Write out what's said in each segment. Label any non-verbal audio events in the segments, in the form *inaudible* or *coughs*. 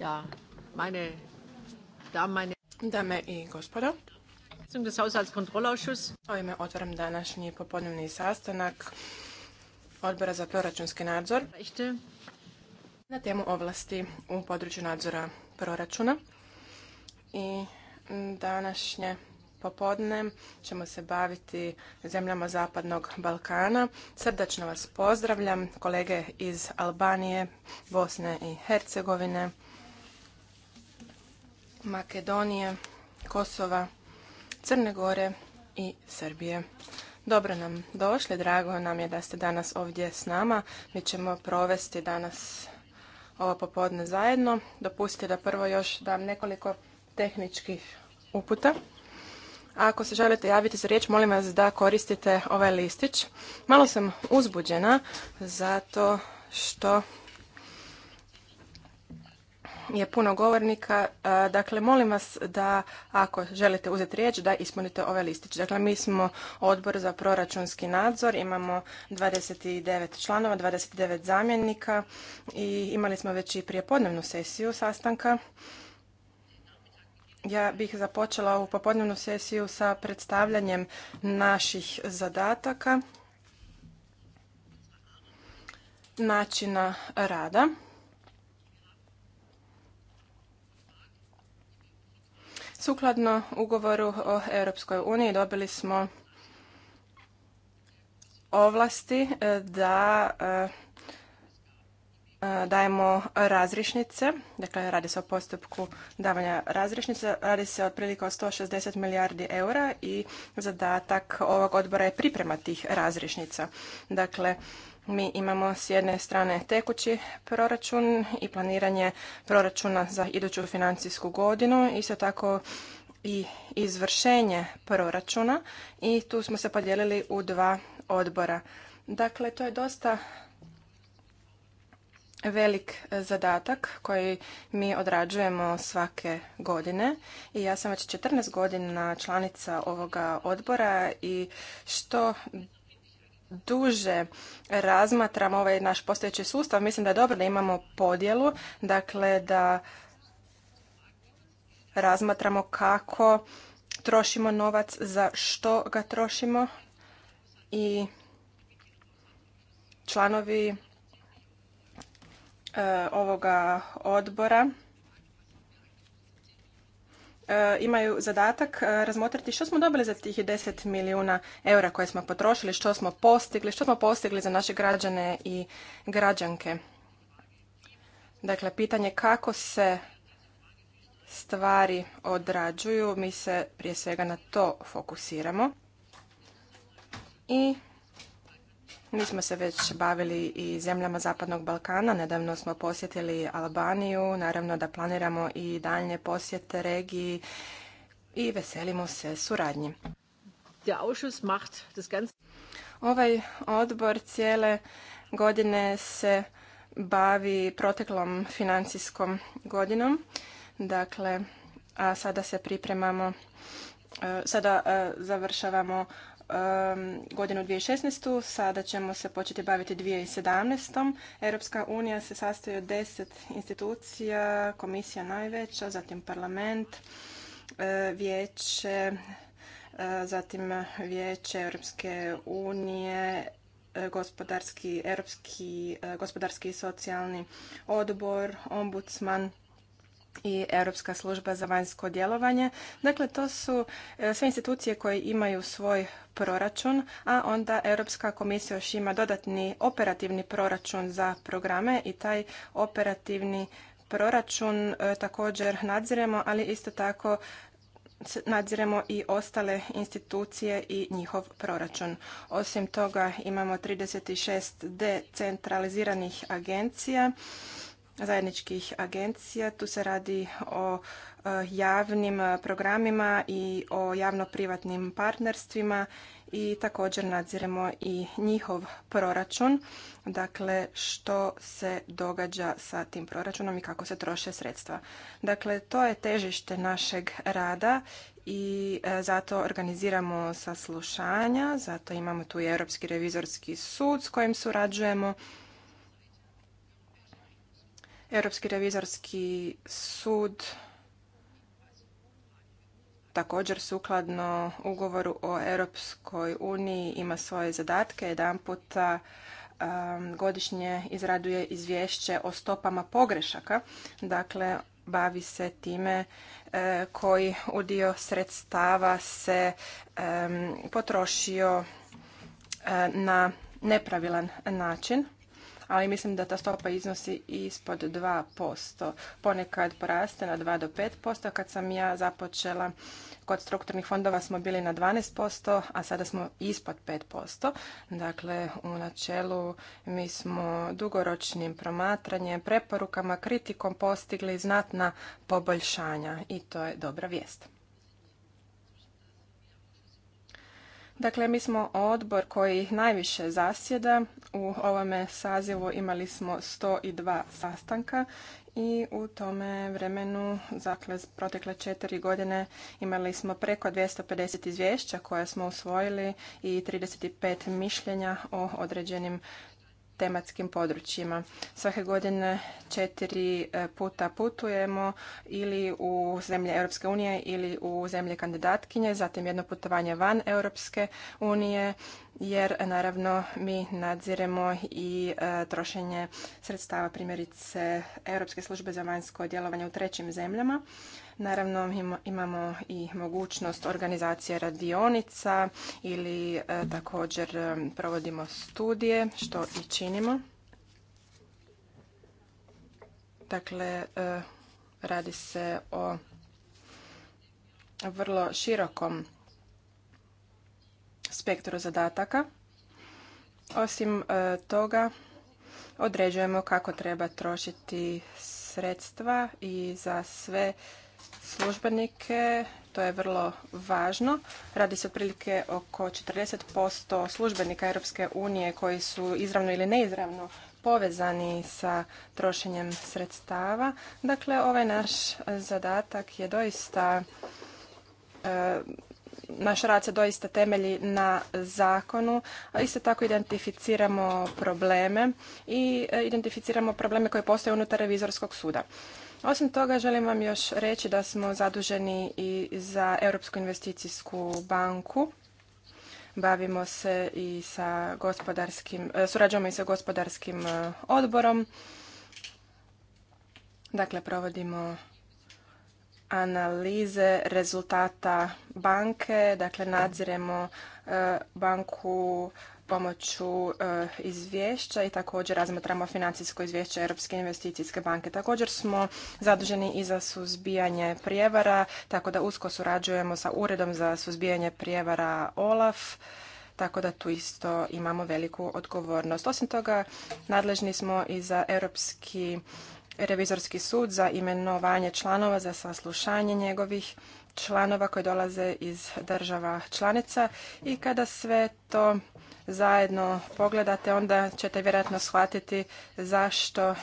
Dame i gospodo, des Haushaltskontrollausschusses. Ovime otvaram današnji popodnevni sastanak Odbora za proračunski nadzor na temu ovlasti u području nadzora proračuna. I današnje popodne ćemo se baviti zemljama Zapadnog Balkana. Srdačno vas pozdravljam, kolege iz Albanije, Bosne i Hercegovine, Makedonije, Kosova, Crne Gore i Srbije. Dobro nam došli, drago nam je da ste danas ovdje s nama. Mi ćemo provesti danas ovo popodne zajedno. Dopustite da prvo još dam nekoliko tehničkih uputa. ako se želite javiti za riječ, molim vas da koristite ovaj listić. Malo sam uzbuđena zato što je puno govornika. E, dakle, molim vas da ako želite uzeti riječ, da ispunite ove listić. Dakle, mi smo odbor za proračunski nadzor, imamo 29 članova, 29 zamjenika i imali smo već i podnevnu sesiju sastanka. Ja bih započela ovu popodnevnu sesiju sa predstavljanjem naših zadataka, načina rada. Sukladno ugovoru o Europskoj uniji dobili smo ovlasti e, da e, e, dajemo razrišnice, dakle radi se o postupku davanja razrišnice, radi se otprilike o 160 milijardi eura i zadatak ovog odbora je priprema tih razrišnica. Dakle, mi imamo s jedne strane tekući proračun i planiranje proračuna za iduću financijsku godinu, isto tako i izvršenje proračuna i tu smo se podijelili u dva odbora. Dakle, to je dosta velik zadatak koji mi odrađujemo svake godine i ja sam već 14 godina članica ovoga odbora i što duže razmatram ovaj naš postojeći sustav, mislim da je dobro da imamo podjelu, dakle da razmatramo kako trošimo novac, za što ga trošimo i članovi e, ovoga odbora E, imaju zadatak e, razmotriti što smo dobili za tih 10 milijuna eura koje smo potrošili, što smo postigli, što smo postigli za naše građane i građanke. Dakle, pitanje kako se stvari odrađuju, mi se prije svega na to fokusiramo. I mi smo se već bavili i zemljama Zapadnog Balkana, nedavno smo posjetili Albaniju, naravno da planiramo i daljnje posjete regiji i veselimo se suradnji. Ovaj odbor cijele godine se bavi proteklom financijskom godinom, dakle, a sada se pripremamo, e, sada e, završavamo Um, godinu 2016. Sada ćemo se početi baviti 2017. Europska unija se sastoji od deset institucija, komisija najveća, zatim parlament, uh, vijeće, uh, zatim vijeće Europske unije, uh, gospodarski, europski gospodarski i socijalni odbor, ombudsman, i Europska služba za vanjsko djelovanje. Dakle, to su e, sve institucije koje imaju svoj proračun, a onda Europska komisija još ima dodatni operativni proračun za programe i taj operativni proračun e, također nadziremo, ali isto tako nadziremo i ostale institucije i njihov proračun. Osim toga imamo 36 decentraliziranih agencija zajedničkih agencija. Tu se radi o e, javnim programima i o javno-privatnim partnerstvima i također nadziremo i njihov proračun, dakle što se događa sa tim proračunom i kako se troše sredstva. Dakle, to je težište našeg rada i e, zato organiziramo saslušanja, zato imamo tu i Europski revizorski sud s kojim surađujemo Europski revizorski sud također sukladno ugovoru o Europskoj uniji ima svoje zadatke. Jedan puta um, godišnje izraduje izvješće o stopama pogrešaka. Dakle, bavi se time uh, koji udio sredstava se um, potrošio uh, na nepravilan način ali mislim da ta stopa iznosi ispod 2%. Ponekad poraste na 2 do 5%. Kad sam ja započela kod strukturnih fondova smo bili na 12%, a sada smo ispod 5%. Dakle, u načelu mi smo dugoročnim promatranjem, preporukama, kritikom postigli znatna poboljšanja i to je dobra vijest. Dakle, mi smo odbor koji najviše zasjeda. U ovome sazivu imali smo 102 sastanka i u tome vremenu, dakle, protekle četiri godine imali smo preko 250 izvješća koje smo usvojili i 35 mišljenja o određenim tematskim područjima. Svake godine četiri e, puta putujemo ili u zemlje Europske unije ili u zemlje kandidatkinje, zatim jedno putovanje van Europske unije, jer naravno mi nadziremo i e, trošenje sredstava primjerice Europske službe za vanjsko djelovanje u trećim zemljama. Naravno imamo i mogućnost organizacije radionica ili e, također e, provodimo studije što i činimo. Dakle, e, radi se o vrlo širokom spektru zadataka. Osim toga, određujemo kako treba trošiti sredstva i za sve službenike, to je vrlo važno. Radi se otprilike oko 40% službenika Europske unije koji su izravno ili neizravno povezani sa trošenjem sredstava. Dakle, ovaj naš zadatak je doista e, naš rad se doista temelji na zakonu, a isto tako identificiramo probleme i e, identificiramo probleme koje postoje unutar revizorskog suda. Osim toga, želim vam još reći da smo zaduženi i za Europsku investicijsku banku. Bavimo se i sa gospodarskim, e, surađujemo i sa gospodarskim e, odborom. Dakle, provodimo analize rezultata banke, dakle nadziremo e, banku pomoću e, izvješća i također razmatramo financijsko izvješće Europske investicijske banke. Također smo zaduženi i za suzbijanje prijevara, tako da usko surađujemo sa Uredom za suzbijanje prijevara OLAF tako da tu isto imamo veliku odgovornost. Osim toga, nadležni smo i za Europski revizorski sud za imenovanje članova, za saslušanje njegovih članova koji dolaze iz država članica i kada sve to zajedno pogledate, onda ćete vjerojatno shvatiti zašto e,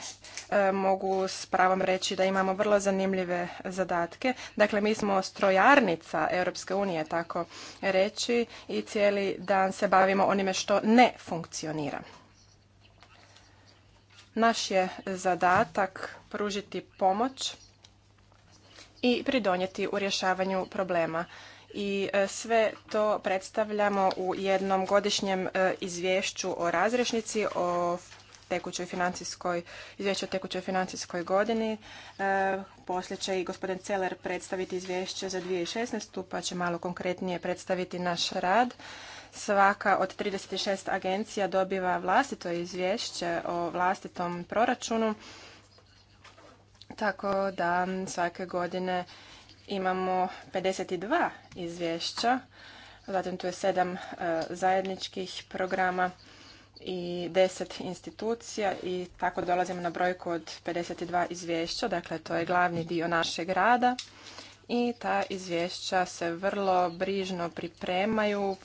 mogu s pravom reći da imamo vrlo zanimljive zadatke. Dakle, mi smo strojarnica Europske unije, tako reći, i cijeli dan se bavimo onime što ne funkcionira. Naš je zadatak pružiti pomoć i pridonijeti u rješavanju problema i e, sve to predstavljamo u jednom godišnjem e, izvješću o razrešnici, o tekućoj financijskoj, izvješću o tekućoj financijskoj godini. E, poslije će i gospodin Celer predstaviti izvješće za 2016. pa će malo konkretnije predstaviti naš rad. Svaka od 36 agencija dobiva vlastito izvješće o vlastitom proračunu, tako da svake godine imamo 52 izvješća, zatim tu je 7 e, zajedničkih programa i 10 institucija i tako dolazimo na brojku od 52 izvješća, dakle to je glavni dio našeg rada i ta izvješća se vrlo brižno pripremaju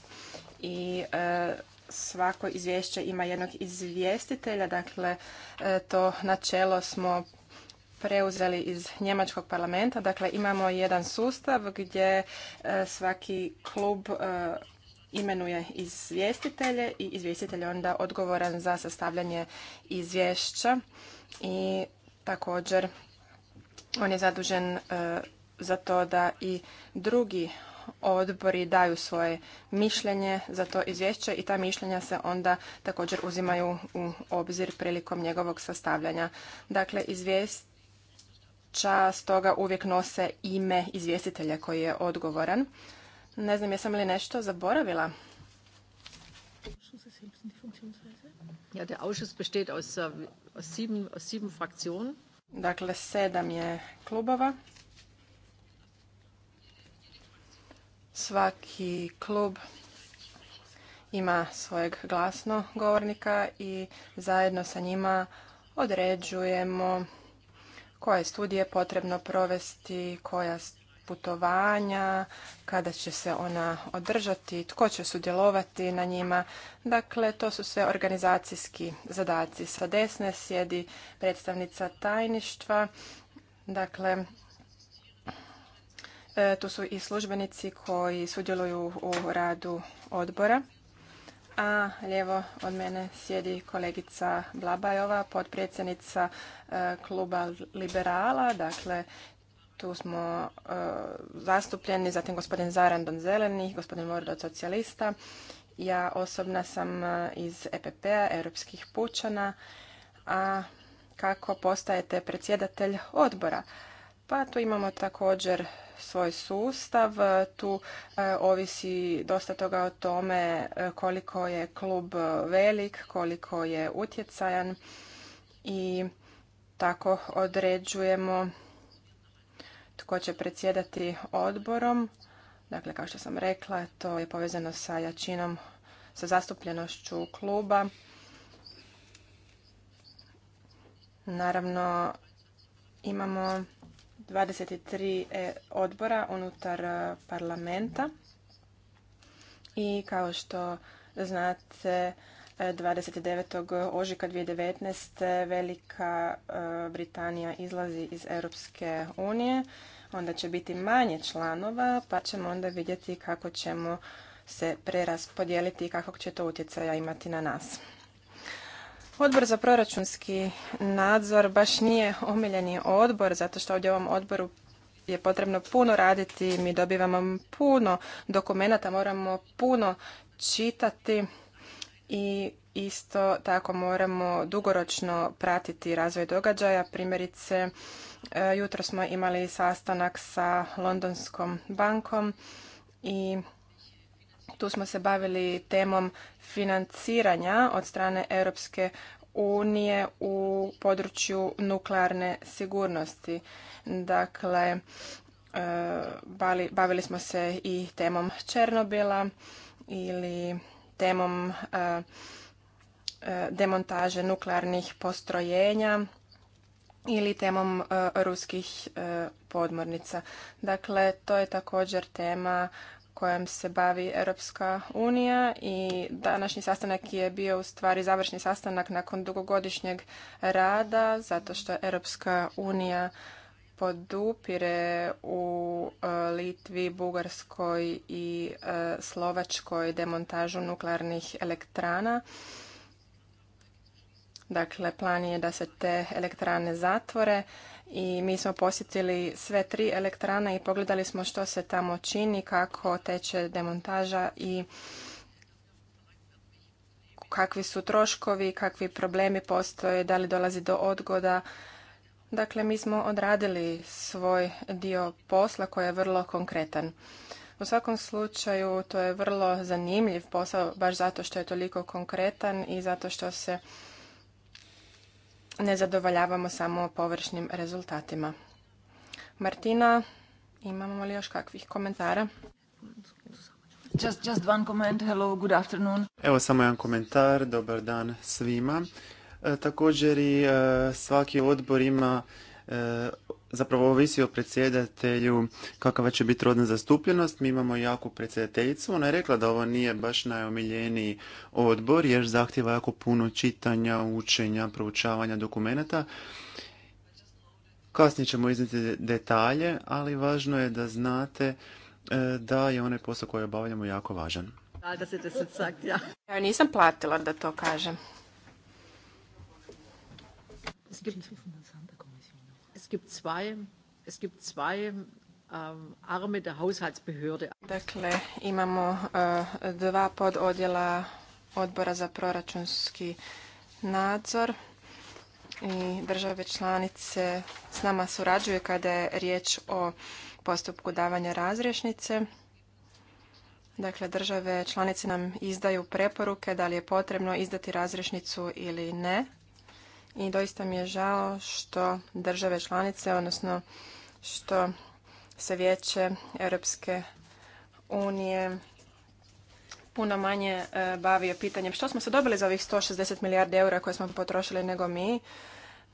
i e, svako izvješće ima jednog izvjestitelja, dakle e, to načelo smo preuzeli iz njemačkog parlamenta. Dakle, imamo jedan sustav gdje e, svaki klub e, imenuje izvjestitelje i izvjestitelj je onda odgovoran za sastavljanje izvješća i također on je zadužen e, za to da i drugi odbori daju svoje mišljenje za to izvješće i ta mišljenja se onda također uzimaju u obzir prilikom njegovog sastavljanja. Dakle, izvijest stoga uvijek nose ime izvjestitelja koji je odgovoran. Ne znam, jesam li nešto zaboravila? Ja, der Ausschuss besteht aus, äh, sieben, Dakle, sedam je klubova. Svaki klub ima svojeg glasnogovornika govornika i zajedno sa njima određujemo koje studije potrebno provesti, koja putovanja, kada će se ona održati, tko će sudjelovati na njima. Dakle, to su sve organizacijski zadaci. Sa desne sjedi predstavnica tajništva. Dakle, e, tu su i službenici koji sudjeluju u radu odbora a lijevo od mene sjedi kolegica Blabajova, potpredsjednica e, kluba liberala, dakle tu smo e, zastupljeni, zatim gospodin Zaran Zeleni, gospodin Mordo od Socijalista. Ja osobna sam e, iz EPP-a, Europskih pučana, a kako postajete predsjedatelj odbora? Pa tu imamo također svoj sustav. Tu e, ovisi dosta toga o tome e, koliko je klub velik, koliko je utjecajan i tako određujemo tko će predsjedati odborom. Dakle, kao što sam rekla, to je povezano sa jačinom, sa zastupljenošću kluba. Naravno, imamo 23 e, odbora unutar e, parlamenta i kao što znate 29. ožika 2019. Velika e, Britanija izlazi iz Europske unije. Onda će biti manje članova, pa ćemo onda vidjeti kako ćemo se preraspodijeliti i kakvog će to utjecaja imati na nas. Odbor za proračunski nadzor baš nije omiljeni odbor, zato što ovdje u ovom odboru je potrebno puno raditi, mi dobivamo puno dokumenata, moramo puno čitati i isto tako moramo dugoročno pratiti razvoj događaja. Primjerice, e, jutro smo imali sastanak sa Londonskom bankom i tu smo se bavili temom financiranja od strane Europske unije u području nuklearne sigurnosti. Dakle, e, bavili smo se i temom Černobila ili temom e, e, demontaže nuklearnih postrojenja ili temom ruskih podmornica. Dakle, to je također tema kojem se bavi Europska unija i današnji sastanak je bio u stvari završni sastanak nakon dugogodišnjeg rada zato što Europska unija podupire u e, Litvi, Bugarskoj i e, Slovačkoj demontažu nuklearnih elektrana. Dakle, plan je da se te elektrane zatvore i mi smo posjetili sve tri elektrane i pogledali smo što se tamo čini, kako teče demontaža i kakvi su troškovi, kakvi problemi postoje, da li dolazi do odgoda. Dakle, mi smo odradili svoj dio posla koji je vrlo konkretan. U svakom slučaju to je vrlo zanimljiv posao baš zato što je toliko konkretan i zato što se ne zadovoljavamo samo površnim rezultatima. Martina, imamo li još kakvih komentara? Just, Evo samo jedan komentar, dobar dan svima. E, također i e, svaki odbor ima E, zapravo ovisi o predsjedatelju kakva će biti rodna zastupljenost. Mi imamo jaku predsjedateljicu. Ona je rekla da ovo nije baš najomiljeniji odbor jer zahtjeva jako puno čitanja, učenja, proučavanja dokumenata. Kasnije ćemo izniti detalje, ali važno je da znate e, da je onaj posao koji obavljamo jako važan. Ja nisam platila da to kažem gibt zwei, es gibt zwei ähm, arme der Haushaltsbehörde. Dakle, imamo eh, dva pododjela odbora za proračunski nadzor i države članice s nama surađuje kada je riječ o postupku davanja razrješnice. Dakle, države članice nam izdaju preporuke da li je potrebno izdati razrješnicu ili ne i doista mi je žao što države članice, odnosno što se vijeće Europske unije puno manje e, bavio pitanjem što smo se dobili za ovih 160 milijardi eura koje smo potrošili nego mi.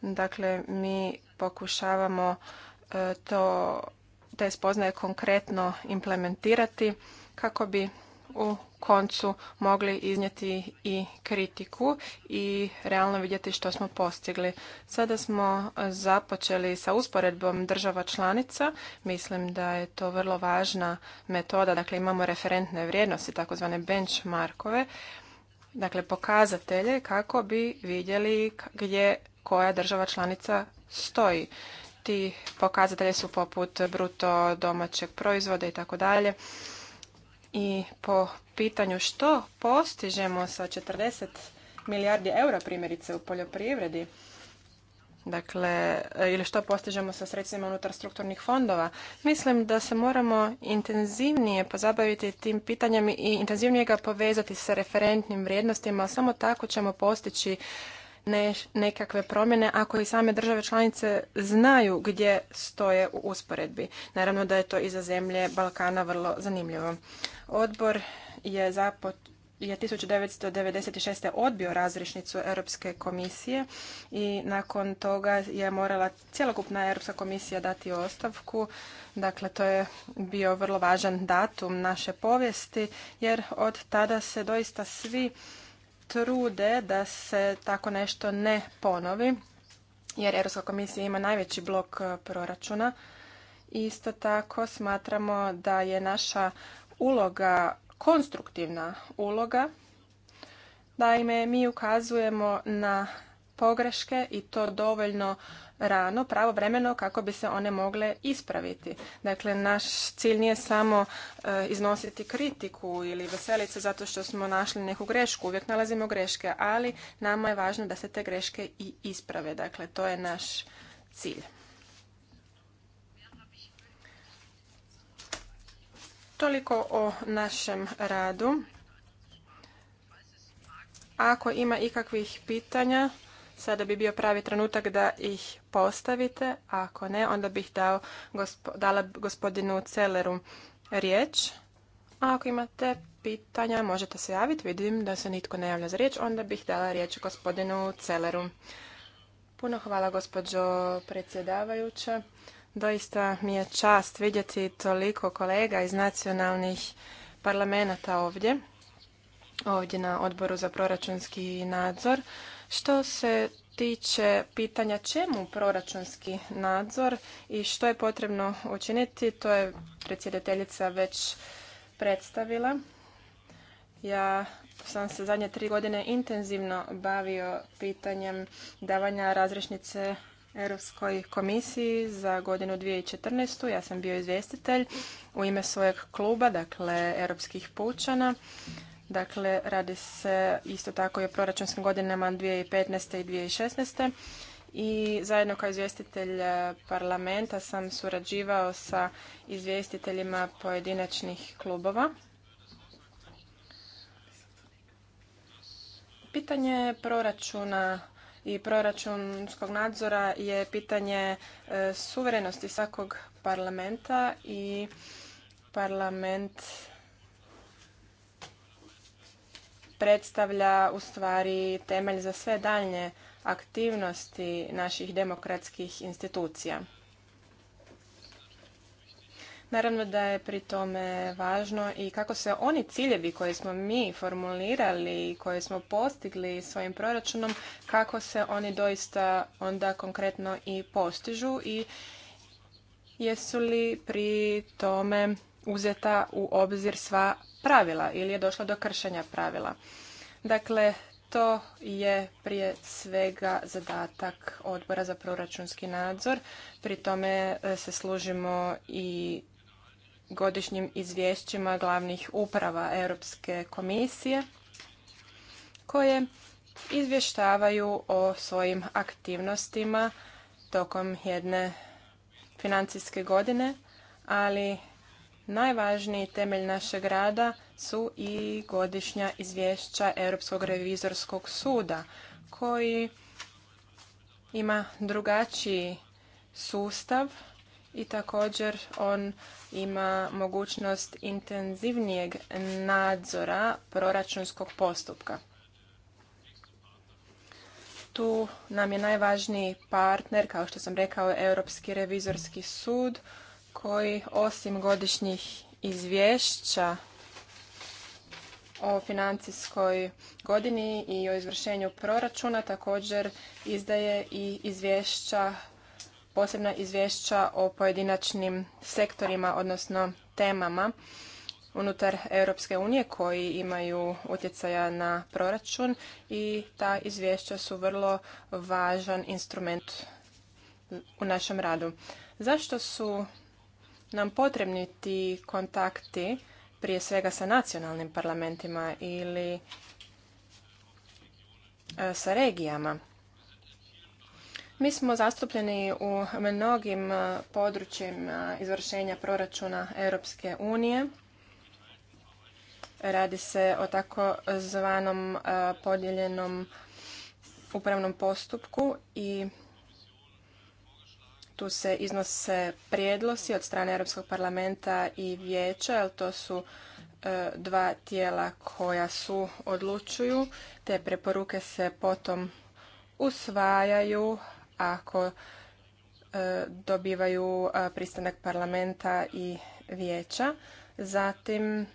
Dakle, mi pokušavamo e, to, te spoznaje konkretno implementirati kako bi u koncu mogli iznijeti i kritiku i realno vidjeti što smo postigli. Sada smo započeli sa usporedbom država članica. Mislim da je to vrlo važna metoda. Dakle, imamo referentne vrijednosti, takozvane benchmarkove, dakle pokazatelje kako bi vidjeli gdje koja država članica stoji. Ti pokazatelji su poput bruto domaćeg proizvoda i tako dalje. I po pitanju što postižemo sa 40 milijardi eura primjerice u poljoprivredi, dakle, ili što postižemo sa sredstvima unutar strukturnih fondova. Mislim da se moramo intenzivnije pozabaviti tim pitanjem i intenzivnije ga povezati sa referentnim vrijednostima. Samo tako ćemo postići nekakve promjene ako i same države članice znaju gdje stoje u usporedbi. Naravno da je to i za zemlje Balkana vrlo zanimljivo. Odbor je zapot je 1996. odbio razrišnicu Europske komisije i nakon toga je morala cjelokupna Europska komisija dati ostavku. Dakle, to je bio vrlo važan datum naše povijesti jer od tada se doista svi trude da se tako nešto ne ponovi, jer Europska komisija ima najveći blok eh, proračuna. Isto tako smatramo da je naša uloga konstruktivna uloga. Daime, mi ukazujemo na pogreške i to dovoljno rano, pravovremeno kako bi se one mogle ispraviti. Dakle, naš cilj nije samo e, iznositi kritiku ili veselice zato što smo našli neku grešku, uvijek nalazimo greške, ali nama je važno da se te greške i isprave. Dakle, to je naš cilj. Toliko o našem radu. Ako ima ikakvih pitanja, Sada bi bio pravi trenutak da ih postavite, ako ne, onda bih dao, dala gospodinu Celeru riječ. A ako imate pitanja, možete se javiti. Vidim da se nitko ne javlja za riječ, onda bih dala riječ gospodinu Celeru. Puno hvala gospođo predsjedavajuća. Doista mi je čast vidjeti toliko kolega iz nacionalnih parlamenta ovdje, ovdje na odboru za proračunski nadzor. Što se tiče pitanja čemu proračunski nadzor i što je potrebno učiniti, to je predsjedateljica već predstavila. Ja sam se zadnje tri godine intenzivno bavio pitanjem davanja razrešnice Europskoj komisiji za godinu 2014. Ja sam bio izvjestitelj u ime svojeg kluba, dakle Europskih pučana. Dakle, radi se isto tako i o proračunskim godinama 2015. i 2016. I zajedno kao izvjestitelj e, parlamenta sam surađivao sa izvjestiteljima pojedinačnih klubova. Pitanje proračuna i proračunskog nadzora je pitanje e, suverenosti svakog parlamenta i parlament predstavlja u stvari temelj za sve daljnje aktivnosti naših demokratskih institucija. Naravno da je pri tome važno i kako se oni ciljevi koje smo mi formulirali i koje smo postigli svojim proračunom, kako se oni doista onda konkretno i postižu i jesu li pri tome uzeta u obzir sva pravila ili je došlo do kršenja pravila. Dakle, to je prije svega zadatak odbora za proračunski nadzor. Pri tome e, se služimo i godišnjim izvješćima glavnih uprava Europske komisije koje izvještavaju o svojim aktivnostima tokom jedne financijske godine, ali Najvažniji temelj našeg rada su i godišnja izvješća Europskog revizorskog suda koji ima drugačiji sustav i također on ima mogućnost intenzivnijeg nadzora proračunskog postupka. Tu nam je najvažniji partner, kao što sam rekao, Europski revizorski sud koji osim godišnjih izvješća o financijskoj godini i o izvršenju proračuna također izdaje i izvješća, posebna izvješća o pojedinačnim sektorima, odnosno temama unutar Europske unije koji imaju utjecaja na proračun i ta izvješća su vrlo važan instrument u našem radu. Zašto su nam potrebni ti kontakti prije svega sa nacionalnim parlamentima ili e, sa regijama. Mi smo zastupljeni u mnogim e, područjima izvršenja proračuna Europske unije. Radi se o tako zvanom e, podijeljenom upravnom postupku i tu se iznose prijedlosi od strane Europskog parlamenta i vijeća, jer to su e, dva tijela koja su odlučuju. Te preporuke se potom usvajaju ako e, dobivaju e, pristanak parlamenta i vijeća. Zatim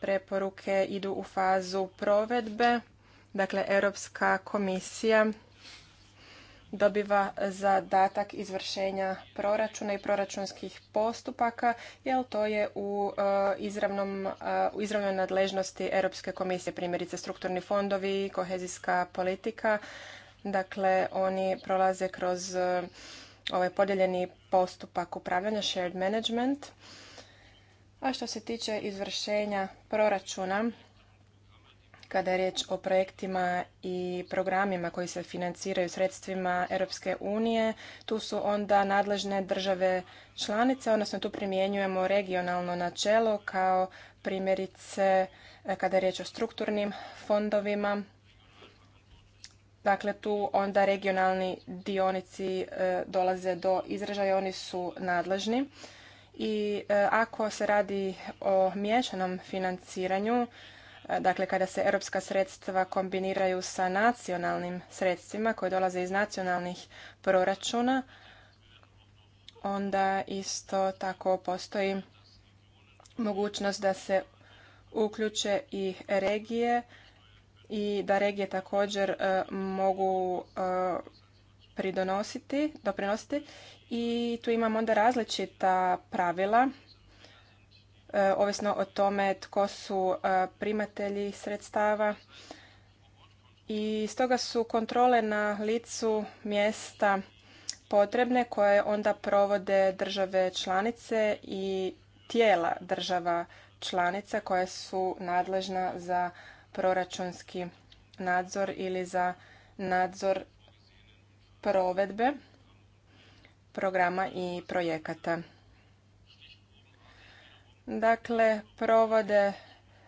preporuke idu u fazu provedbe. Dakle, Europska komisija dobiva zadatak izvršenja proračuna i proračunskih postupaka, jer to je u, e, izravnom, e, izravnoj nadležnosti Europske komisije, primjerice strukturni fondovi, kohezijska politika. Dakle, oni prolaze kroz e, ovaj podijeljeni postupak upravljanja, shared management. A što se tiče izvršenja proračuna, kada je riječ o projektima i programima koji se financiraju sredstvima Europske unije, tu su onda nadležne države članice, odnosno tu primjenjujemo regionalno načelo kao primjerice e, kada je riječ o strukturnim fondovima. Dakle, tu onda regionalni dionici e, dolaze do izražaja, oni su nadležni. I e, ako se radi o miješanom financiranju, E, dakle kada se europska sredstva kombiniraju sa nacionalnim sredstvima koje dolaze iz nacionalnih proračuna, onda isto tako postoji mogućnost da se uključe i regije i da regije također e, mogu e, pridonositi, doprinositi i tu imamo onda različita pravila E, ovisno o tome tko su e, primatelji sredstava. I stoga su kontrole na licu mjesta potrebne koje onda provode države članice i tijela država članica koja su nadležna za proračunski nadzor ili za nadzor provedbe programa i projekata. Dakle, provode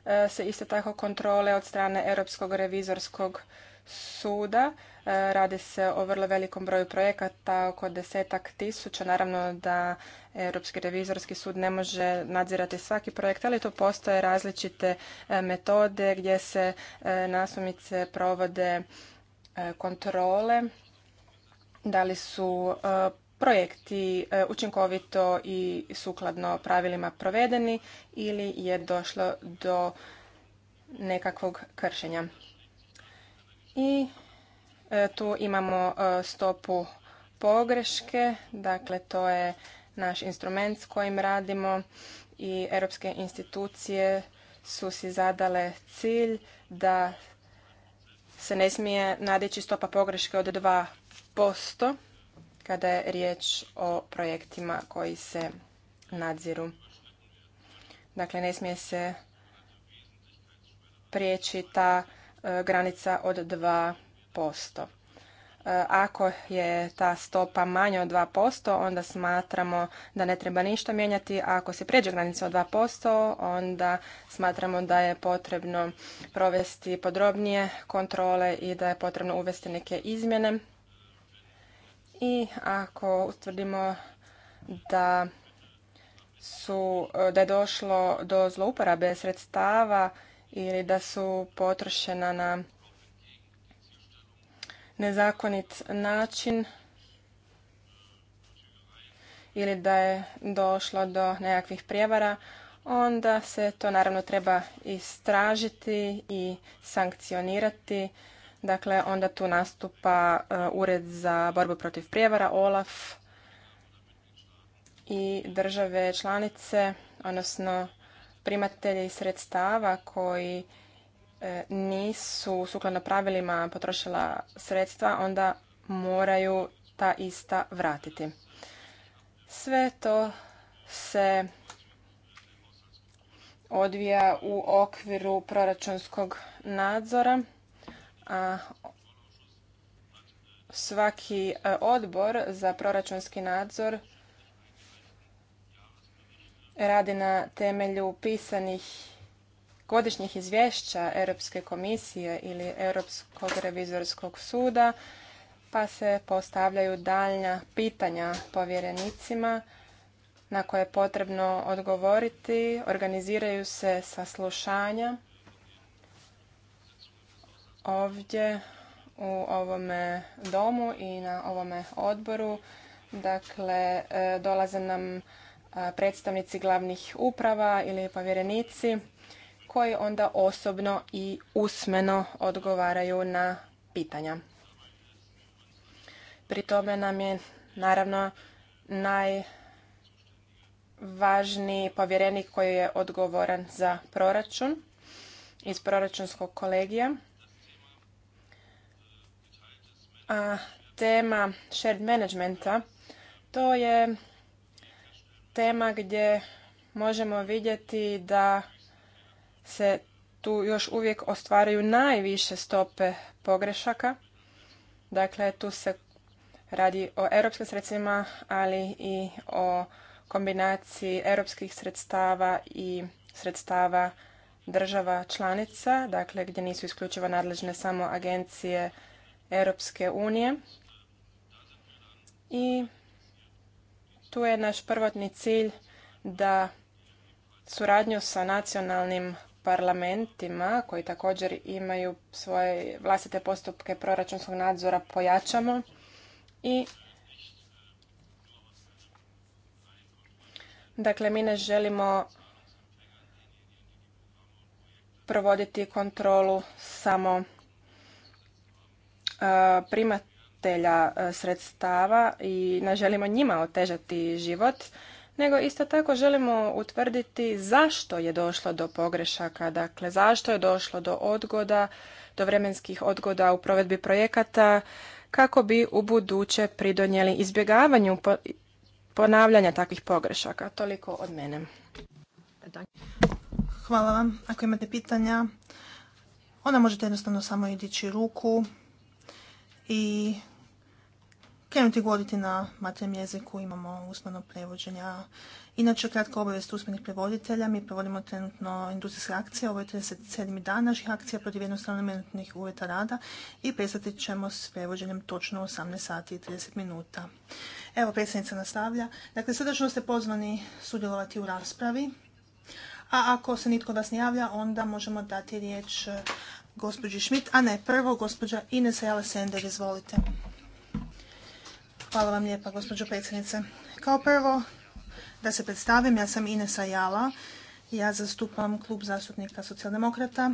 e, se isto tako kontrole od strane Europskog revizorskog suda. E, radi se o vrlo velikom broju projekata, oko desetak tisuća. Naravno da Europski revizorski sud ne može nadzirati svaki projekt, ali tu postoje različite e, metode gdje se nasumice provode kontrole da li su projekti e, učinkovito i sukladno pravilima provedeni ili je došlo do nekakvog kršenja. I e, tu imamo e, stopu pogreške, dakle to je naš instrument s kojim radimo i europske institucije su si zadale cilj da se ne smije nadići stopa pogreške od 2% kada je riječ o projektima koji se nadziru. Dakle, ne smije se prijeći ta e, granica od 2%. E, ako je ta stopa manja od 2%, onda smatramo da ne treba ništa mijenjati. ako se prijeđe granica od 2%, onda smatramo da je potrebno provesti podrobnije kontrole i da je potrebno uvesti neke izmjene i ako utvrdimo da su, da je došlo do zlouporabe sredstava ili da su potrošena na nezakonit način ili da je došlo do nekakvih prijevara, onda se to naravno treba istražiti i sankcionirati Dakle, onda tu nastupa e, Ured za borbu protiv prijevara, OLAF i države članice, odnosno primatelji sredstava koji e, nisu sukladno pravilima potrošila sredstva, onda moraju ta ista vratiti. Sve to se odvija u okviru proračunskog nadzora Eh, svaki eh, odbor za proračunski nadzor radi na temelju pisanih godišnjih izvješća Europske komisije ili Europskog revizorskog suda, pa se postavljaju daljnja pitanja povjerenicima na koje je potrebno odgovoriti, organiziraju se saslušanja ovdje u ovome domu i na ovome odboru. Dakle, e, dolaze nam e, predstavnici glavnih uprava ili povjerenici koji onda osobno i usmeno odgovaraju na pitanja. Pri tome nam je naravno najvažniji povjerenik koji je odgovoran za proračun iz proračunskog kolegija. A tema shared managementa, to je tema gdje možemo vidjeti da se tu još uvijek ostvaraju najviše stope pogrešaka. Dakle, tu se radi o europskim sredstvima, ali i o kombinaciji europskih sredstava i sredstava država članica, dakle gdje nisu isključivo nadležne samo agencije Europske unije. I tu je naš prvotni cilj da suradnju sa nacionalnim parlamentima koji također imaju svoje vlastite postupke proračunskog nadzora pojačamo i dakle mi ne želimo provoditi kontrolu samo primatelja e, sredstava i ne želimo njima otežati život, nego isto tako želimo utvrditi zašto je došlo do pogrešaka, dakle zašto je došlo do odgoda, do vremenskih odgoda u provedbi projekata kako bi u buduće pridonijeli izbjegavanju ponavljanja takvih pogrešaka. Toliko od mene. Hvala vam. Ako imate pitanja, onda možete jednostavno samo idići ruku i krenuti govoriti na materim jeziku. Imamo usmeno prevođenja. Inače, kratka obavijest usmenih prevoditelja. Mi provodimo trenutno industrijske akcije. Ovo je 37. dan naših akcija protiv jednostavno minutnih uvjeta rada i prestati ćemo s prevođenjem točno u 18 sati i 30 minuta. Evo, predsjednica nastavlja. Dakle, srdačno ste pozvani sudjelovati u raspravi. A ako se nitko od vas ne javlja, onda možemo dati riječ gospođi Schmidt, a ne prvo gospođa Ines Sender, izvolite. Hvala vam lijepa, gospođo predsjednice. Kao prvo, da se predstavim, ja sam Ines jala ja zastupam klub zastupnika socijaldemokrata,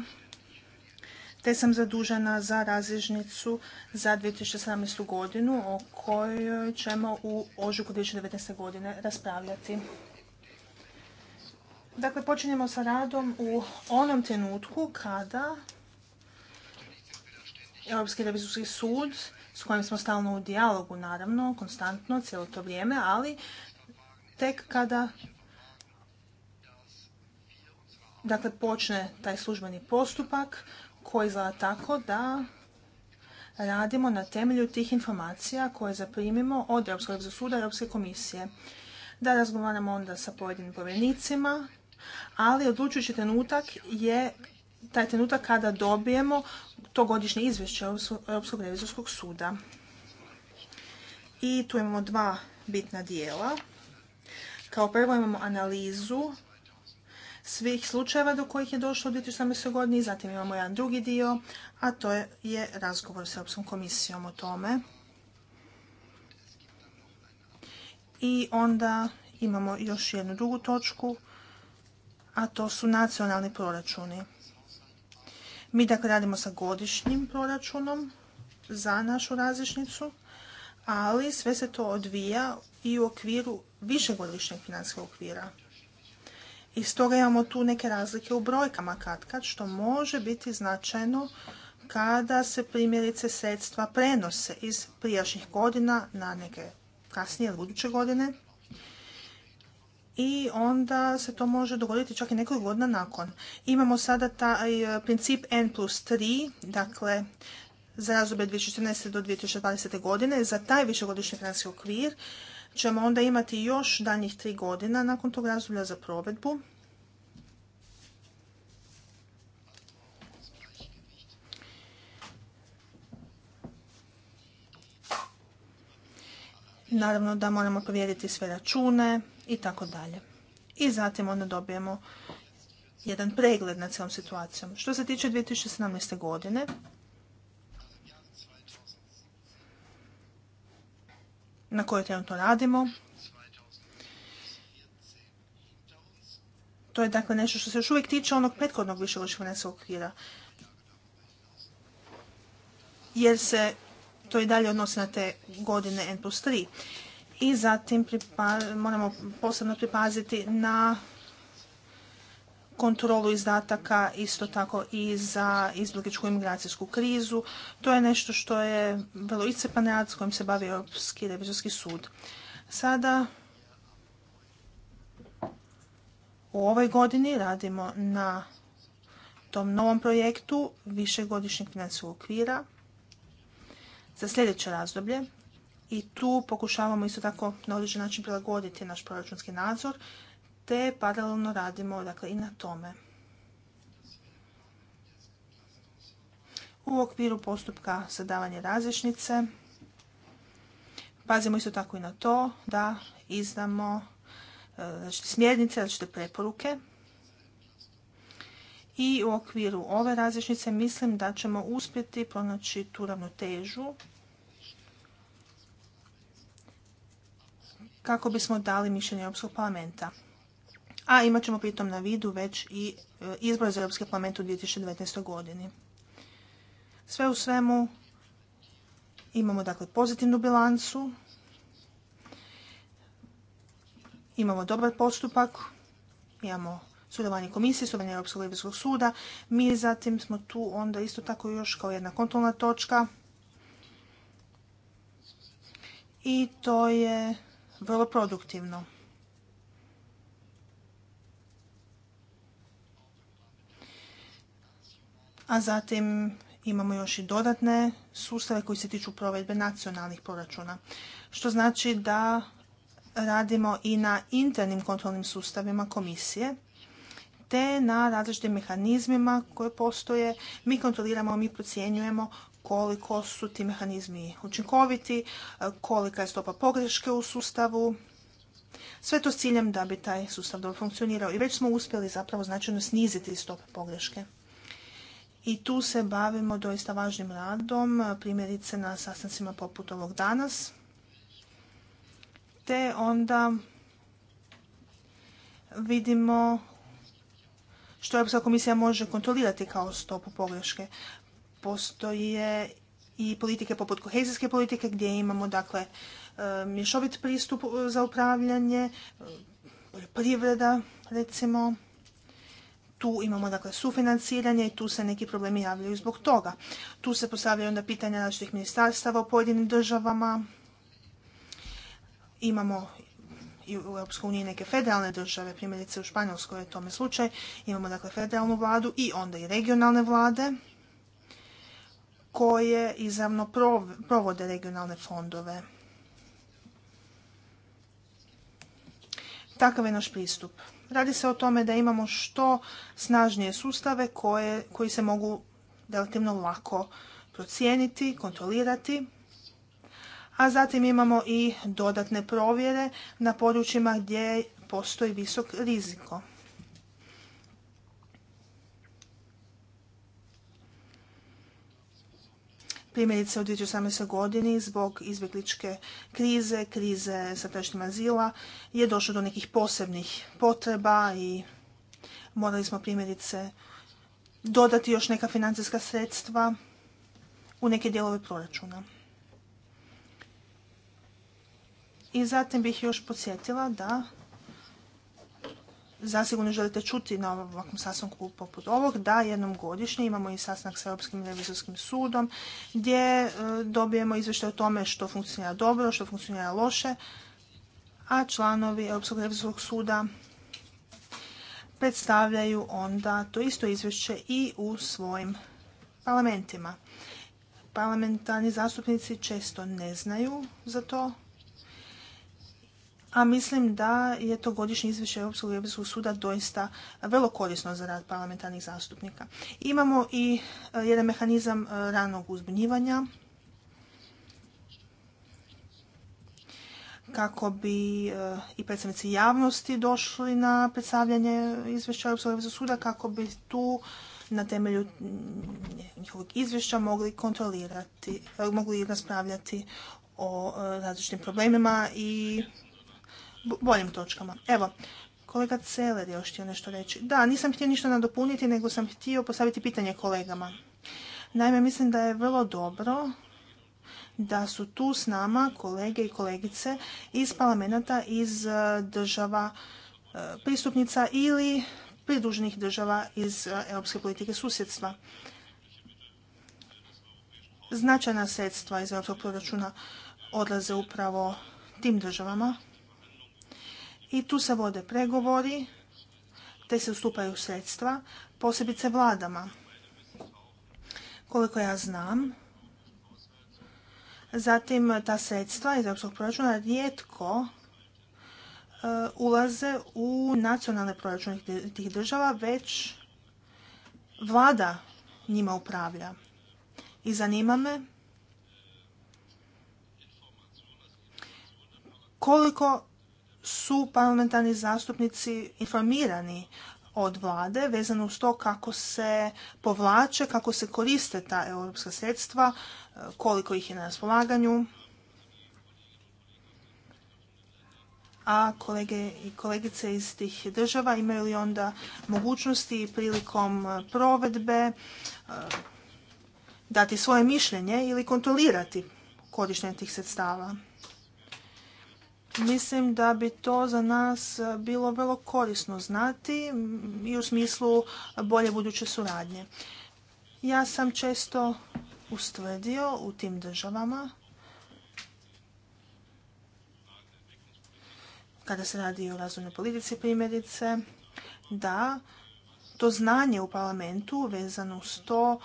te sam zadužena za razližnicu za 2017. godinu o kojoj ćemo u ožuku 2019. godine raspravljati. Dakle, počinjemo sa radom u onom trenutku kada Europski revizorski sud s kojim smo stalno u dijalogu, naravno, konstantno, cijelo to vrijeme, ali tek kada dakle, počne taj službeni postupak koji izgleda tako da radimo na temelju tih informacija koje zaprimimo od Europskog suda i Europske komisije. Da razgovaramo onda sa pojedinim povjerenicima, ali odlučujući trenutak je taj trenutak kada dobijemo to godišnje izvješće Europskog revizorskog suda. I tu imamo dva bitna dijela. Kao prvo imamo analizu svih slučajeva do kojih je došlo u 2018. godini. Zatim imamo jedan drugi dio, a to je razgovor s Europskom komisijom o tome. I onda imamo još jednu drugu točku, a to su nacionalni proračuni. Mi dakle radimo sa godišnjim proračunom za našu različnicu, ali sve se to odvija i u okviru višegodišnjeg financijskog okvira. I stoga imamo tu neke razlike u brojkama katkad, što može biti značajno kada se primjerice sredstva prenose iz prijašnjih godina na neke kasnije buduće godine i onda se to može dogoditi čak i nekoliko godina nakon. Imamo sada taj e, princip N plus 3, dakle za razdoblje 2014. do 2020. godine. Za taj višegodišnji financijski okvir ćemo onda imati još danjih tri godina nakon tog razdoblja za provedbu Naravno da moramo provjeriti sve račune i tako dalje. I zatim onda dobijemo jedan pregled na cijelom situacijom. Što se tiče 2017. godine, na kojoj trenutno radimo, to je dakle nešto što se još uvijek tiče onog prethodnog višegodišnjeg financijskog okvira. Jer se to i dalje odnosi na te godine N plus 3. I zatim moramo posebno pripaziti na kontrolu izdataka, isto tako i za izbjegličku imigracijsku krizu. To je nešto što je vrlo iscepan rad s kojim se bavi Europski revizorski sud. Sada u ovoj godini radimo na tom novom projektu višegodišnjeg financijskog okvira za sljedeće razdoblje i tu pokušavamo isto tako na određen način prilagoditi naš proračunski nadzor te paralelno radimo dakle, i na tome. U okviru postupka za davanje različnice pazimo isto tako i na to da izdamo smjernice, znači smjernice, različite preporuke i u okviru ove različnice mislim da ćemo uspjeti pronaći tu ravnotežu kako bismo dali mišljenje Europskog parlamenta. A imat ćemo pritom na vidu već i e, izbor za Europski parlament u 2019. godini. Sve u svemu imamo dakle pozitivnu bilancu, imamo dobar postupak, imamo sudovanje komisije, sudovanje Europskog suda. Mi zatim smo tu onda isto tako još kao jedna kontrolna točka. I to je vrlo produktivno. A zatim imamo još i dodatne sustave koji se tiču provedbe nacionalnih proračuna. Što znači da radimo i na internim kontrolnim sustavima komisije te na različitim mehanizmima koje postoje mi kontroliramo, mi procjenjujemo koliko su ti mehanizmi učinkoviti, e, kolika je stopa pogreške u sustavu. Sve to s ciljem da bi taj sustav dobro funkcionirao i već smo uspjeli zapravo značajno sniziti stopu pogreške. I tu se bavimo doista važnim radom, primjerice na sastancima poput ovog danas. Te onda vidimo što Europska komisija može kontrolirati kao stopu pogreške. Postoje i politike poput kohezijske politike gdje imamo dakle e, mješovit pristup za upravljanje, e, poljoprivreda recimo, tu imamo dakle sufinanciranje i tu se neki problemi javljaju zbog toga. Tu se postavljaju onda pitanja različitih ministarstava u pojedinim državama. Imamo i u EU neke federalne države, primjerice u Španjolskoj je tome slučaj, imamo dakle federalnu vladu i onda i regionalne vlade koje izravno provode regionalne fondove. Takav je naš pristup. Radi se o tome da imamo što snažnije sustave koji se mogu relativno lako procijeniti, kontrolirati a zatim imamo i dodatne provjere na područjima gdje postoji visok riziko. Primjerice u 2018. godini zbog izbjegličke krize, krize sa zila, azila je došlo do nekih posebnih potreba i morali smo primjerice dodati još neka financijska sredstva u neke dijelove proračuna. I zatim bih još podsjetila da zasigurno želite čuti na ovakvom sastanku poput ovog, da jednom godišnje imamo i sastanak sa Europskim revizorskim sudom gdje e, dobijemo izvješće o tome što funkcionira dobro, što funkcionira loše, a članovi Europskog revizorskog suda predstavljaju onda to isto izvješće i u svojim parlamentima. Parlamentarni zastupnici često ne znaju za to a mislim da je to godišnje izvješće Europskog revizorskog suda doista vrlo korisno za rad parlamentarnih zastupnika. Imamo i e, jedan mehanizam e, ranog uzbunjivanja kako bi e, i predstavnici javnosti došli na predstavljanje izvješća Europskog europskog suda kako bi tu na temelju mm, njihovog izvješća mogli kontrolirati, mogli raspravljati o različitim problemima i boljim točkama. Evo, kolega Celer je još htio nešto reći. Da, nisam htio ništa nadopuniti, nego sam htio postaviti pitanje kolegama. Naime, mislim da je vrlo dobro da su tu s nama kolege i kolegice iz parlamenta, iz e, država e, pristupnica ili pridruženih država iz e, europske politike susjedstva. Značajna sredstva iz europskog proračuna odlaze upravo tim državama i tu se vode pregovori, te se ustupaju sredstva, posebice vladama. Koliko ja znam, zatim ta sredstva iz europskog proračuna rijetko e, ulaze u nacionalne proračune tih država, već vlada njima upravlja. I zanima me koliko su parlamentarni zastupnici informirani od vlade vezano uz to kako se povlače, kako se koriste ta europska sredstva, e, koliko ih je na raspolaganju. A kolege i kolegice iz tih država imaju li onda mogućnosti prilikom provedbe e, dati svoje mišljenje ili kontrolirati korištenje tih sredstava. Mislim da bi to za nas bilo vrlo korisno znati i u smislu bolje buduće suradnje. Ja sam često ustvrdio u tim državama kada se radi o razvojnoj politici primjerice, da to znanje u parlamentu vezano s to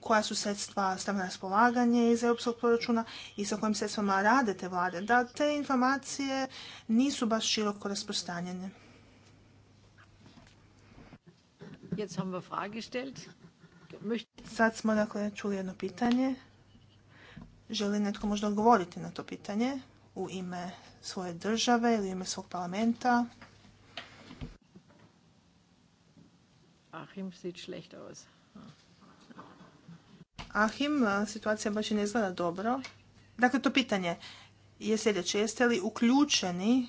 koja su sredstva stavljena na raspolaganje iz europskog proračuna i sa kojim sredstvama rade te vlade, da te informacije nisu baš široko rasprostanjene. Sad smo dakle čuli jedno pitanje. Želi netko možda odgovoriti na to pitanje u ime svoje države ili u ime svog parlamenta? Achim sieht schlecht aus. Ahim, situacija baš i ne izgleda dobro. Dakle, to pitanje je sljedeće. Jeste li uključeni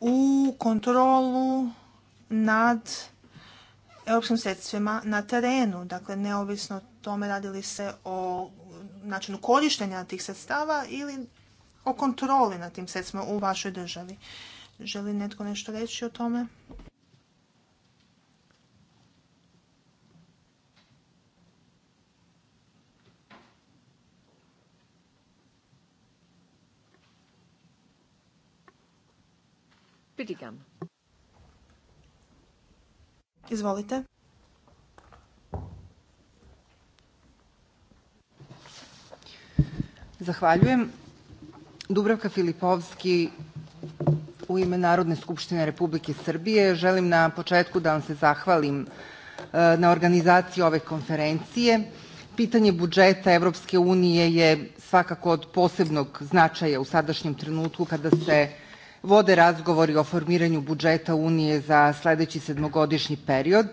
u kontrolu nad europskim sredstvima na terenu? Dakle, neovisno tome radi li se o načinu korištenja tih sredstava ili o kontroli nad tim sredstvima u vašoj državi. Želi netko nešto reći o tome? Izvolite. Zahvaljujem. Dubravka Filipovski u ime Narodne skupštine Republike Srbije želim na početku da vam se zahvalim e, na organizaciji ove konferencije. Pitanje budžeta Evropske unije je svakako od posebnog značaja u sadašnjem trenutku kada se vode razgovori o formiranju budžeta Unije za sljedeći sedmogodišnji period.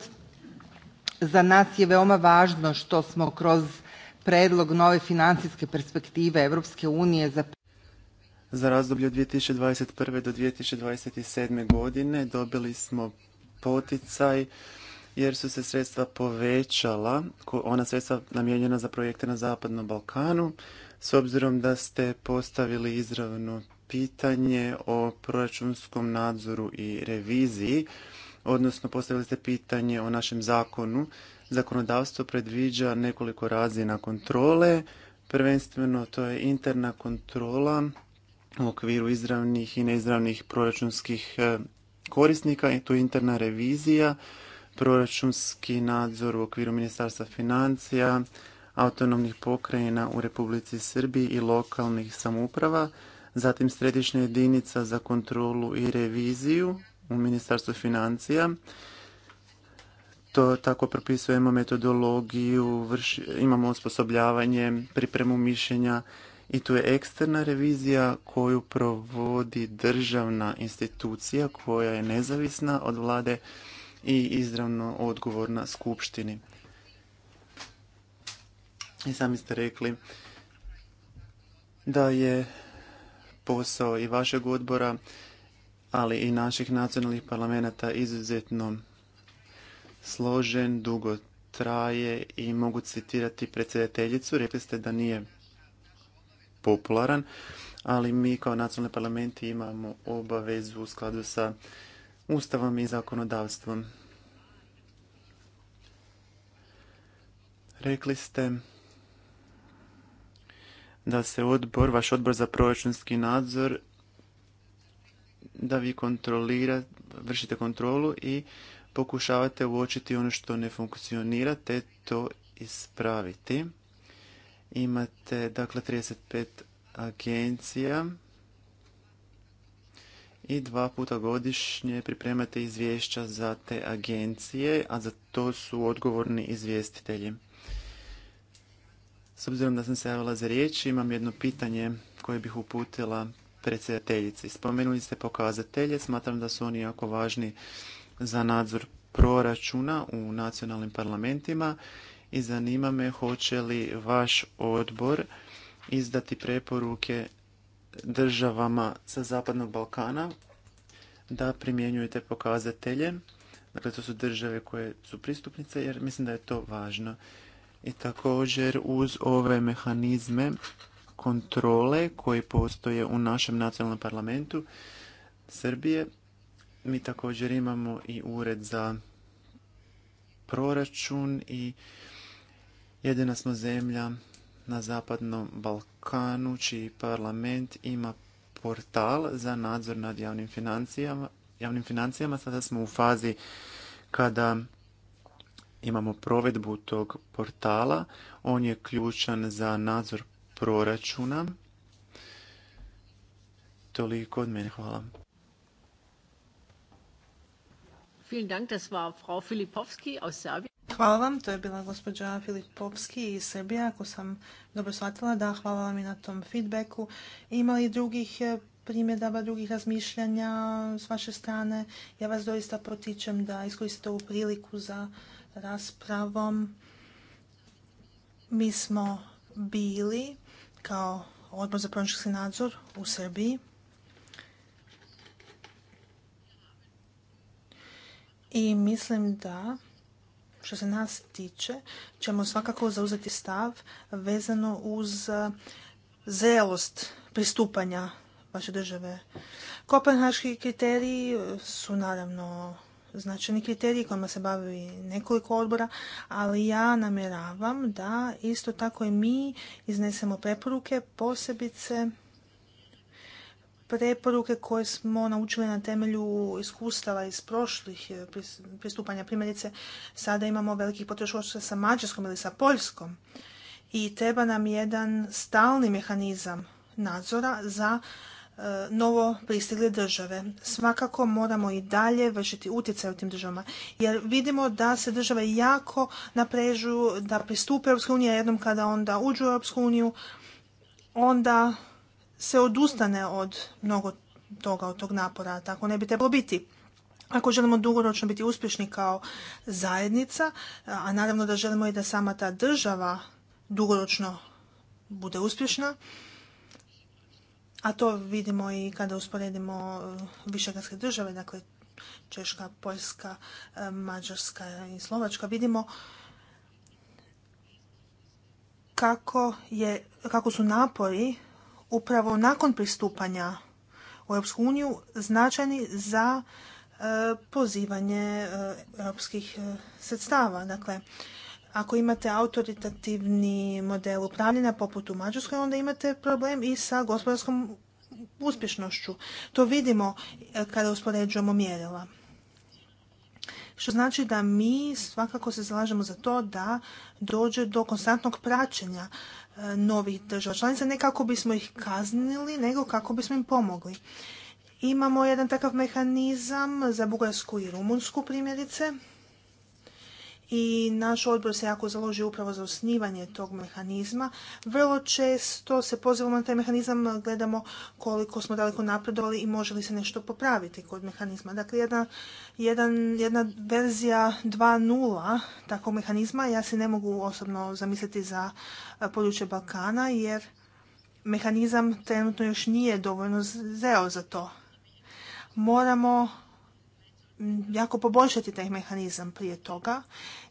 Za nas je veoma važno što smo kroz predlog nove financijske perspektive Evropske unije za za razdoblje od 2021. do 2027. godine dobili smo poticaj jer su se sredstva povećala, ona sredstva namijenjena za projekte na Zapadnom Balkanu, s obzirom da ste postavili izravno pitanje o proračunskom nadzoru i reviziji, odnosno postavili ste pitanje o našem zakonu. Zakonodavstvo predviđa nekoliko razina kontrole, prvenstveno to je interna kontrola u okviru izravnih i neizravnih proračunskih e, korisnika i tu je interna revizija, proračunski nadzor u okviru Ministarstva financija, autonomnih pokrajina u Republici Srbiji i lokalnih samouprava, zatim središnja jedinica za kontrolu i reviziju u Ministarstvu financija. To tako propisujemo metodologiju, imamo osposobljavanje, pripremu mišljenja i tu je eksterna revizija koju provodi državna institucija koja je nezavisna od vlade i izravno odgovorna skupštini. I sami ste rekli da je posao i vašeg odbora, ali i naših nacionalnih parlamenta izuzetno složen, dugo traje i mogu citirati predsjedateljicu. Rekli ste da nije popularan, ali mi kao nacionalni parlamenti imamo obavezu u skladu sa ustavom i zakonodavstvom. Rekli ste da se odbor, vaš odbor za proračunski nadzor, da vi kontrolira, vršite kontrolu i pokušavate uočiti ono što ne funkcionira te to ispraviti. Imate dakle 35 agencija i dva puta godišnje pripremate izvješća za te agencije, a za to su odgovorni izvjestitelji. S obzirom da sam se javila za riječ, imam jedno pitanje koje bih uputila predsjedateljici. Spomenuli ste pokazatelje, smatram da su oni jako važni za nadzor proračuna u nacionalnim parlamentima i zanima me hoće li vaš odbor izdati preporuke državama sa Zapadnog Balkana da primjenjujete pokazatelje. Dakle, to su države koje su pristupnice jer mislim da je to važno i također uz ove mehanizme kontrole koji postoje u našem nacionalnom parlamentu Srbije. Mi također imamo i ured za proračun i jedina smo zemlja na Zapadnom Balkanu čiji parlament ima portal za nadzor nad javnim financijama. Javnim financijama sada smo u fazi kada imamo provedbu tog portala. On je ključan za nadzor proračuna. Toliko od mene, hvala. Hvala vam, to je bila gospođa Filipovski iz Srbije, ako sam dobro shvatila, da hvala vam i na tom feedbacku. Ima li drugih eh, primjedaba, drugih razmišljanja s vaše strane? Ja vas doista potičem da iskoristite ovu priliku za raspravom mi smo bili kao odbor za proračunski nadzor u Srbiji i mislim da što se nas tiče ćemo svakako zauzeti stav vezano uz e, zelost pristupanja vaše države. Kopenhaški kriteriji su naravno značajni kriteriji kojima se bavi nekoliko odbora, ali ja namjeravam da isto tako i mi iznesemo preporuke, posebice preporuke koje smo naučili na temelju iskustava iz prošlih eh, pristupanja. Primjerice, sada imamo velikih poteškoća sa Mađarskom ili sa Poljskom i treba nam jedan stalni mehanizam nadzora za novo pristigle države. Svakako moramo i dalje vršiti utjecaj u tim državama, jer vidimo da se države jako naprežuju da pristupe Europskoj jednom kada onda uđu u Europsku uniju, onda se odustane od mnogo toga, od tog napora. Tako ne bi trebalo biti. Ako želimo dugoročno biti uspješni kao zajednica, a naravno da želimo i da sama ta država dugoročno bude uspješna, a to vidimo i kada usporedimo e, višegradske države, dakle Češka, Poljska, e, Mađarska i Slovačka, vidimo kako, je, kako su napori upravo nakon pristupanja u Europsku uniju značajni za e, pozivanje europskih sredstava. Dakle, ako imate autoritativni model upravljanja poput u Mađarskoj, onda imate problem i sa gospodarskom uspješnošću. To vidimo e, kada uspoređujemo mjerila. Što znači da mi svakako se zalažemo za to da dođe do konstantnog praćenja e, novih država članica, ne kako bismo ih kaznili, nego kako bismo im pomogli. Imamo jedan takav mehanizam za Bugarsku i Rumunsku primjerice, i naš odbor se jako založi upravo za osnivanje tog mehanizma. Vrlo često se pozivamo na taj mehanizam, gledamo koliko smo daleko napredovali i može li se nešto popraviti kod mehanizma. Dakle, jedna, jedan, jedna verzija 2.0 takvog mehanizma ja se ne mogu osobno zamisliti za e, područje Balkana jer mehanizam trenutno još nije dovoljno zeo za to. Moramo jako poboljšati taj mehanizam prije toga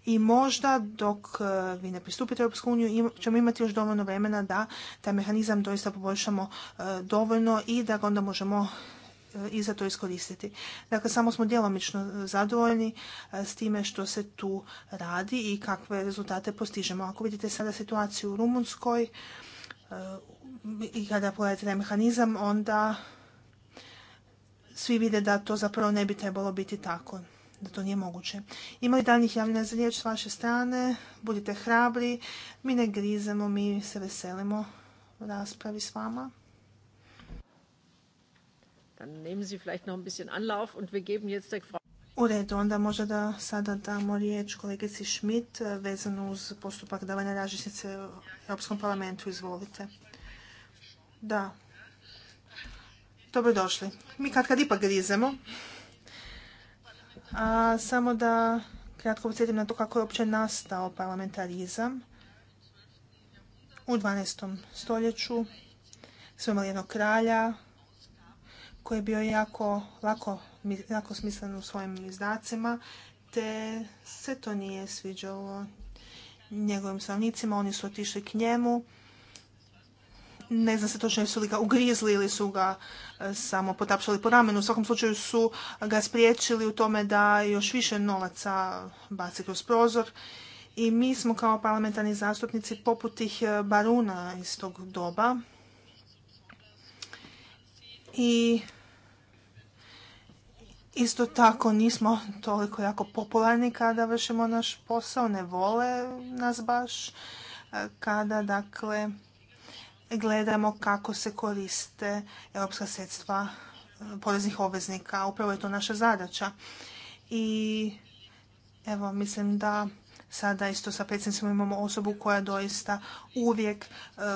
i možda dok e, vi ne pristupite Europsku uniju ćemo imati još dovoljno vremena da taj mehanizam doista poboljšamo e, dovoljno i da ga onda možemo e, i za to iskoristiti. Dakle, samo smo djelomično zadovoljni s time što se tu radi i kakve rezultate postižemo. Ako vidite sada situaciju u Rumunskoj i kada pogledate taj mehanizam, onda svi vide da to zapravo ne bi trebalo biti tako, da to nije moguće. Ima li daljnjih javljena za riječ s vaše strane? Budite hrabri, mi ne grizemo, mi se veselimo u raspravi s vama. U redu, onda možda da sada damo riječ kolegici Schmidt eh, vezano uz postupak davanja ražišnice u Europskom parlamentu. Izvolite. Da, došli. Mi kad kad ipak grizemo. A samo da kratko podsjetim na to kako je uopće nastao parlamentarizam. U 12. stoljeću smo imali jednog kralja koji je bio jako lako, lako smislen u svojim izdacima, te se to nije sviđalo njegovim stanovnicima. Oni su otišli k njemu ne zna se točno jesu li ga ugrizli ili su ga e, samo potapšali po ramenu. U svakom slučaju su ga spriječili u tome da još više novaca baci kroz prozor. I mi smo kao parlamentarni zastupnici poput tih e, baruna iz tog doba. I Isto tako nismo toliko jako popularni kada vršimo naš posao, ne vole nas baš, e, kada dakle gledamo kako se koriste europska sredstva e, poreznih obveznika. Upravo je to naša zadaća. I evo, mislim da sada isto sa predsjednicima imamo osobu koja doista uvijek e,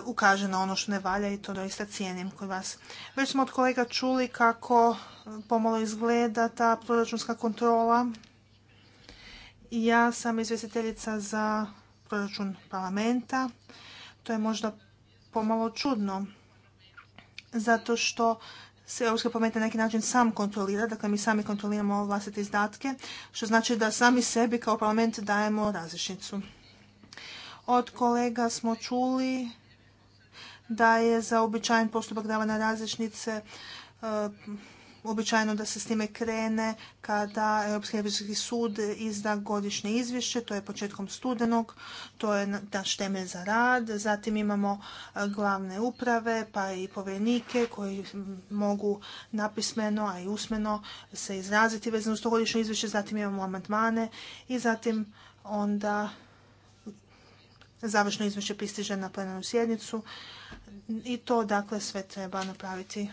ukaže na ono što ne valja i to doista cijenim kod vas. Već smo od kolega čuli kako e, pomalo izgleda ta proračunska kontrola. Ja sam izvjestiteljica za proračun parlamenta. To je možda pomalo čudno, zato što se Europski parlament na neki način sam kontrolira, dakle mi sami kontroliramo vlastite izdatke, što znači da sami sebi kao parlament dajemo različnicu. Od kolega smo čuli da je za postupak davanja različnice e, uobičajeno da se s time krene kada Europski revizorski sud izda godišnje izvješće, to je početkom studenog, to je naš temelj za rad. Zatim imamo e, glavne uprave pa i povjerenike koji mogu napismeno, a i usmeno se izraziti vezano uz to godišnje izvješće. Zatim imamo amandmane i zatim onda završno izvješće pristiže na plenarnu sjednicu i to dakle sve treba napraviti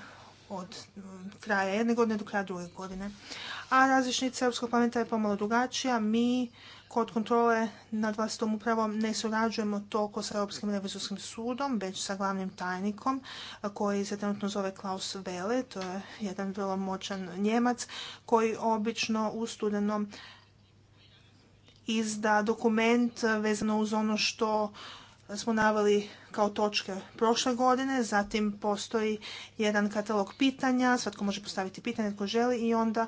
od mm, kraja jedne godine do kraja druge godine. A različnica Europskog parlamenta je pomalo drugačija. Mi kod kontrole nad vlastitom upravom ne surađujemo toliko sa Europskim revizorskim sudom, već sa glavnim tajnikom koji se trenutno zove Klaus Vele, to je jedan vrlo moćan Njemac koji obično u studenom izda dokument vezano uz ono što smo naveli kao točke prošle godine, zatim postoji jedan katalog pitanja, svatko može postaviti pitanje tko želi i onda e,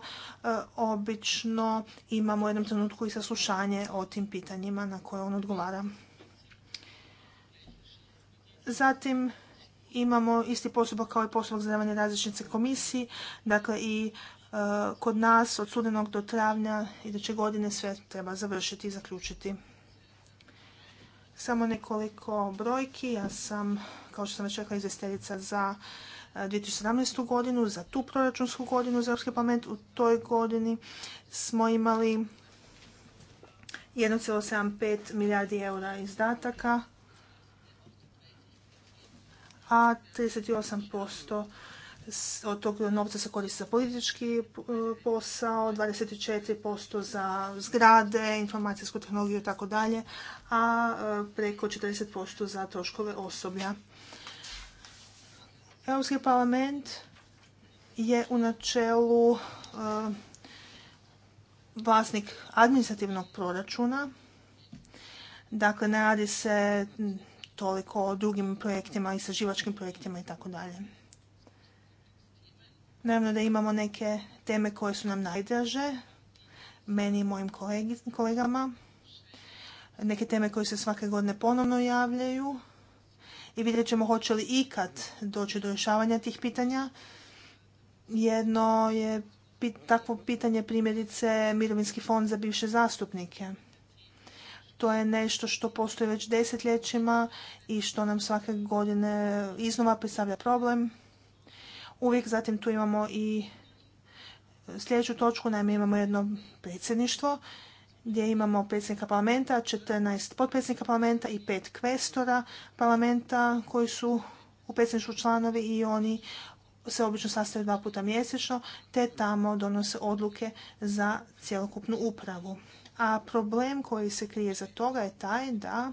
obično imamo u jednom trenutku i saslušanje o tim pitanjima na koje on odgovara. Zatim imamo isti postupak kao i postupak za davanje različnice komisiji, dakle i e, kod nas od studenog do travnja iduće godine sve treba završiti i zaključiti. Samo nekoliko brojki. Ja sam, kao što sam već rekla, izvjestiteljica za 2017. E, godinu, za tu proračunsku godinu za Europski parlament. U toj godini smo imali 1,75 milijardi eura izdataka, a 38% od tog novca se koristi za politički e, posao, 24% za zgrade, informacijsku tehnologiju i tako dalje, a e, preko 40% za troškove osoblja. Europski parlament je u načelu e, vlasnik administrativnog proračuna. Dakle, ne radi se toliko o drugim projektima, istraživačkim projektima i tako dalje. Naravno da imamo neke teme koje su nam najdraže, meni i mojim kolegama. Neke teme koje se svake godine ponovno javljaju i vidjet ćemo hoće li ikad doći do rješavanja tih pitanja. Jedno je takvo pitanje primjerice Mirovinski fond za bivše zastupnike. To je nešto što postoji već desetljećima i što nam svake godine iznova predstavlja problem uvijek. Zatim tu imamo i sljedeću točku, naime imamo jedno predsjedništvo gdje imamo predsjednika parlamenta, 14 potpredsjednika parlamenta i pet kvestora parlamenta koji su u predsjedništvu članovi i oni se obično sastaju dva puta mjesečno, te tamo donose odluke za cjelokupnu upravu. A problem koji se krije za toga je taj da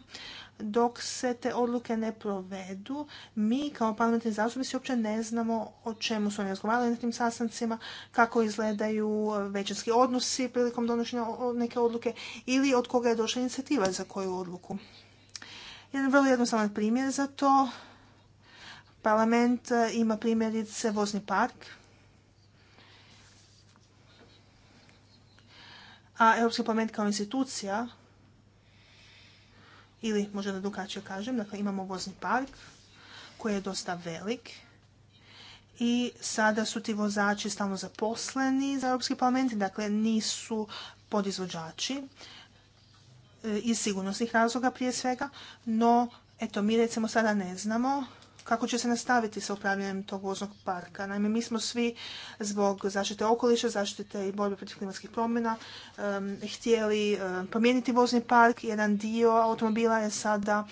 dok se te odluke ne provedu, mi kao parlamentarni zastupnici uopće ne znamo o čemu su oni razgovarali na tim sastancima, kako izgledaju većinski odnosi prilikom donošenja neke odluke ili od koga je došla inicijativa za koju odluku. Jedan vrlo jednostavan primjer za to. Parlament e, ima primjerice vozni park, a Europski parlament kao institucija ili, možda da drugačije kažem, dakle imamo vozni park koji je dosta velik i sada su ti vozači stalno zaposleni za Europski parlament, dakle nisu podizvođači e, iz sigurnosnih razloga prije svega, no eto mi recimo sada ne znamo kako će se nastaviti sa upravljanjem tog voznog parka. Naime, mi smo svi zbog zaštite okoliša, zaštite i borbe protiv klimatskih promjena htjeli promijeniti vozni park. Jedan dio automobila je sada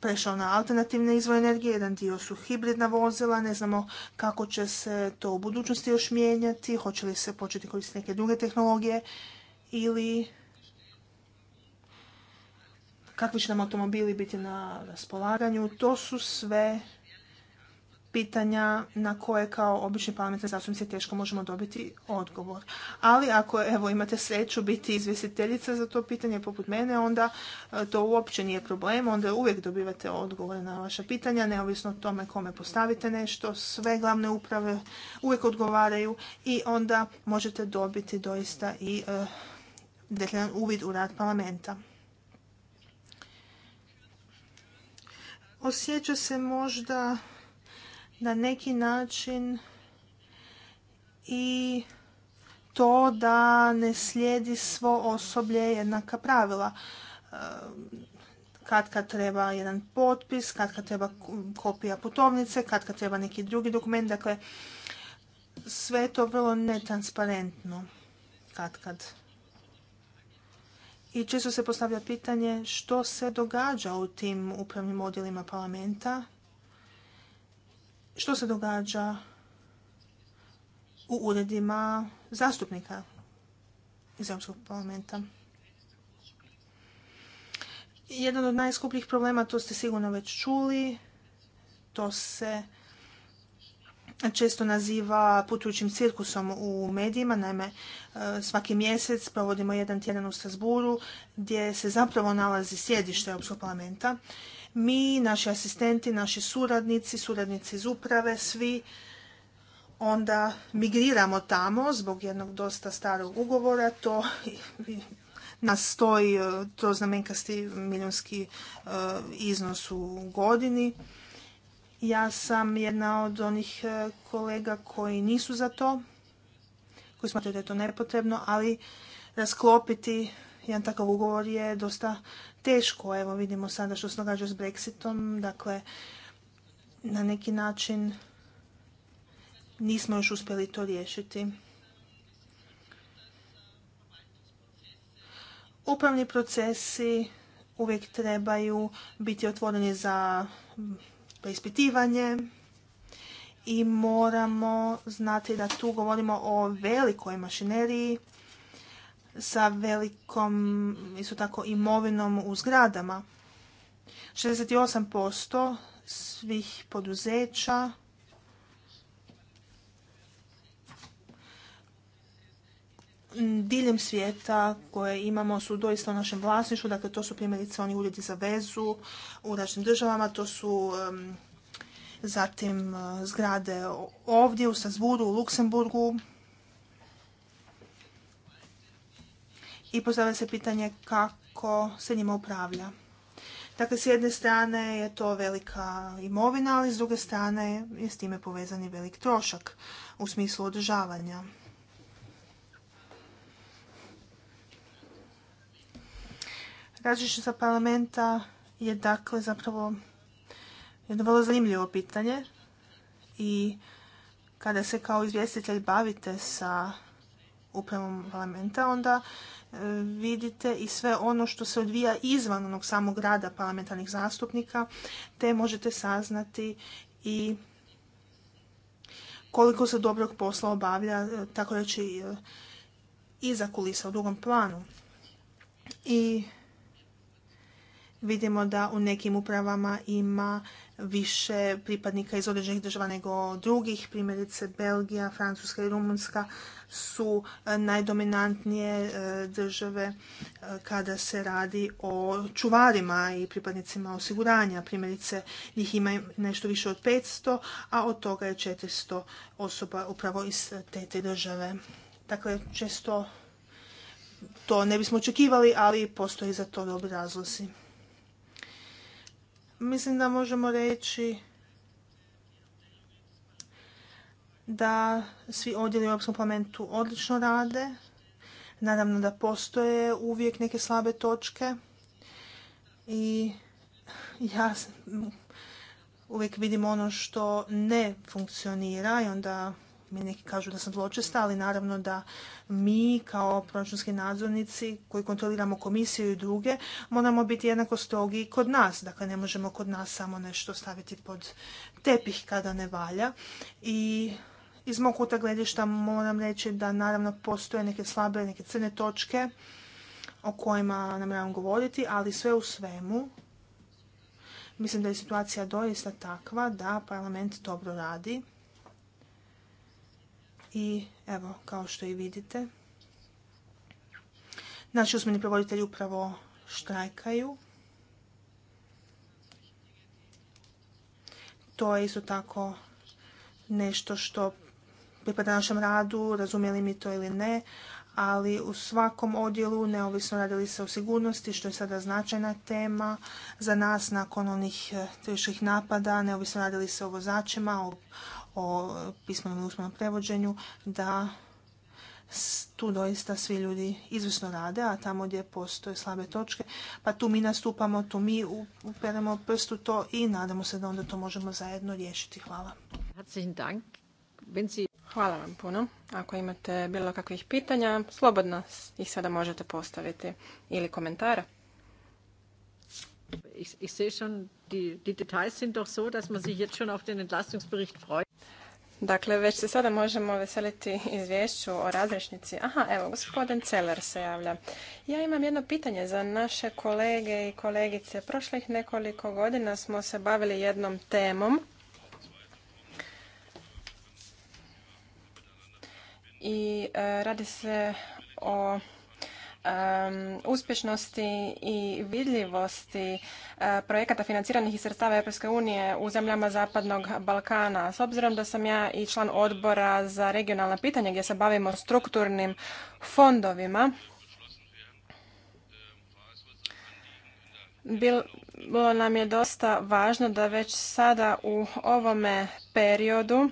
prešao na alternativne izvore energije, jedan dio su hibridna vozila, ne znamo kako će se to u budućnosti još mijenjati, hoće li se početi koristiti neke druge tehnologije ili kakvi će nam automobili biti na raspolaganju. To su sve pitanja na koje kao obični parlamentarni zastupnici teško možemo dobiti odgovor. Ali ako evo imate sreću biti izvjestiteljica za to pitanje poput mene, onda e, to uopće nije problem, onda uvijek dobivate odgovore na vaša pitanja, neovisno o tome kome postavite nešto, sve glavne uprave uvijek odgovaraju i onda možete dobiti doista i e, detaljan uvid u rad parlamenta. osjeća se možda na neki način i to da ne slijedi svo osoblje jednaka pravila. E, kad kad treba jedan potpis, kad kad treba kopija putovnice, kad kad treba neki drugi dokument, dakle sve je to vrlo netransparentno kad kad. I često se postavlja pitanje što se događa u tim upravnim odjelima parlamenta, što se događa u uredima zastupnika iz Europskog parlamenta. Jedan od najskupljih problema, to ste sigurno već čuli, to se često naziva putujućim cirkusom u medijima. Naime, e, svaki mjesec provodimo jedan tjedan u Strasburu gdje se zapravo nalazi sjedište Europskog parlamenta. Mi, naši asistenti, naši suradnici, suradnici iz uprave, svi onda migriramo tamo zbog jednog dosta starog ugovora. To nas stoji e, to znamenkasti milijunski e, iznos u godini. Ja sam jedna od onih e, kolega koji nisu za to, koji smatraju da je to nepotrebno, ali rasklopiti jedan takav ugovor je dosta teško. Evo vidimo sada što se događa s Brexitom, dakle na neki način nismo još uspjeli to riješiti. Upravni procesi uvijek trebaju biti otvoreni za preispitivanje i moramo znati da tu govorimo o velikoj mašineriji sa velikom isto tako imovinom u zgradama. 68% svih poduzeća diljem svijeta koje imamo su doista u našem vlasništvu, dakle to su primjerice oni uredi za vezu u našim državama, to su zatim e, zgrade ovdje u Strasburu, u Luksemburgu. I postavlja se pitanje kako se njima upravlja. Dakle, s jedne strane je to velika imovina, ali s druge strane je s time povezan i velik trošak u smislu održavanja. za parlamenta je dakle zapravo jedno vrlo zanimljivo pitanje i kada se kao izvjestitelj bavite sa upravom parlamenta, onda e, vidite i sve ono što se odvija izvan onog samog rada parlamentarnih zastupnika, te možete saznati i koliko se dobrog posla obavlja, e, tako reći, e, iza kulisa u drugom planu. I vidimo da u nekim upravama ima više pripadnika iz određenih država nego drugih. Primjerice Belgija, Francuska i Rumunska su e, najdominantnije e, države e, kada se radi o čuvarima i pripadnicima osiguranja. Primjerice njih ima nešto više od 500, a od toga je 400 osoba upravo iz te, te države. Dakle, često to ne bismo očekivali, ali postoji za to dobri razlozi. Mislim da možemo reći da svi odjeli u Europskom parlamentu odlično rade. Naravno da postoje uvijek neke slabe točke i ja uvijek vidim ono što ne funkcionira i onda mi neki kažu da sam zločesta, ali naravno da mi kao proračunski nadzornici koji kontroliramo komisiju i druge moramo biti jednako strogi i kod nas. Dakle, ne možemo kod nas samo nešto staviti pod tepih kada ne valja. I iz mog kuta gledišta moram reći da naravno postoje neke slabe, neke crne točke o kojima nam namjeravam govoriti, ali sve u svemu mislim da je situacija doista takva da parlament dobro radi i evo, kao što i vidite, naši usmeni prevoditelji upravo štrajkaju. To je isto tako nešto što pripada našem radu, razumjeli mi to ili ne, ali u svakom odjelu, neovisno radili se o sigurnosti, što je sada značajna tema za nas nakon onih e, teških napada, neovisno radili se o vozačima, o o pismenom i usmenom prevođenju da tu doista svi ljudi izvrsno rade, a tamo gdje postoje slabe točke, pa tu mi nastupamo, tu mi uperemo prstu to i nadamo se da onda to možemo zajedno riješiti. Hvala. Hvala vam puno. Ako imate bilo kakvih pitanja, slobodno ih sada možete postaviti ili komentara. Ich, ich sehe schon, die, die Details sind Dakle, već se sada možemo veseliti izvješću o razrešnici. Aha, evo, gospodin Celer se javlja. Ja imam jedno pitanje za naše kolege i kolegice. Prošlih nekoliko godina smo se bavili jednom temom i e, radi se o uspješnosti i vidljivosti eh, projekata financiranih iz sredstava Europske unije u zemljama Zapadnog Balkana. S obzirom da sam ja i član odbora za regionalna pitanja gdje se bavimo strukturnim fondovima, bilo nam je dosta važno da već sada u ovome periodu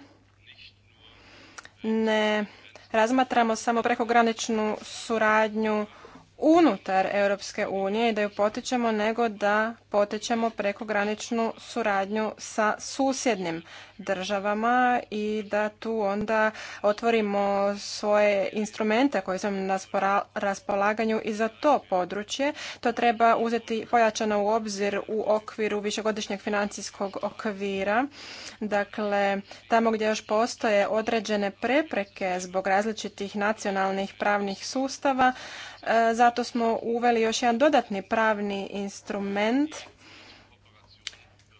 ne razmatramo samo prekograničnu suradnju unutar Europske unije i da ju potičemo nego da potičemo prekograničnu suradnju sa susjednim državama i da tu onda otvorimo svoje instrumente koje su na raspolaganju i za to područje. To treba uzeti pojačano u obzir u okviru višegodišnjeg financijskog okvira. Dakle, tamo gdje još postoje određene prepreke zbog različitih nacionalnih pravnih sustava, E, zato smo uveli još jedan dodatni pravni instrument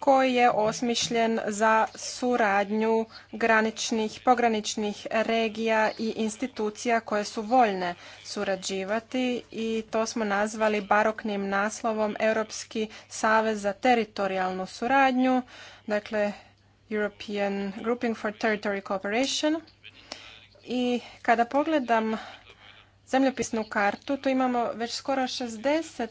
koji je osmišljen za suradnju graničnih, pograničnih regija i institucija koje su voljne surađivati i to smo nazvali baroknim naslovom Europski savez za teritorijalnu suradnju, dakle European Grouping for Territory Cooperation. I kada pogledam zemljopisnu kartu. Tu imamo već skoro 60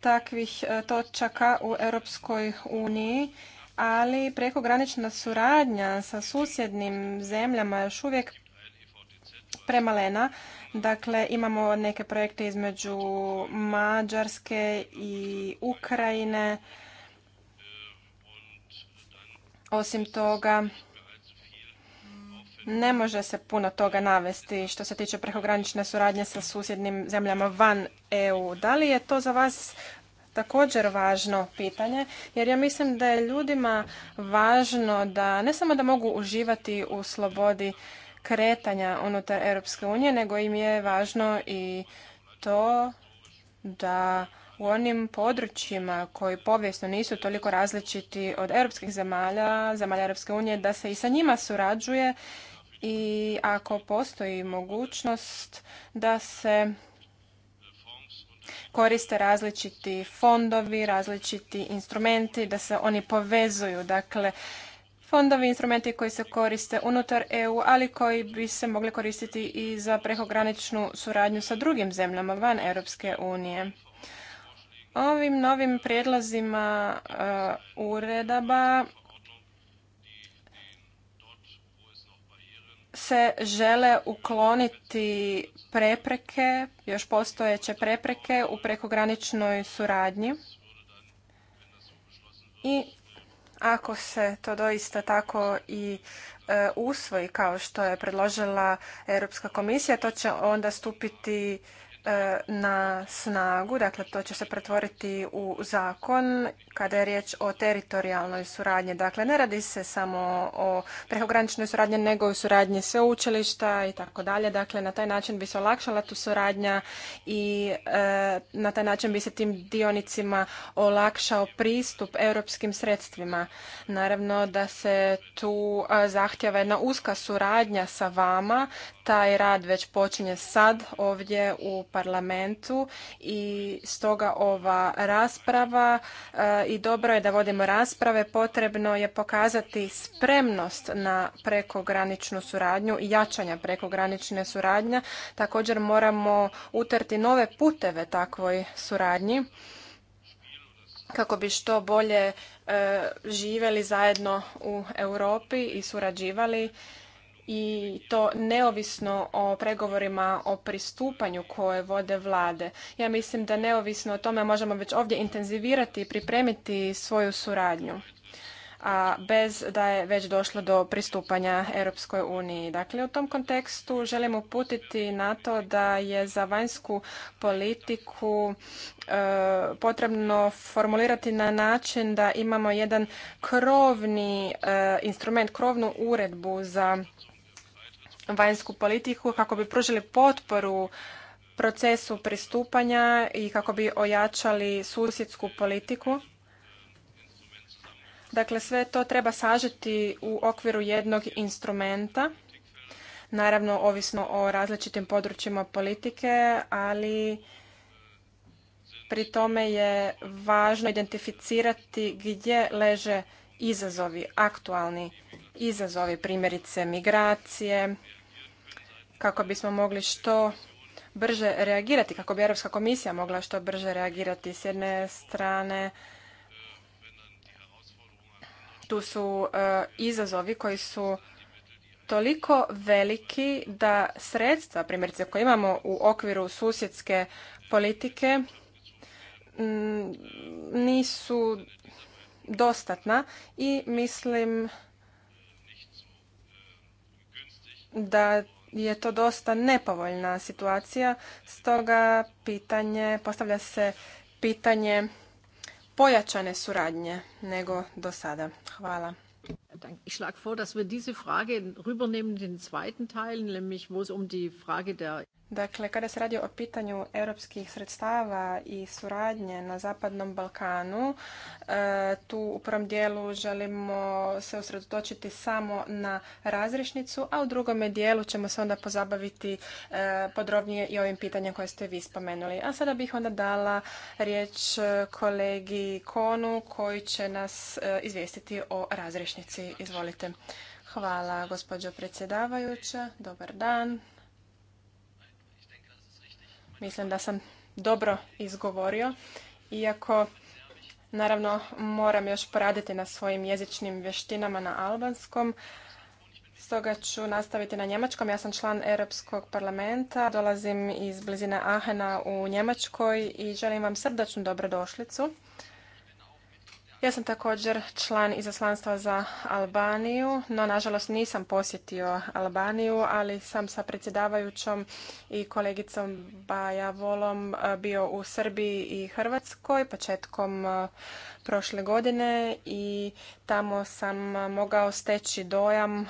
takvih e, točaka u Europskoj uniji, ali prekogranična suradnja sa susjednim zemljama još uvijek premalena. Dakle, imamo neke projekte između Mađarske i Ukrajine. Osim toga, ne može se puno toga navesti što se tiče prehogranične suradnje sa susjednim zemljama van EU. Da li je to za vas također važno pitanje jer ja mislim da je ljudima važno da ne samo da mogu uživati u slobodi kretanja unutar Europske unije, nego im je važno i to da u onim područjima koji povijesno nisu toliko različiti od europskih zemalja, zemalja Europske unije, da se i sa njima surađuje i ako postoji mogućnost da se koriste različiti fondovi, različiti instrumenti, da se oni povezuju. Dakle, fondovi, instrumenti koji se koriste unutar EU, ali koji bi se mogli koristiti i za prehograničnu suradnju sa drugim zemljama van Europske unije. Ovim novim prijedlozima e, uredaba se žele ukloniti prepreke, još postojeće prepreke u prekograničnoj suradnji. I ako se to doista tako i e, usvoji kao što je predložila Europska komisija, to će onda stupiti E, na snagu, dakle to će se pretvoriti u zakon kada je riječ o teritorijalnoj suradnji. Dakle, ne radi se samo o prehograničnoj suradnji, nego i o suradnji sveučilišta i tako dalje. Dakle, na taj način bi se olakšala tu suradnja i e, na taj način bi se tim dionicima olakšao pristup europskim sredstvima. Naravno da se tu e, zahtjeva jedna uska suradnja sa vama. Taj rad već počinje sad ovdje u parlamentu i stoga ova rasprava eh, i dobro je da vodimo rasprave. Potrebno je pokazati spremnost na prekograničnu suradnju i jačanja prekogranične suradnje. Također moramo utrti nove puteve takvoj suradnji kako bi što bolje eh, živjeli zajedno u Europi i surađivali i to neovisno o pregovorima o pristupanju koje vode vlade. Ja mislim da neovisno o tome možemo već ovdje intenzivirati i pripremiti svoju suradnju a bez da je već došlo do pristupanja Europskoj uniji. Dakle, u tom kontekstu želim uputiti na to da je za vanjsku politiku e, potrebno formulirati na način da imamo jedan krovni e, instrument, krovnu uredbu za vanjsku politiku kako bi pružili potporu procesu pristupanja i kako bi ojačali susjedsku politiku. Dakle, sve to treba sažeti u okviru jednog instrumenta, naravno ovisno o različitim područjima politike, ali pri tome je važno identificirati gdje leže izazovi aktualni izazovi, primjerice migracije, kako bismo mogli što brže reagirati, kako bi Europska komisija mogla što brže reagirati s jedne strane. Tu su e, izazovi koji su toliko veliki da sredstva, primjerice koje imamo u okviru susjedske politike, nisu dostatna i mislim da je to dosta nepovoljna situacija, stoga pitanje, postavlja se pitanje pojačane suradnje nego do sada. Hvala. Ich schlage vor, dass wir diese Frage rübernehmen den zweiten Teil, nämlich wo es um die Frage der Dakle, kada se radi o pitanju europskih sredstava i suradnje na Zapadnom Balkanu, e, tu u prvom dijelu želimo se usredotočiti samo na razrišnicu, a u drugom dijelu ćemo se onda pozabaviti e, podrobnije i ovim pitanjem koje ste vi spomenuli. A sada bih onda dala riječ kolegi Konu koji će nas e, izvijestiti o razrišnici. Izvolite. Hvala, gospođo predsjedavajuća. Dobar dan. Mislim da sam dobro izgovorio, iako naravno moram još poraditi na svojim jezičnim vještinama na albanskom. Stoga ću nastaviti na njemačkom. Ja sam član Europskog parlamenta, dolazim iz blizine Ahena u Njemačkoj i želim vam srdačnu dobrodošlicu. Ja sam također član izaslanstva za Albaniju, no nažalost nisam posjetio Albaniju, ali sam sa predsjedavajućom i kolegicom Baja Volom eh, bio u Srbiji i Hrvatskoj početkom eh, prošle godine i tamo sam eh, mogao steći dojam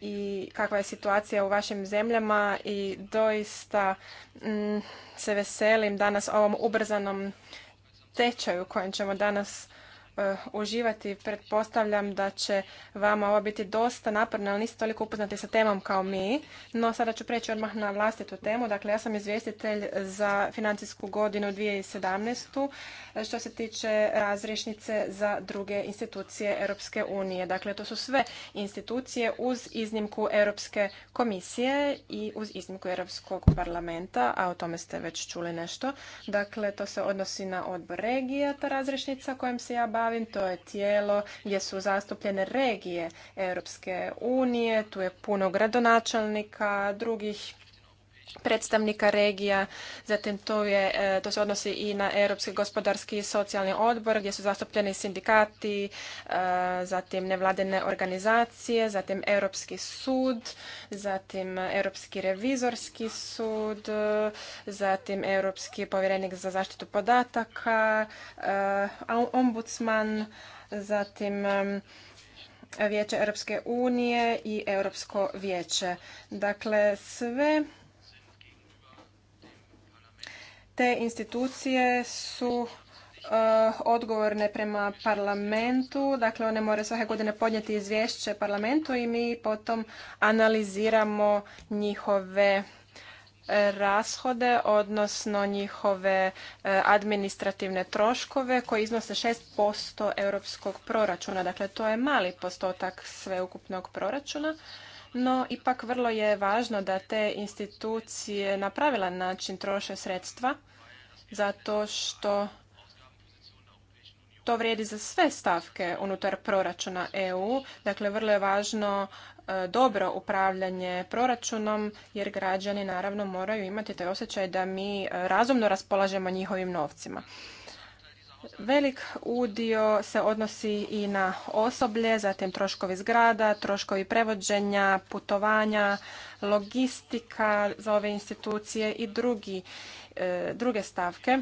i kakva je situacija u vašim zemljama i doista mm, se veselim danas ovom ubrzanom tečaju kojem ćemo danas Eh, uživati. Pretpostavljam da će vama ovo biti dosta naporno, ali niste toliko upoznati sa temom kao mi. No sada ću preći odmah na vlastitu temu. Dakle, ja sam izvjestitelj za financijsku godinu 2017. Eh, što se tiče razrješnice za druge institucije Europske unije. Dakle, to su sve institucije uz iznimku Europske komisije i uz iznimku Europskog parlamenta, a o tome ste već čuli nešto. Dakle, to se odnosi na odbor regija, ta razrješnica kojom se ja bavim pravim, to je tijelo gdje su zastupljene regije Europske unije, tu je puno gradonačelnika, drugih predstavnika regija, zatim to je, e, to se odnosi i na Europski gospodarski i socijalni odbor gdje su zastupljeni sindikati, e, zatim nevladine organizacije, zatim Europski sud, zatim Europski revizorski sud, zatim Europski povjerenik za zaštitu podataka, e, ombudsman, zatim Vijeće Europske unije i Europsko vijeće. Dakle, sve te institucije su e, odgovorne prema parlamentu. Dakle, one moraju svake godine podnijeti izvješće parlamentu i mi potom analiziramo njihove e, rashode, odnosno njihove e, administrativne troškove koji iznose 6% europskog proračuna. Dakle, to je mali postotak sveukupnog proračuna no ipak vrlo je važno da te institucije na pravilan način troše sredstva zato što to vrijedi za sve stavke unutar proračuna EU. Dakle, vrlo je važno e, dobro upravljanje proračunom jer građani naravno moraju imati taj osjećaj da mi e, razumno raspolažemo njihovim novcima. Velik udio se odnosi i na osoblje, zatim troškovi zgrada, troškovi prevođenja, putovanja, logistika za ove institucije i drugi, e, druge stavke.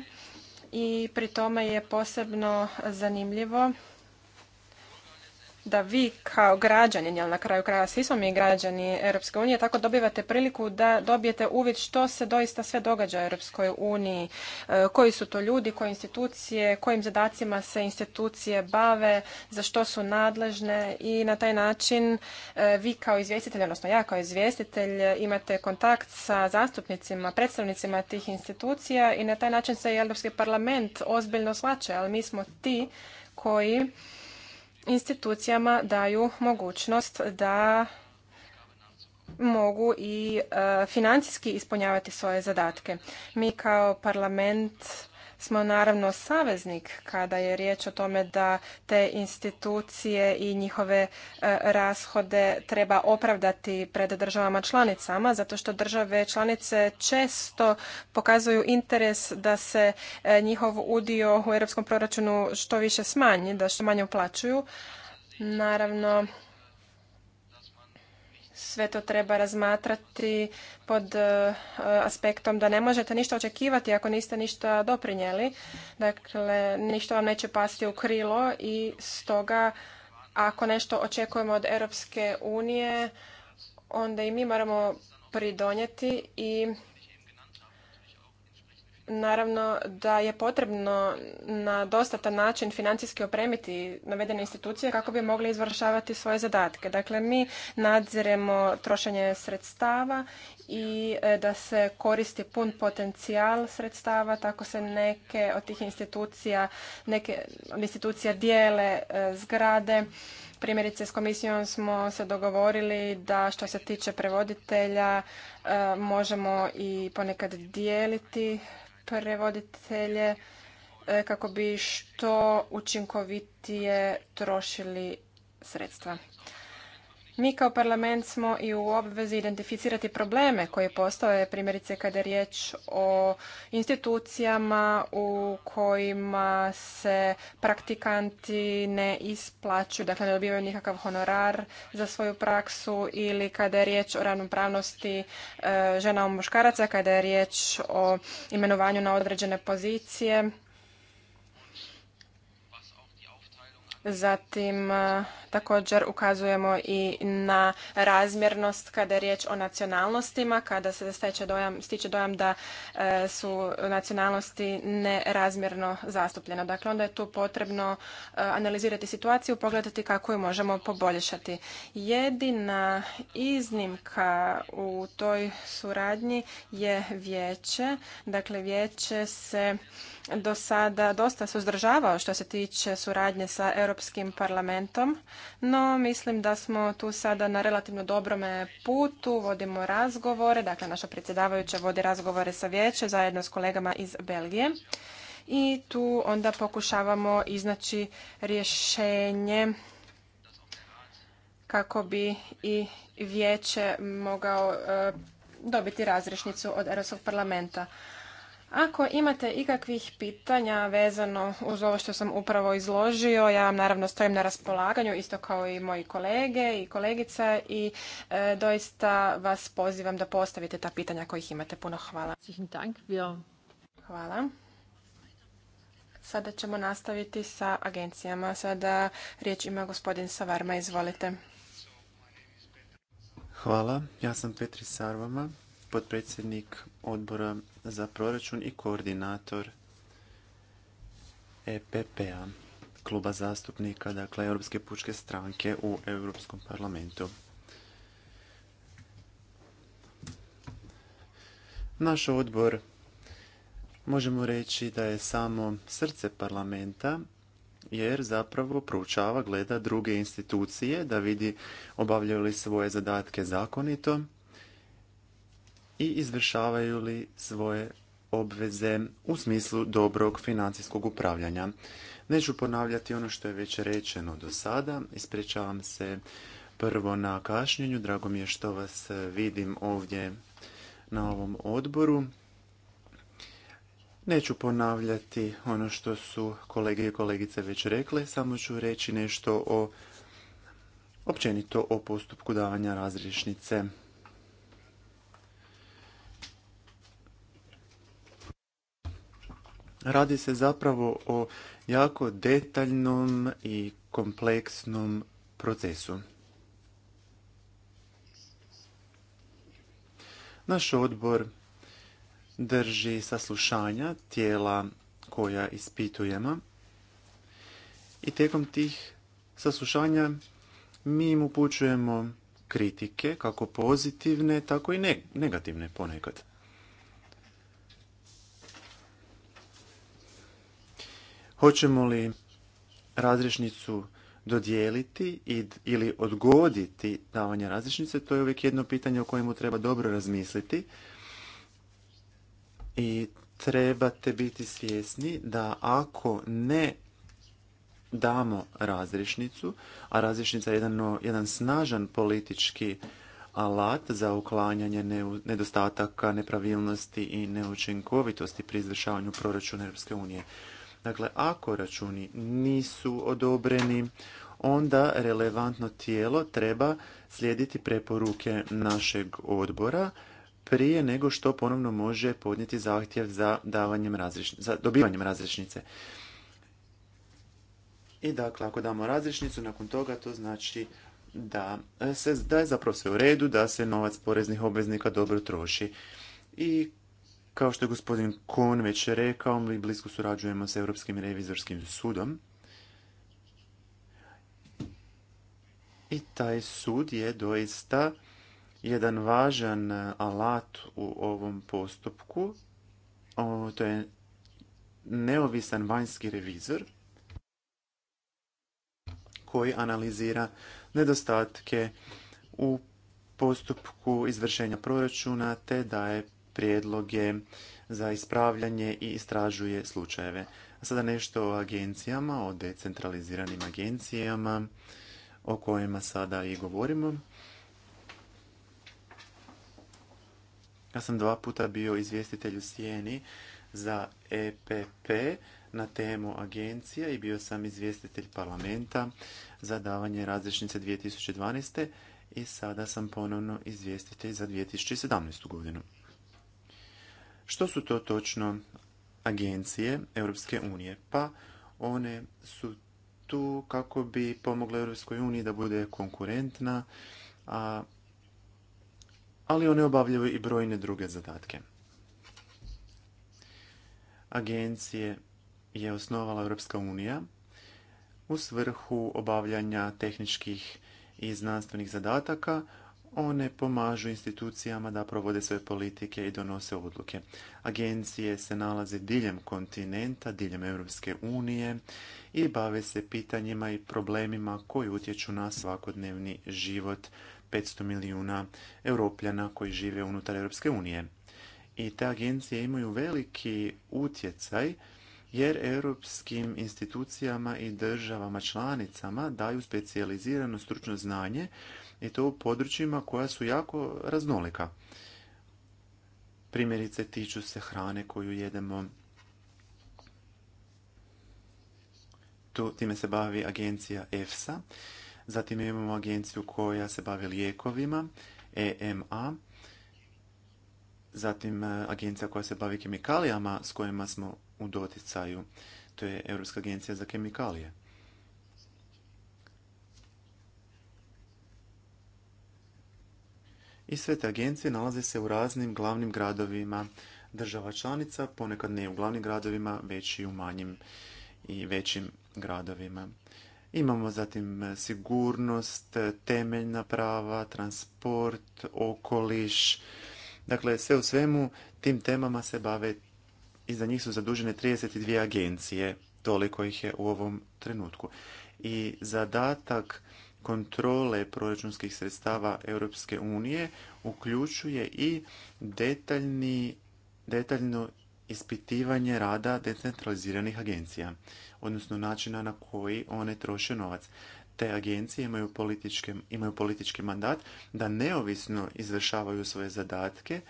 I pri tome je posebno zanimljivo da vi kao građani, na kraju kraja svi smo mi građani Europske unije, tako dobivate priliku da dobijete uvid što se doista sve događa u Europskoj uniji, e, koji su to ljudi, koje institucije, kojim zadacima se institucije bave, za što su nadležne i na taj način e, vi kao izvjestitelj, odnosno ja kao izvjestitelj imate kontakt sa zastupnicima, predstavnicima tih institucija i na taj način se i Europski parlament ozbiljno slače, ali mi smo ti koji institucijama daju mogućnost da mogu i e, financijski ispunjavati svoje zadatke. Mi kao parlament smo naravno saveznik kada je riječ o tome da te institucije i njihove e, rashode treba opravdati pred državama članicama zato što države članice često pokazuju interes da se e, njihov udio u europskom proračunu što više smanji, da što manje uplaćuju. Naravno sve to treba razmatrati pod e, aspektom da ne možete ništa očekivati ako niste ništa doprinijeli. Dakle, ništa vam neće pasti u krilo i stoga ako nešto očekujemo od Europske unije, onda i mi moramo pridonijeti i Naravno da je potrebno na dostatan način financijski opremiti navedene institucije kako bi mogli izvršavati svoje zadatke. Dakle, mi nadziremo trošenje sredstava i e, da se koristi pun potencijal sredstava, tako se neke od tih institucija, neke od institucija dijele e, zgrade. Primjerice s komisijom smo se dogovorili da što se tiče prevoditelja e, možemo i ponekad dijeliti prevoditelje e, kako bi što učinkovitije trošili sredstva. Mi kao parlament smo i u obvezi identificirati probleme koji postoje, primjerice kada je riječ o institucijama u kojima se praktikanti ne isplaćuju, dakle ne dobivaju nikakav honorar za svoju praksu ili kada je riječ o ravnopravnosti e, žena u muškaraca, kada je riječ o imenovanju na određene pozicije Zatim e, također ukazujemo i na razmjernost kada je riječ o nacionalnostima, kada se steče dojam, stiče dojam da e, su nacionalnosti nerazmjerno zastupljene. Dakle, onda je tu potrebno e, analizirati situaciju, pogledati kako ju možemo poboljšati. Jedina iznimka u toj suradnji je vijeće. Dakle, vijeće se do sada dosta suzdržavao što se tiče suradnje sa Europskom Europskim parlamentom, no mislim da smo tu sada na relativno dobrome putu, vodimo razgovore, dakle naša predsjedavajuća vodi razgovore sa vijeće zajedno s kolegama iz Belgije i tu onda pokušavamo iznaći rješenje kako bi i vijeće mogao e, dobiti razrešnicu od Europskog parlamenta. Ako imate ikakvih pitanja vezano uz ovo što sam upravo izložio, ja vam naravno stojim na raspolaganju, isto kao i moji kolege i kolegica i e, doista vas pozivam da postavite ta pitanja kojih imate. Puno hvala. Hvala. Sada ćemo nastaviti sa agencijama. Sada riječ ima gospodin Savarma, izvolite. Hvala, ja sam Petri Sarvama, potpredsjednik odbora za proračun i koordinator EPP-a, kluba zastupnika, dakle Europske pučke stranke u Europskom parlamentu. Naš odbor možemo reći da je samo srce parlamenta jer zapravo proučava, gleda druge institucije da vidi obavljaju li svoje zadatke zakonito i izvršavaju li svoje obveze u smislu dobrog financijskog upravljanja. Neću ponavljati ono što je već rečeno do sada. Ispričavam se prvo na kašnjenju. Drago mi je što vas vidim ovdje na ovom odboru. Neću ponavljati ono što su kolege i kolegice već rekle, samo ću reći nešto o općenito o postupku davanja razrješnice Radi se zapravo o jako detaljnom i kompleksnom procesu. Naš odbor drži saslušanja tijela koja ispitujemo i tijekom tih saslušanja mi im upućujemo kritike, kako pozitivne, tako i negativne ponekad. Hoćemo li razrešnicu dodijeliti ili odgoditi davanje razrešnice, to je uvijek jedno pitanje o kojemu treba dobro razmisliti. I trebate biti svjesni da ako ne damo razrešnicu, a razrešnica je jedan, jedan snažan politički alat za uklanjanje nedostataka, nepravilnosti i neučinkovitosti pri izvršavanju proračuna Europske unije. Dakle, ako računi nisu odobreni, onda relevantno tijelo treba slijediti preporuke našeg odbora prije nego što ponovno može podnijeti zahtjev za, davanjem dobivanjem razrišnice. I dakle, ako damo razrišnicu, nakon toga to znači da, da je zapravo sve u redu, da se novac poreznih obveznika dobro troši. I kao što je gospodin Kon već rekao, mi blisko surađujemo s Europskim revizorskim sudom. I taj sud je doista jedan važan alat u ovom postupku. O, to je neovisan vanjski revizor koji analizira nedostatke u postupku izvršenja proračuna te daje prijedloge za ispravljanje i istražuje slučajeve. A sada nešto o agencijama, o decentraliziranim agencijama o kojima sada i govorimo. Ja sam dva puta bio izvjestitelj u Sijeni za EPP na temu agencija i bio sam izvjestitelj parlamenta za davanje različnice 2012. i sada sam ponovno izvjestitelj za 2017. godinu. Što su to točno agencije Europske unije? Pa one su tu kako bi pomogle Europskoj uniji da bude konkurentna, a, ali one obavljaju i brojne druge zadatke. Agencije je osnovala Europska unija u svrhu obavljanja tehničkih i znanstvenih zadataka one pomažu institucijama da provode svoje politike i donose odluke. Agencije se nalaze diljem kontinenta, diljem Europske unije i bave se pitanjima i problemima koji utječu na svakodnevni život 500 milijuna europljana koji žive unutar Europske unije. I te agencije imaju veliki utjecaj jer europskim institucijama i državama članicama daju specijalizirano stručno znanje i to u područjima koja su jako raznolika. Primjerice tiču se hrane koju jedemo. Tu, time se bavi agencija EFSA. Zatim imamo agenciju koja se bavi lijekovima, EMA. Zatim e, agencija koja se bavi kemikalijama s kojima smo u doticaju. To je Europska agencija za kemikalije. i sve te agencije nalaze se u raznim glavnim gradovima država članica, ponekad ne u glavnim gradovima, već i u manjim i većim gradovima. Imamo zatim sigurnost, temeljna prava, transport, okoliš. Dakle, sve u svemu tim temama se bave i za njih su zadužene 32 agencije, toliko ih je u ovom trenutku. I zadatak kontrole proračunskih sredstava Europske unije uključuje i detaljni, detaljno ispitivanje rada decentraliziranih agencija, odnosno načina na koji one troše novac. Te agencije imaju, imaju politički mandat da neovisno izvršavaju svoje zadatke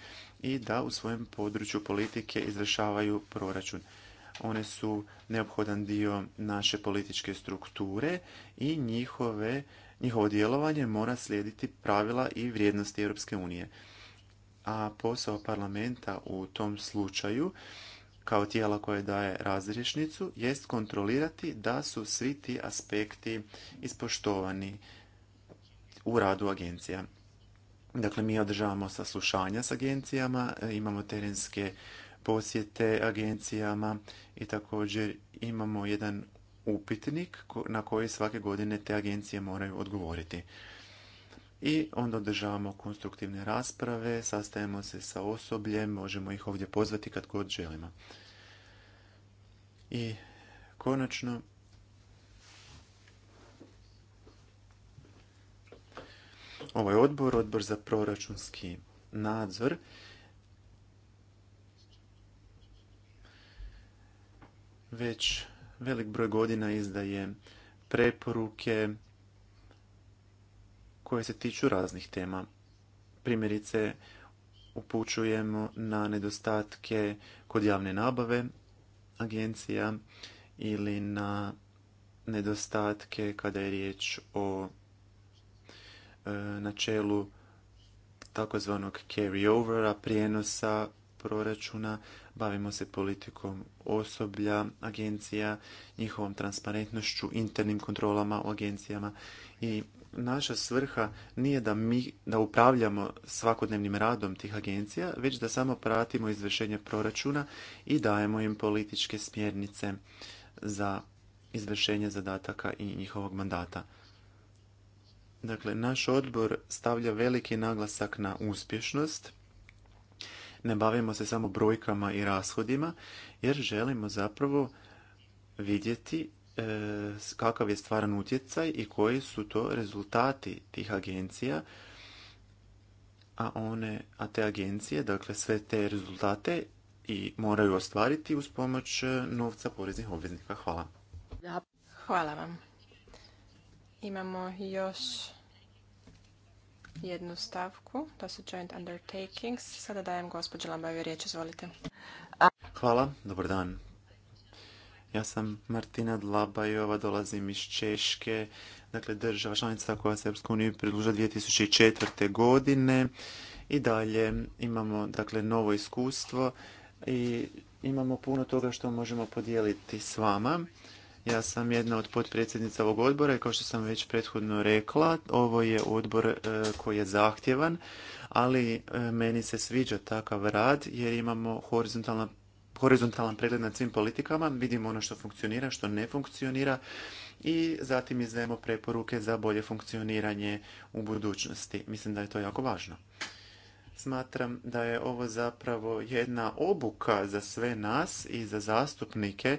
i da u svojem području politike izvršavaju proračun. One su neophodan dio naše političke strukture i njihove Njihovo djelovanje mora slijediti pravila i vrijednosti Europske unije. A posao parlamenta u tom slučaju, kao tijela koje daje razrješnicu, jest kontrolirati da su svi ti aspekti ispoštovani u radu agencija. Dakle, mi održavamo saslušanja s agencijama, imamo terenske posjete agencijama i također imamo jedan upitnik na koji svake godine te agencije moraju odgovoriti. I onda održavamo konstruktivne rasprave, sastajemo se sa osobljem, možemo ih ovdje pozvati kad god želimo. I konačno, ovaj odbor, odbor za proračunski nadzor, već velik broj godina izdaje preporuke koje se tiču raznih tema. Primjerice, upućujemo na nedostatke kod javne nabave agencija ili na nedostatke kada je riječ o e, načelu takozvanog carry-overa, prijenosa proračuna, bavimo se politikom osoblja, agencija, njihovom transparentnošću, internim kontrolama u agencijama i naša svrha nije da mi da upravljamo svakodnevnim radom tih agencija, već da samo pratimo izvršenje proračuna i dajemo im političke smjernice za izvršenje zadataka i njihovog mandata. Dakle, naš odbor stavlja veliki naglasak na uspješnost ne bavimo se samo brojkama i rashodima, jer želimo zapravo vidjeti e, kakav je stvaran utjecaj i koji su to rezultati tih agencija, a one, a te agencije, dakle sve te rezultate i moraju ostvariti uz pomoć e, novca poreznih obveznika. Hvala. Hvala vam. Imamo još jednu stavku, to su joint undertakings. Sada dajem gospođu Lambavi riječ, izvolite. Hvala, dobar dan. Ja sam Martina Dlabajova, dolazim iz Češke, dakle država članica koja se Europsku uniju pridružila 2004. godine i dalje imamo dakle novo iskustvo i imamo puno toga što možemo podijeliti s vama. Ja sam jedna od potpredsjednica ovog odbora i kao što sam već prethodno rekla, ovo je odbor e, koji je zahtjevan, ali e, meni se sviđa takav rad jer imamo horizontalna horizontalan pregled nad svim politikama, vidimo ono što funkcionira, što ne funkcionira i zatim izdajemo preporuke za bolje funkcioniranje u budućnosti. Mislim da je to jako važno. Smatram da je ovo zapravo jedna obuka za sve nas i za zastupnike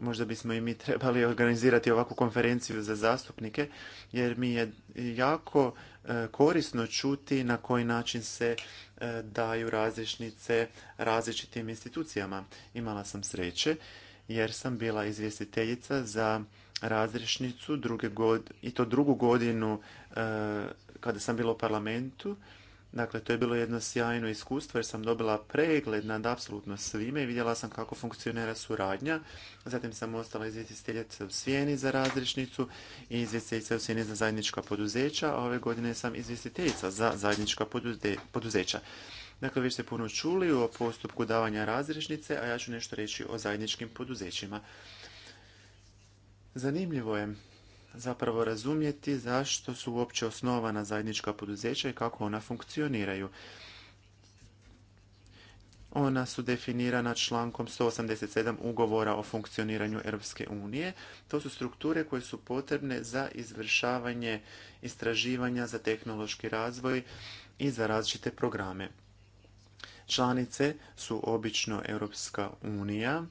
možda bismo i mi trebali organizirati ovakvu konferenciju za zastupnike, jer mi je jako e, korisno čuti na koji način se e, daju različnice različitim institucijama. Imala sam sreće jer sam bila izvjestiteljica za razrešnicu i to drugu godinu e, kada sam bila u parlamentu Dakle, to je bilo jedno sjajno iskustvo jer sam dobila pregled nad apsolutno svime i vidjela sam kako funkcionira suradnja. Zatim sam ostala izvjestiteljica u Sjeni za razrišnicu i izvjestiteljica u Sjeni za zajednička poduzeća, a ove godine sam izvjestiteljica za zajednička poduzeća. Dakle, vi ste puno čuli o postupku davanja razrišnice, a ja ću nešto reći o zajedničkim poduzećima. Zanimljivo je zapravo razumjeti zašto su uopće osnovana zajednička poduzeća i kako ona funkcioniraju. Ona su definirana člankom 187 ugovora o funkcioniranju Europske unije. To su strukture koje su potrebne za izvršavanje istraživanja za tehnološki razvoj i za različite programe. Članice su obično Europska unija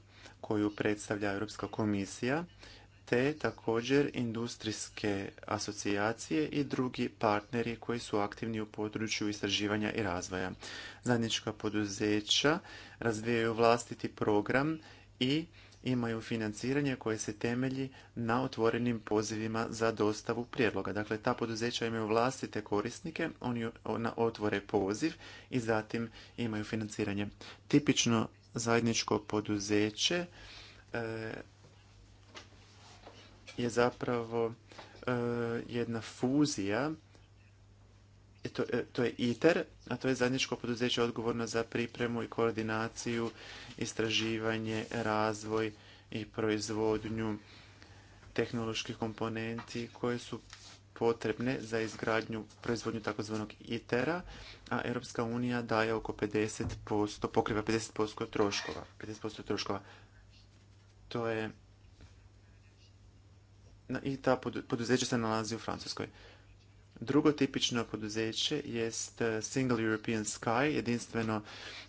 koju predstavlja Europska komisija te također industrijske asocijacije i drugi partneri koji su aktivni u području istraživanja i razvoja. Zajednička poduzeća razvijaju vlastiti program i imaju financiranje koje se temelji na otvorenim pozivima za dostavu prijedloga. Dakle, ta poduzeća imaju vlastite korisnike, oni otvore poziv i zatim imaju financiranje. Tipično zajedničko poduzeće e, je zapravo e, jedna fuzija e, to, e, to je ITER, a to je zajedničko poduzeće odgovorno za pripremu i koordinaciju, istraživanje, razvoj i proizvodnju tehnoloških komponenti koje su potrebne za izgradnju proizvodnju takozvanog ITER-a, a Europska unija daje oko 50%, pokriva 50% troškova. 50% troškova. To je i ta poduzeća se nalazi u Francuskoj. Drugo tipično poduzeće jest e, Single European Sky, jedinstveno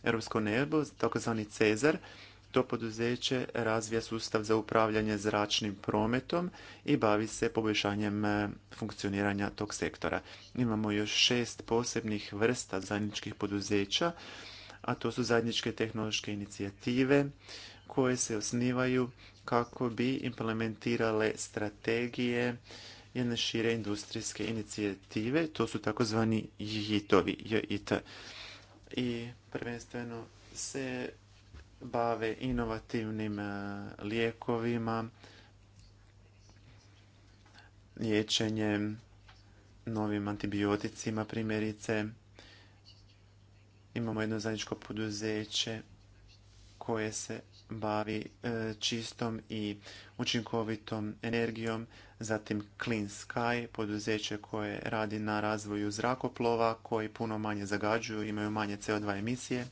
europsko nebo, takozvani Cezar. To poduzeće razvija sustav za upravljanje zračnim prometom i bavi se poboljšanjem e, funkcioniranja tog sektora. Imamo još šest posebnih vrsta zajedničkih poduzeća, a to su zajedničke tehnološke inicijative, koje se osnivaju kako bi implementirale strategije jedne šire industrijske inicijative, to su takozvani JIT-ovi, I prvenstveno se bave inovativnim e, lijekovima, liječenjem, novim antibioticima primjerice. Imamo jedno zajedničko poduzeće koje se bavi e, čistom i učinkovitom energijom, zatim Clean Sky, poduzeće koje radi na razvoju zrakoplova koji puno manje zagađuju, imaju manje CO2 emisije.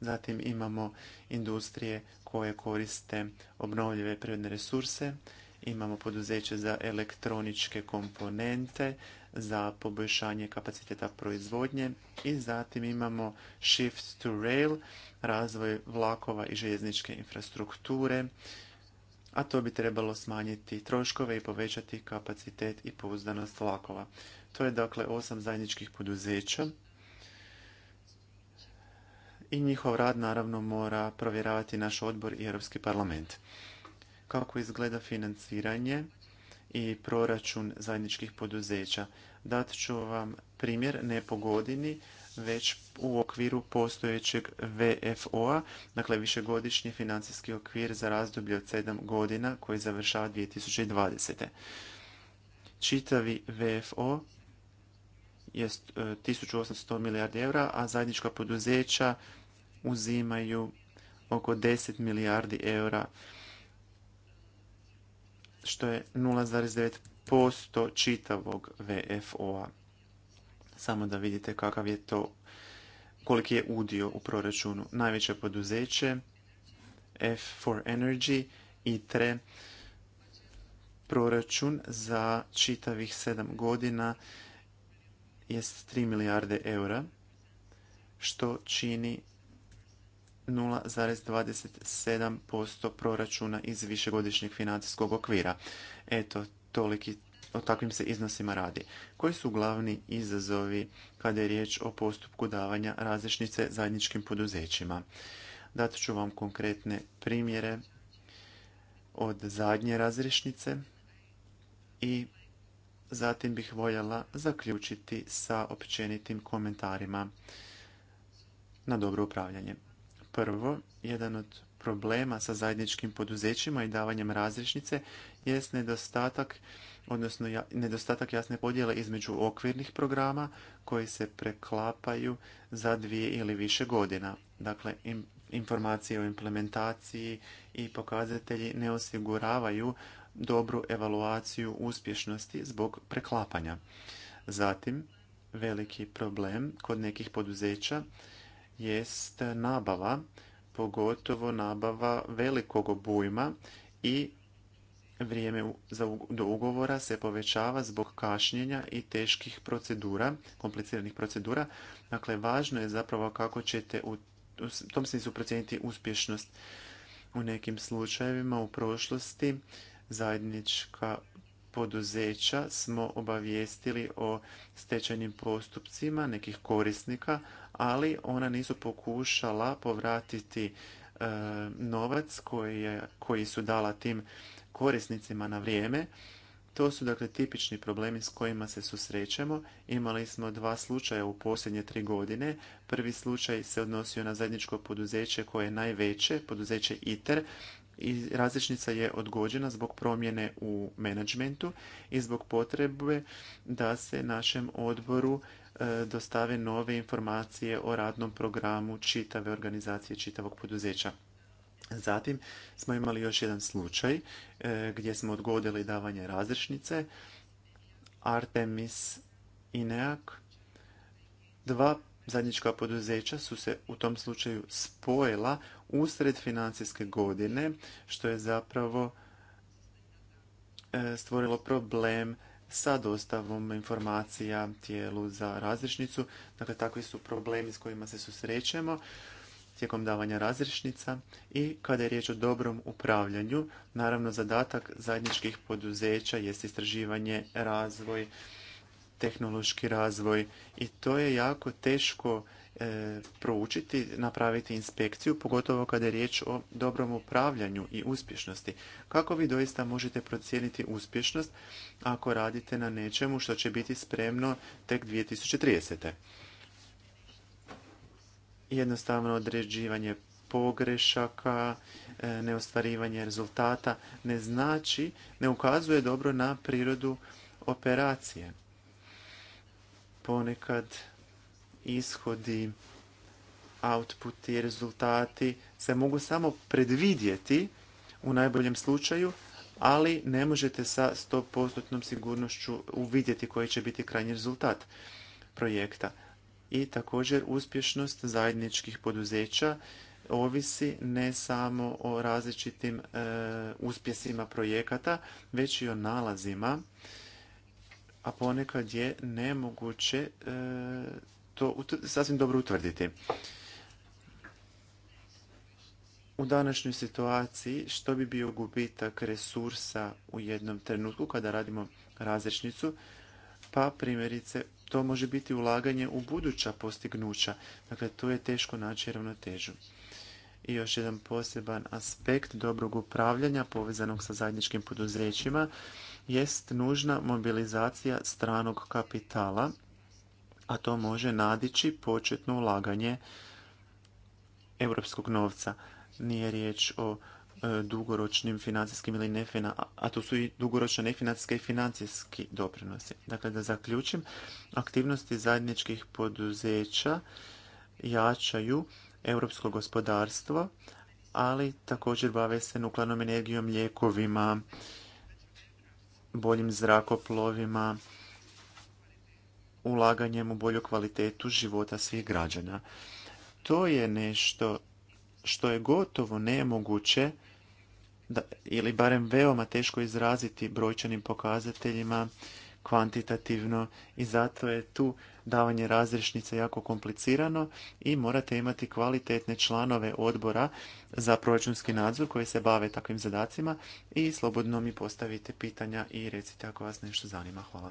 Zatim imamo industrije koje koriste obnovljive prirodne resurse, imamo poduzeće za elektroničke komponente, za poboljšanje kapaciteta proizvodnje i zatim imamo Shift to Rail razvoj vlakova i željezničke infrastrukture, a to bi trebalo smanjiti troškove i povećati kapacitet i pouzdanost vlakova. To je dakle osam zajedničkih poduzeća i njihov rad naravno mora provjeravati naš odbor i Europski parlament. Kako izgleda financiranje i proračun zajedničkih poduzeća? Dat ću vam primjer ne po godini, već u okviru postojećeg VFO-a, dakle višegodišnji financijski okvir za razdoblje od 7 godina koji završava 2020. Čitavi VFO je 1800 milijardi eura, a zajednička poduzeća uzimaju oko 10 milijardi eura, što je 0,9% čitavog VFO-a samo da vidite kakav je to, koliki je udio u proračunu. Najveće poduzeće, F for Energy, i Tre, proračun za čitavih sedam godina jest 3 milijarde eura, što čini 0,27% proračuna iz višegodišnjeg financijskog okvira. Eto, toliki o takvim se iznosima radi. Koji su glavni izazovi kada je riječ o postupku davanja različnice zajedničkim poduzećima? Dat ću vam konkretne primjere od zadnje razrešnice i zatim bih voljela zaključiti sa općenitim komentarima na dobro upravljanje. Prvo, jedan od problema sa zajedničkim poduzećima i davanjem razrešnice jest nedostatak odnosno nedostatak jasne podjele između okvirnih programa koji se preklapaju za dvije ili više godina. Dakle, informacije o implementaciji i pokazatelji ne osiguravaju dobru evaluaciju uspješnosti zbog preklapanja. Zatim, veliki problem kod nekih poduzeća jest nabava, pogotovo nabava velikog obujma i Vrijeme do ugovora se povećava zbog kašnjenja i teških procedura, kompliciranih procedura. Dakle, važno je zapravo kako ćete u tom smislu procijeniti uspješnost. U nekim slučajevima u prošlosti zajednička poduzeća smo obavijestili o stečajnim postupcima nekih korisnika, ali ona nisu pokušala povratiti e, novac koji, koji su dala tim korisnicima na vrijeme. To su dakle tipični problemi s kojima se susrećemo. Imali smo dva slučaja u posljednje tri godine. Prvi slučaj se odnosio na zajedničko poduzeće koje je najveće, poduzeće ITER, i različnica je odgođena zbog promjene u menadžmentu i zbog potrebe da se našem odboru e, dostave nove informacije o radnom programu čitave organizacije, čitavog poduzeća. Zatim smo imali još jedan slučaj e, gdje smo odgodili davanje razrešnice. Artemis i Neak. Dva zadnjička poduzeća su se u tom slučaju spojila usred financijske godine, što je zapravo e, stvorilo problem sa dostavom informacija tijelu za različnicu. Dakle, takvi su problemi s kojima se susrećemo tijekom davanja razrješnica i kada je riječ o dobrom upravljanju, naravno zadatak zajedničkih poduzeća jest istraživanje, razvoj, tehnološki razvoj i to je jako teško e, proučiti, napraviti inspekciju, pogotovo kada je riječ o dobrom upravljanju i uspješnosti. Kako vi doista možete procijeniti uspješnost ako radite na nečemu što će biti spremno tek 2030 jednostavno određivanje pogrešaka, e, neostvarivanje rezultata ne znači, ne ukazuje dobro na prirodu operacije. Ponekad ishodi, outputi, rezultati se mogu samo predvidjeti u najboljem slučaju, ali ne možete sa 100% sigurnošću uvidjeti koji će biti krajnji rezultat projekta i također uspješnost zajedničkih poduzeća ovisi ne samo o različitim e, uspjesima projekata, već i o nalazima, a ponekad je nemoguće e, to sasvim dobro utvrditi. U današnjoj situaciji što bi bio gubitak resursa u jednom trenutku kada radimo različnicu, pa primjerice to može biti ulaganje u buduća postignuća. Dakle, tu je teško naći ravnotežu. I još jedan poseban aspekt dobrog upravljanja povezanog sa zajedničkim poduzrećima jest nužna mobilizacija stranog kapitala, a to može nadići početno ulaganje europskog novca. Nije riječ o E, dugoročnim financijskim ili nefina, a to su i dugoročno nefinancijske i financijski doprinosi. Dakle, da zaključim, aktivnosti zajedničkih poduzeća jačaju europsko gospodarstvo, ali također bave se nuklearnom energijom, lijekovima, boljim zrakoplovima, ulaganjem u bolju kvalitetu života svih građana. To je nešto što je gotovo nemoguće da, ili barem veoma teško izraziti brojčanim pokazateljima kvantitativno i zato je tu davanje razrešnice jako komplicirano i morate imati kvalitetne članove odbora za proračunski nadzor koji se bave takvim zadacima i slobodno mi postavite pitanja i recite ako vas nešto zanima. Hvala.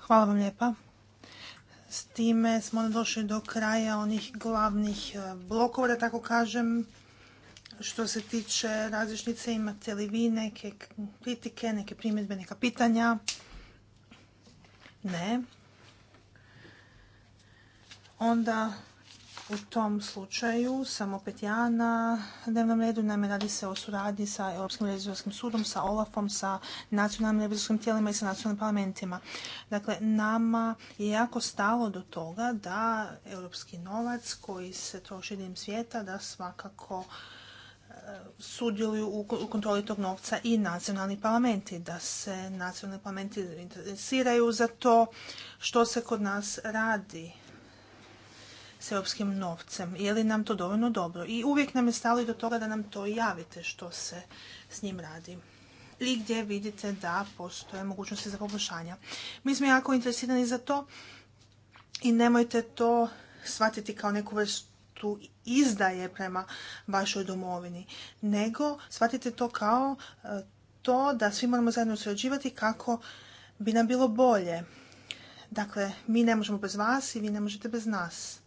Hvala vam lijepa. S time smo došli do kraja onih glavnih e, blokova, da tako kažem, što se tiče različnice, imate li vi neke kritike, neke primjedbe, neka pitanja? Ne. Onda u tom slučaju sam opet ja na dnevnom redu. Naime, radi se o suradnji sa Europskim revizorskim sudom, sa Olafom, sa nacionalnim revizorskim tijelima i sa nacionalnim parlamentima. Dakle, nama je jako stalo do toga da europski novac koji se troši diljem svijeta, da svakako e, sudjeluju u kontroli tog novca i nacionalni parlamenti, da se nacionalni parlamenti interesiraju za to što se kod nas radi s europskim novcem? Je li nam to dovoljno dobro? I uvijek nam je stalo i do toga da nam to javite što se s njim radi i gdje vidite da postoje mogućnosti za poboljšanja. Mi smo jako interesirani za to i nemojte to shvatiti kao neku vrstu izdaje prema vašoj domovini, nego shvatite to kao e, to da svi moramo zajedno surađivati kako bi nam bilo bolje. Dakle, mi ne možemo bez vas i vi ne možete bez nas.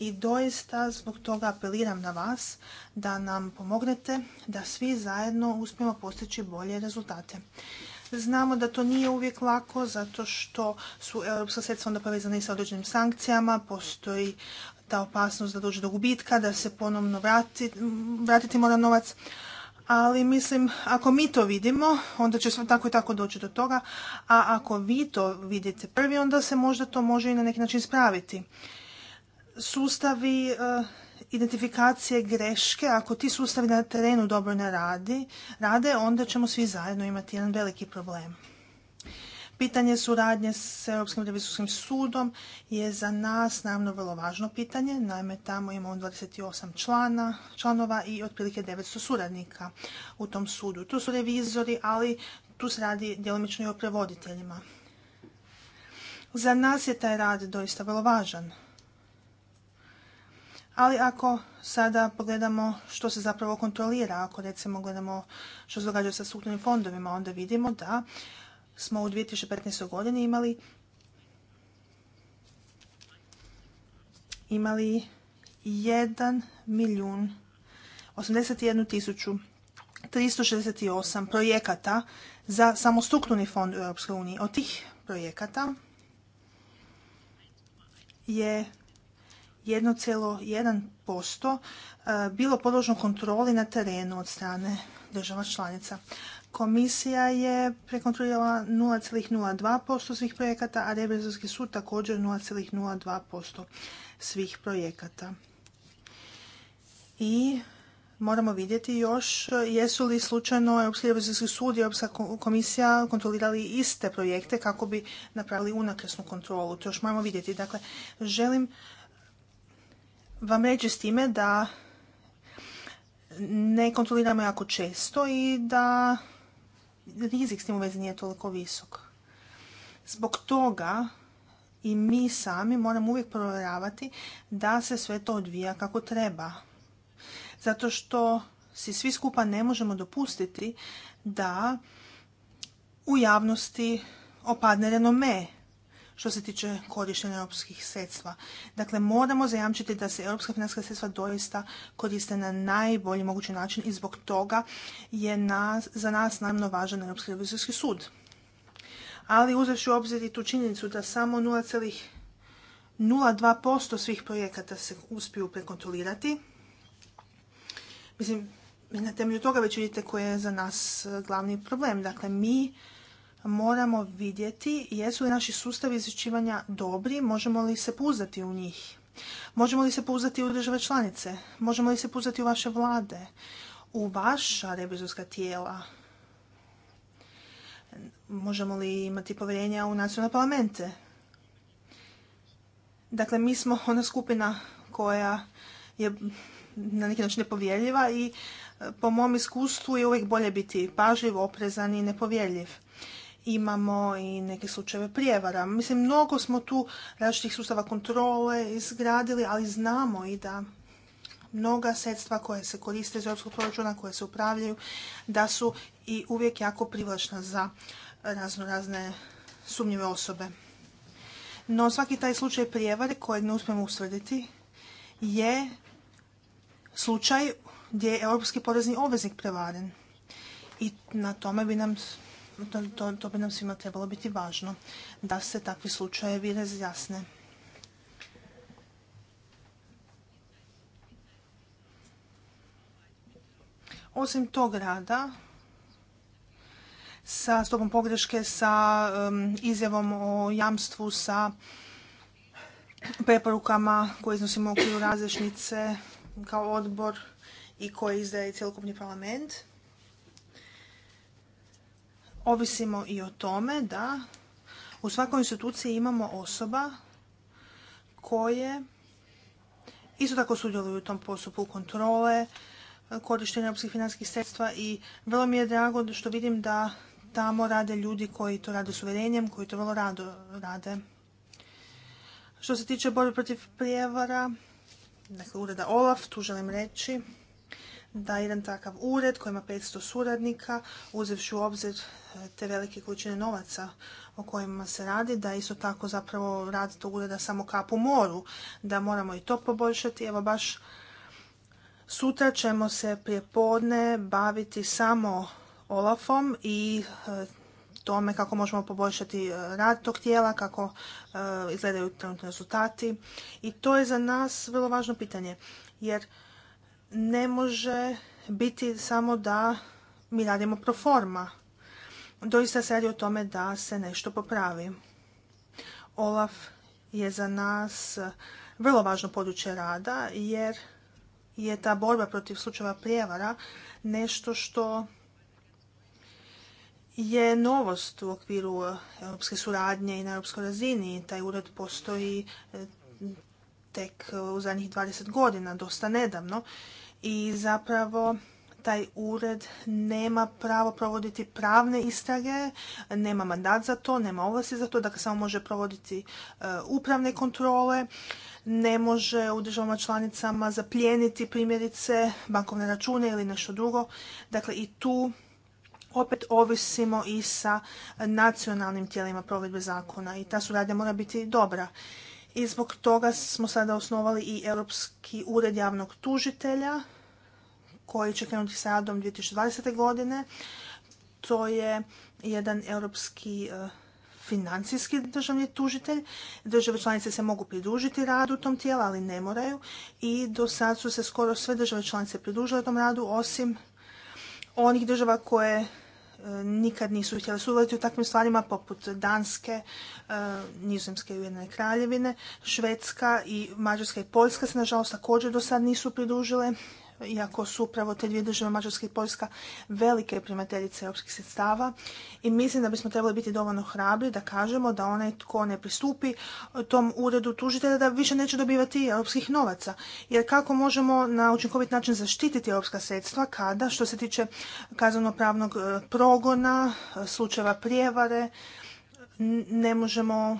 I doista zbog toga apeliram na vas da nam pomognete da svi zajedno uspijemo postići bolje rezultate. Znamo da to nije uvijek lako zato što su europska sredstva onda povezana i sa određenim sankcijama, postoji ta opasnost da dođe do gubitka, da se ponovno vrati, vratiti mora novac. Ali mislim, ako mi to vidimo, onda će sve tako i tako doći do toga, a ako vi to vidite prvi, onda se možda to može i na neki način spraviti sustavi eh, identifikacije greške, ako ti sustavi na terenu dobro ne radi, rade, onda ćemo svi zajedno imati jedan veliki problem. Pitanje suradnje s Europskim revizorskim sudom je za nas naravno vrlo važno pitanje. Naime, tamo imamo 28 člana, članova i otprilike 900 suradnika u tom sudu. Tu su revizori, ali tu se radi djelomično i o prevoditeljima. Za nas je taj rad doista vrlo važan. Ali ako sada pogledamo što se zapravo kontrolira, ako recimo gledamo što se događa sa strukturnim fondovima, onda vidimo da smo u 2015. godini imali imali 1 milijun 81 tisuću 368 projekata za samo strukturni fond u EU. Od tih projekata je 1,1% eh, bilo podložno kontroli na terenu od strane država članica. Komisija je prekontrolirala 0,02% svih projekata, a revizorski sud također 0,02% svih projekata. I moramo vidjeti još jesu li slučajno Europski revizorski sud i Europska komisija kontrolirali iste projekte kako bi napravili unakresnu kontrolu. To još moramo vidjeti. Dakle, želim vam reći s time da ne kontroliramo jako često i da rizik s tim vezi nije toliko visok. Zbog toga i mi sami moramo uvijek provjeravati da se sve to odvija kako treba. Zato što si svi skupa ne možemo dopustiti da u javnosti opadne renome što se tiče korištenja europskih sredstva. Dakle, moramo zajamčiti da se europska financijska sredstva doista koriste na najbolji mogući način i zbog toga je za nas najmno važan Europski revizorski sud. Ali uzevši u obzir i tu činjenicu da samo 0,02% svih projekata se uspiju prekontrolirati, mislim, na temelju toga već vidite koji je za nas eh, glavni problem. Dakle, mi moramo vidjeti jesu li naši sustavi izvješćivanja dobri, možemo li se puzati u njih. Možemo li se puzati u države članice? Možemo li se puzdati u vaše vlade? U vaša revizorska tijela? Možemo li imati povjerenja u nacionalne parlamente? Dakle, mi smo ona skupina koja je na neki način nepovjerljiva i eh, po mom iskustvu je uvijek bolje biti pažljiv, oprezan i nepovjerljiv imamo i neke slučajeve prijevara. Mislim, mnogo smo tu različitih sustava kontrole izgradili, ali znamo i da mnoga sredstva koje se koriste iz europskog proračuna, koje se upravljaju, da su i uvijek jako privlačna za razno razne sumnjive osobe. No svaki taj slučaj prijevare kojeg ne uspijemo usvrditi je slučaj gdje je europski porezni obveznik prevaren. I na tome bi nam to, bi nam svima trebalo biti važno da se takvi slučajevi razjasne. Osim tog rada, sa stopom pogreške, sa izjavom o jamstvu, sa preporukama koje iznosimo u okviru razrešnice kao odbor i koje izdaje cjelokupni parlament ovisimo i o tome da u svakoj instituciji imamo osoba koje isto tako sudjeluju u tom postupku kontrole, korištenja europskih financijskih sredstva i vrlo mi je drago što vidim da tamo rade ljudi koji to rade s uverenjem, koji to vrlo rado rade. Što se tiče borbe protiv prijevara, dakle ureda OLAF, tu želim reći da jedan takav ured koji ima 500 suradnika, uzevši u obzir e, te velike količine novaca o kojima se radi, da isto tako zapravo rad tog ureda samo kapu moru, da moramo i to poboljšati. Evo baš sutra ćemo se prije podne baviti samo Olafom i e, tome kako možemo poboljšati e, rad tog tijela, kako izgledaju trenutni rezultati. I to je za nas vrlo važno pitanje, jer ne može biti samo da mi radimo pro forma. Doista se radi o tome da se nešto popravi. Olaf je za nas vrlo važno područje rada jer je ta borba protiv slučajeva prijevara nešto što je novost u okviru europske suradnje i na europskoj razini. Taj ured postoji tek e, u zadnjih 20 godina, dosta nedavno. I zapravo taj ured nema pravo provoditi pravne istrage, nema mandat za to, nema ovlasti za to, dakle samo može provoditi e, upravne kontrole, ne može u državama članicama zapljeniti primjerice bankovne račune ili nešto drugo. Dakle i tu opet ovisimo i sa nacionalnim tijelima provedbe zakona i ta suradnja mora biti dobra. I zbog toga smo sada osnovali i Europski ured javnog tužitelja koji će krenuti sa radom 2020. godine. To je jedan europski e, financijski državni tužitelj. Države članice se mogu pridružiti radu tom tijelu, ali ne moraju. I do sad su se skoro sve države članice pridružile tom radu, osim onih država koje nikad nisu htjeli sudjelovati u takvim stvarima poput Danske, e, Nizozemske i Ujedinjene kraljevine, Švedska i Mađarska i Poljska se nažalost također do sad nisu pridružile iako su upravo te dvije države, Mađarska i Poljska, velike primateljice europskih sredstava i mislim da bismo trebali biti dovoljno hrabri da kažemo da onaj tko ne pristupi tom uredu tužitelja da više neće dobivati europskih novaca. Jer kako možemo na učinkovit način zaštititi europska sredstva kada, što se tiče kazano-pravnog e, progona, e, slučajeva prijevare, ne možemo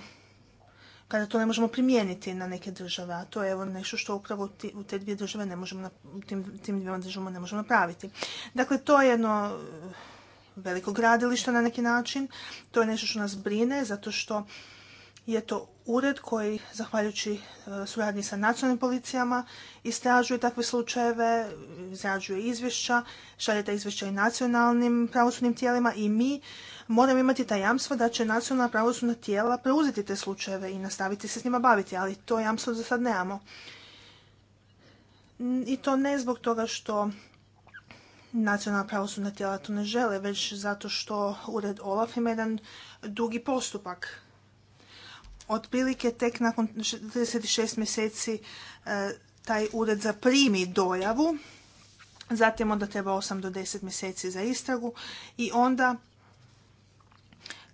kada to ne možemo primijeniti na neke države, a to je evo nešto što upravo u te dvije države ne možemo, u tim, tim državama ne možemo napraviti. Dakle, to je jedno eh, veliko gradilište na neki način, to je nešto što nas brine, zato što je to ured koji, zahvaljujući eh, suradnji sa nacionalnim policijama, istražuje takve slučajeve, izrađuje izvješća, šalje ta izvješća i nacionalnim pravosudnim tijelima i mi moramo imati ta jamstva da će nacionalna pravosudna tijela preuzeti te slučajeve i nastaviti se s njima baviti, ali to jamstvo za sad nemamo. I to ne zbog toga što nacionalna pravosudna tijela to ne žele, već zato što ured OLAF ima jedan dugi postupak. Otprilike tek nakon 36 mjeseci e, taj ured zaprimi dojavu, zatim onda treba 8 do 10 mjeseci za istragu i onda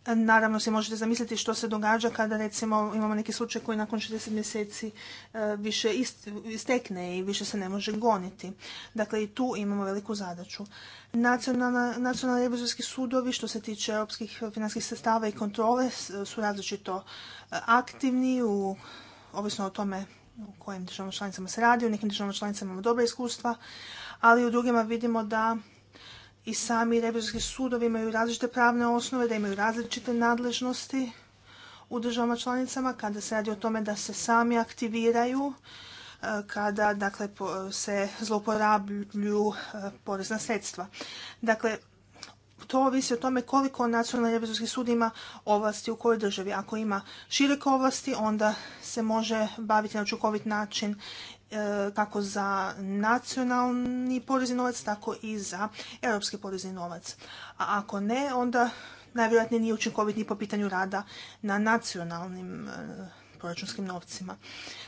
Naravno si možete zamisliti što se događa kada recimo imamo neki slučaj koji nakon 60 mjeseci e, više istekne i više se ne može goniti. Dakle i tu imamo veliku zadaću. nacionalni revizorski sudovi što se tiče europskih financijskih sredstava i kontrole su različito e, aktivni u, ovisno o tome u kojim državama članicama se radi, u nekim državama članicama imamo dobra iskustva, ali u drugima vidimo da i sami revizorski sudovi imaju različite pravne osnove, da imaju različite nadležnosti u državama članicama kada se radi o tome da se sami aktiviraju e, kada dakle, se zlouporabljuju e, porezna sredstva. Dakle, to ovisi o tome koliko nacionalni revizorski sud ima ovlasti u kojoj državi. Ako ima široke ovlasti, onda se može baviti na učinkovit način E, kako za nacionalni porezni novac, tako i za europski porezni novac. A ako ne, onda najvjerojatnije nije učinkovit ni po pitanju rada na nacionalnim e, proračunskim novcima.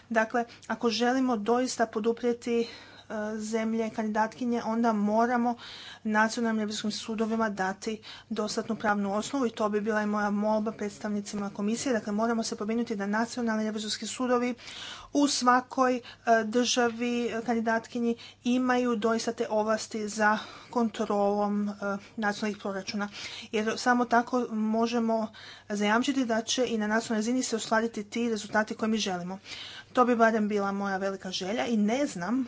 Dakle, ako želimo doista poduprijeti E, zemlje kandidatkinje, onda moramo nacionalnim revizijskim sudovima dati dostatnu pravnu osnovu i to bi bila i moja molba predstavnicima komisije. Dakle, moramo se pobinuti da nacionalni revizorski sudovi u svakoj e, državi e, kandidatkinji imaju doista te ovlasti za kontrolom nacionalnih proračuna. Jer samo tako možemo zajamčiti da će i na nacionalnoj razini se uskladiti ti rezultati koje mi želimo. To bi barem bila moja velika želja i ne znam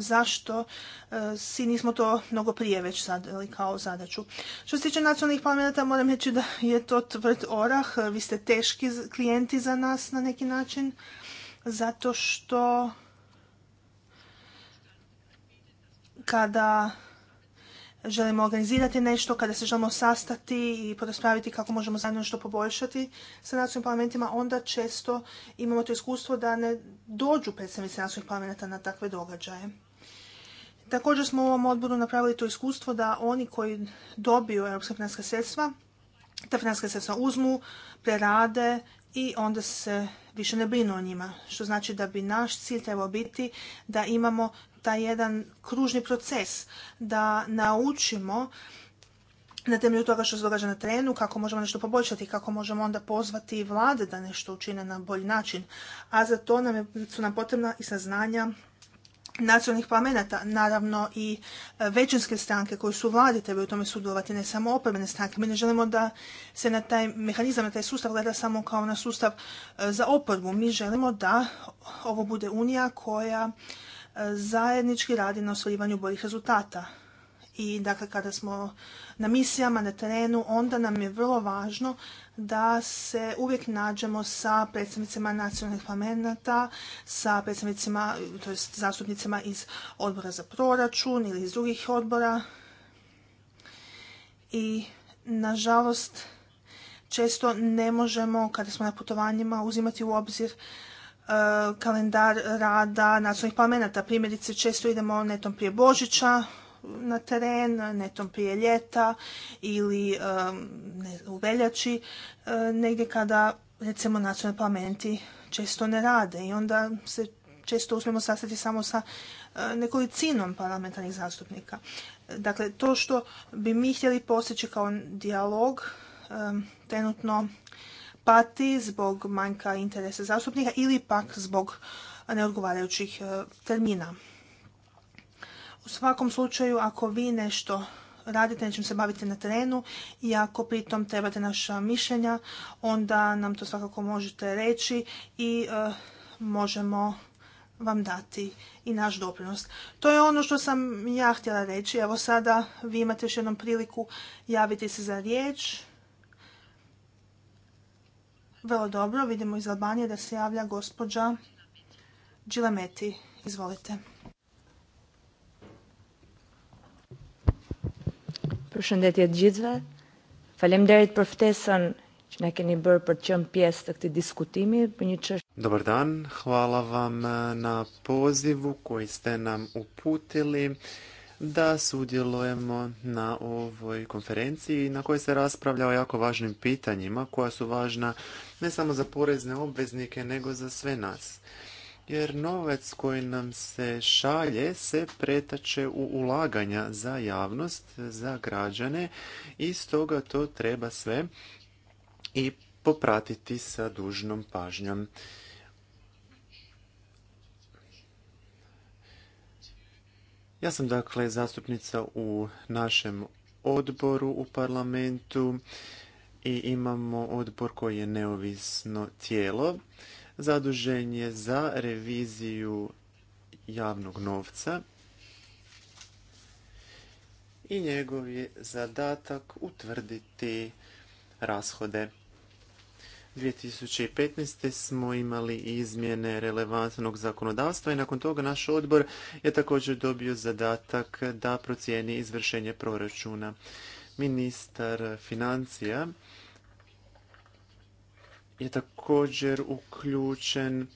zašto e, si nismo to mnogo prije već zadali kao zadaću. Što se tiče nacionalnih parlamenta, moram reći da je to tvrd orah. Vi ste teški klijenti za nas na neki način, zato što kada želimo organizirati nešto, kada se želimo sastati i poraspraviti kako možemo zajedno nešto poboljšati sa nacionalnim parlamentima, onda često imamo to iskustvo da ne dođu predstavnici nacionalnih parlamenta na takve događaje. Također smo u ovom odboru napravili to iskustvo da oni koji dobiju europska financijska sredstva, ta financijska sredstva uzmu, prerade i onda se više ne brinu o njima. Što znači da bi naš cilj trebao biti da imamo taj jedan kružni proces, da naučimo na temelju toga što se događa na terenu, kako možemo nešto poboljšati, kako možemo onda pozvati vlade da nešto učine na bolji način. A za to nam su nam potrebna i saznanja nacionalnih plamenata, naravno i e, većinske stranke koje su vladi trebaju u tome sudjelovati, ne samo oporbene stranke. Mi ne želimo da se na taj mehanizam, na taj sustav gleda samo kao na sustav e, za oporbu. Mi želimo da ovo bude unija koja e, zajednički radi na ostvarivanju boljih rezultata i dakle kada smo na misijama na terenu onda nam je vrlo važno da se uvijek nađemo sa predstavnicima nacionalnih parlamenta, sa predstavnicima, to jest zastupnicima iz odbora za proračun ili iz drugih odbora. I nažalost često ne možemo kada smo na putovanjima uzimati u obzir e, kalendar rada nacionalnih parlamenta. Primjerice, često idemo netom prije Božića na teren netom prije ljeta ili u veljači eh, negdje kada recimo nacionalni parlamenti često ne rade i onda se često uspijemo sastati samo sa eh, nekolicinom parlamentarnih zastupnika. Dakle, to što bi mi htjeli postići kao dijalog trenutno pati zbog manjka interesa zastupnika ili pak zbog neodgovarajućih eh, termina. U svakom slučaju, ako vi nešto radite, nečim se bavite na terenu i ako pritom trebate naša mišljenja, onda nam to svakako možete reći i eh, možemo vam dati i naš doprinos. To je ono što sam ja htjela reći. Evo sada vi imate još jednom priliku javiti se za riječ. Vrlo dobro, vidimo iz Albanije da se javlja gospođa Džilameti. Izvolite. të Dobar dan, hvala vam na pozivu koji ste nam uputili da sudjelujemo na ovoj konferenciji na kojoj se raspravlja o jako važnim pitanjima koja su važna ne samo za porezne obveznike nego za sve nas jer novac koji nam se šalje se pretače u ulaganja za javnost, za građane i stoga to treba sve i popratiti sa dužnom pažnjom. Ja sam dakle zastupnica u našem odboru u parlamentu i imamo odbor koji je neovisno tijelo zadužen je za reviziju javnog novca i njegov je zadatak utvrditi rashode. 2015. smo imali izmjene relevantnog zakonodavstva i nakon toga naš odbor je također dobio zadatak da procijeni izvršenje proračuna. Ministar financija je također uključen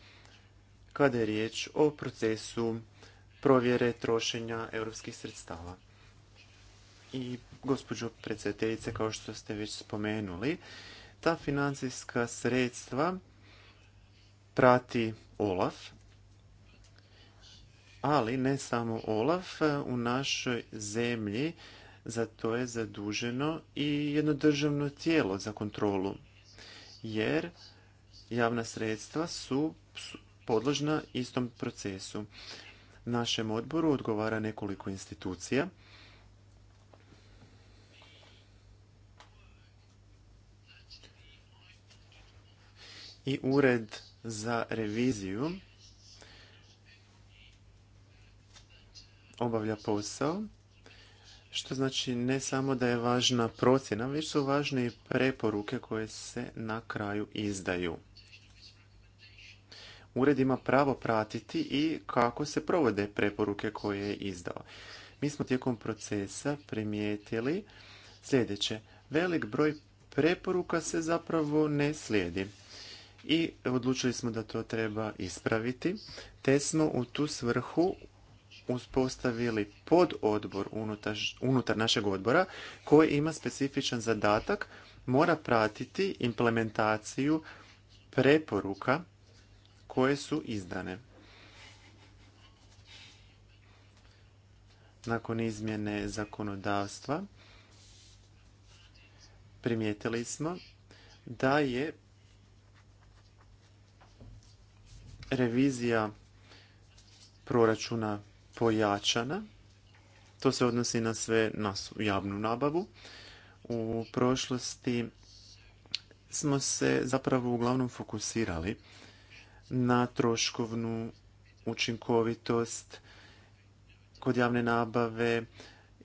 kada je riječ o procesu provjere trošenja europskih sredstava. I gospođo predsjedateljice, kao što ste već spomenuli, ta financijska sredstva prati Olaf, ali ne samo Olaf, u našoj zemlji za to je zaduženo i jedno državno tijelo za kontrolu jer javna sredstva su podložna istom procesu. Našem odboru odgovara nekoliko institucija. I ured za reviziju obavlja posao što znači ne samo da je važna procjena, već su važne i preporuke koje se na kraju izdaju. Ured ima pravo pratiti i kako se provode preporuke koje je izdao. Mi smo tijekom procesa primijetili sljedeće. Velik broj preporuka se zapravo ne slijedi i odlučili smo da to treba ispraviti, te smo u tu svrhu uspostavili pod odbor unutar našeg odbora koji ima specifičan zadatak, mora pratiti implementaciju preporuka koje su izdane. Nakon izmjene zakonodavstva primijetili smo da je revizija proračuna pojačana. To se odnosi na sve na javnu nabavu. U prošlosti smo se zapravo uglavnom fokusirali na troškovnu učinkovitost kod javne nabave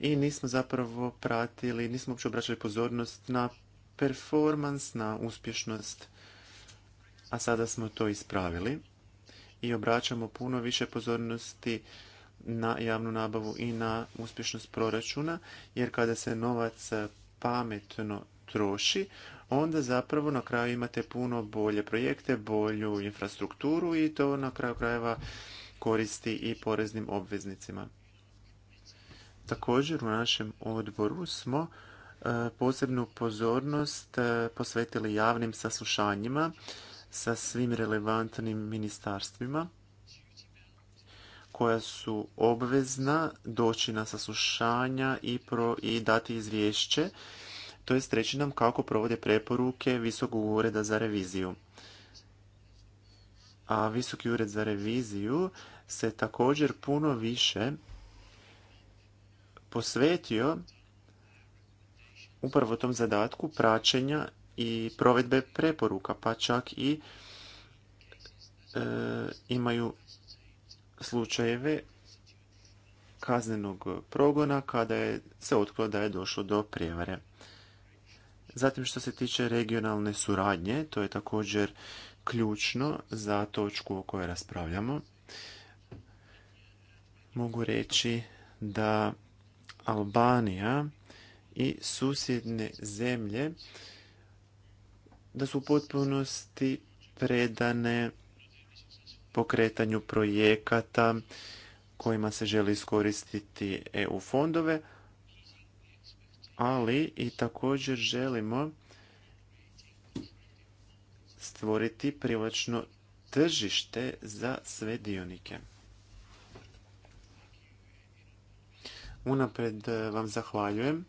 i nismo zapravo pratili, nismo uopće obraćali pozornost na performans, na uspješnost, a sada smo to ispravili i obraćamo puno više pozornosti na javnu nabavu i na uspješnost proračuna, jer kada se novac pametno troši, onda zapravo na kraju imate puno bolje projekte, bolju infrastrukturu i to na kraju krajeva koristi i poreznim obveznicima. Također u našem odboru smo e, posebnu pozornost e, posvetili javnim saslušanjima sa svim relevantnim ministarstvima koja su obvezna doći na saslušanja i, pro, i dati izvješće, to je reći nam kako provode preporuke Visokog ureda za reviziju. A Visoki ured za reviziju se također puno više posvetio upravo tom zadatku praćenja i provedbe preporuka, pa čak i e, imaju slučajeve kaznenog progona kada je, se otkrilo da je došlo do prijevare. Zatim što se tiče regionalne suradnje, to je također ključno za točku o kojoj raspravljamo. Mogu reći da Albanija i susjedne zemlje da su u potpunosti predane pokretanju projekata kojima se želi iskoristiti EU fondove, ali i također želimo stvoriti privlačno tržište za sve dionike. Unapred e, vam zahvaljujem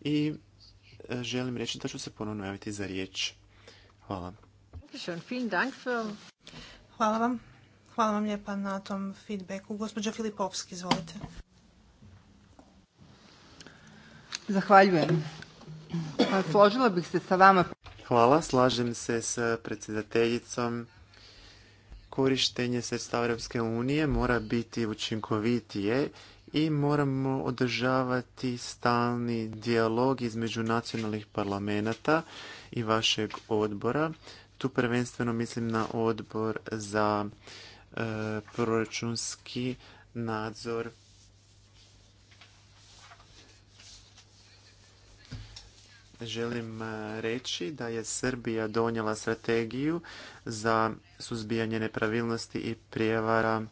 i e, želim reći da ću se ponovno javiti za riječ. Hvala. Hvala vam Hvala vam lijepa na tom feedbacku. Gospođa Filipovski, izvolite. Zahvaljujem. Pa, složila bih se sa vama. Hvala, slažem se s predsjedateljicom. Korištenje sredstava Europske unije mora biti učinkovitije i moramo održavati stalni dijalog između nacionalnih parlamenta i vašeg odbora. Tu prvenstveno mislim na odbor za E, proračunski nadzor. Želim e, reći da je Srbija donijela strategiju za suzbijanje nepravilnosti i prijevara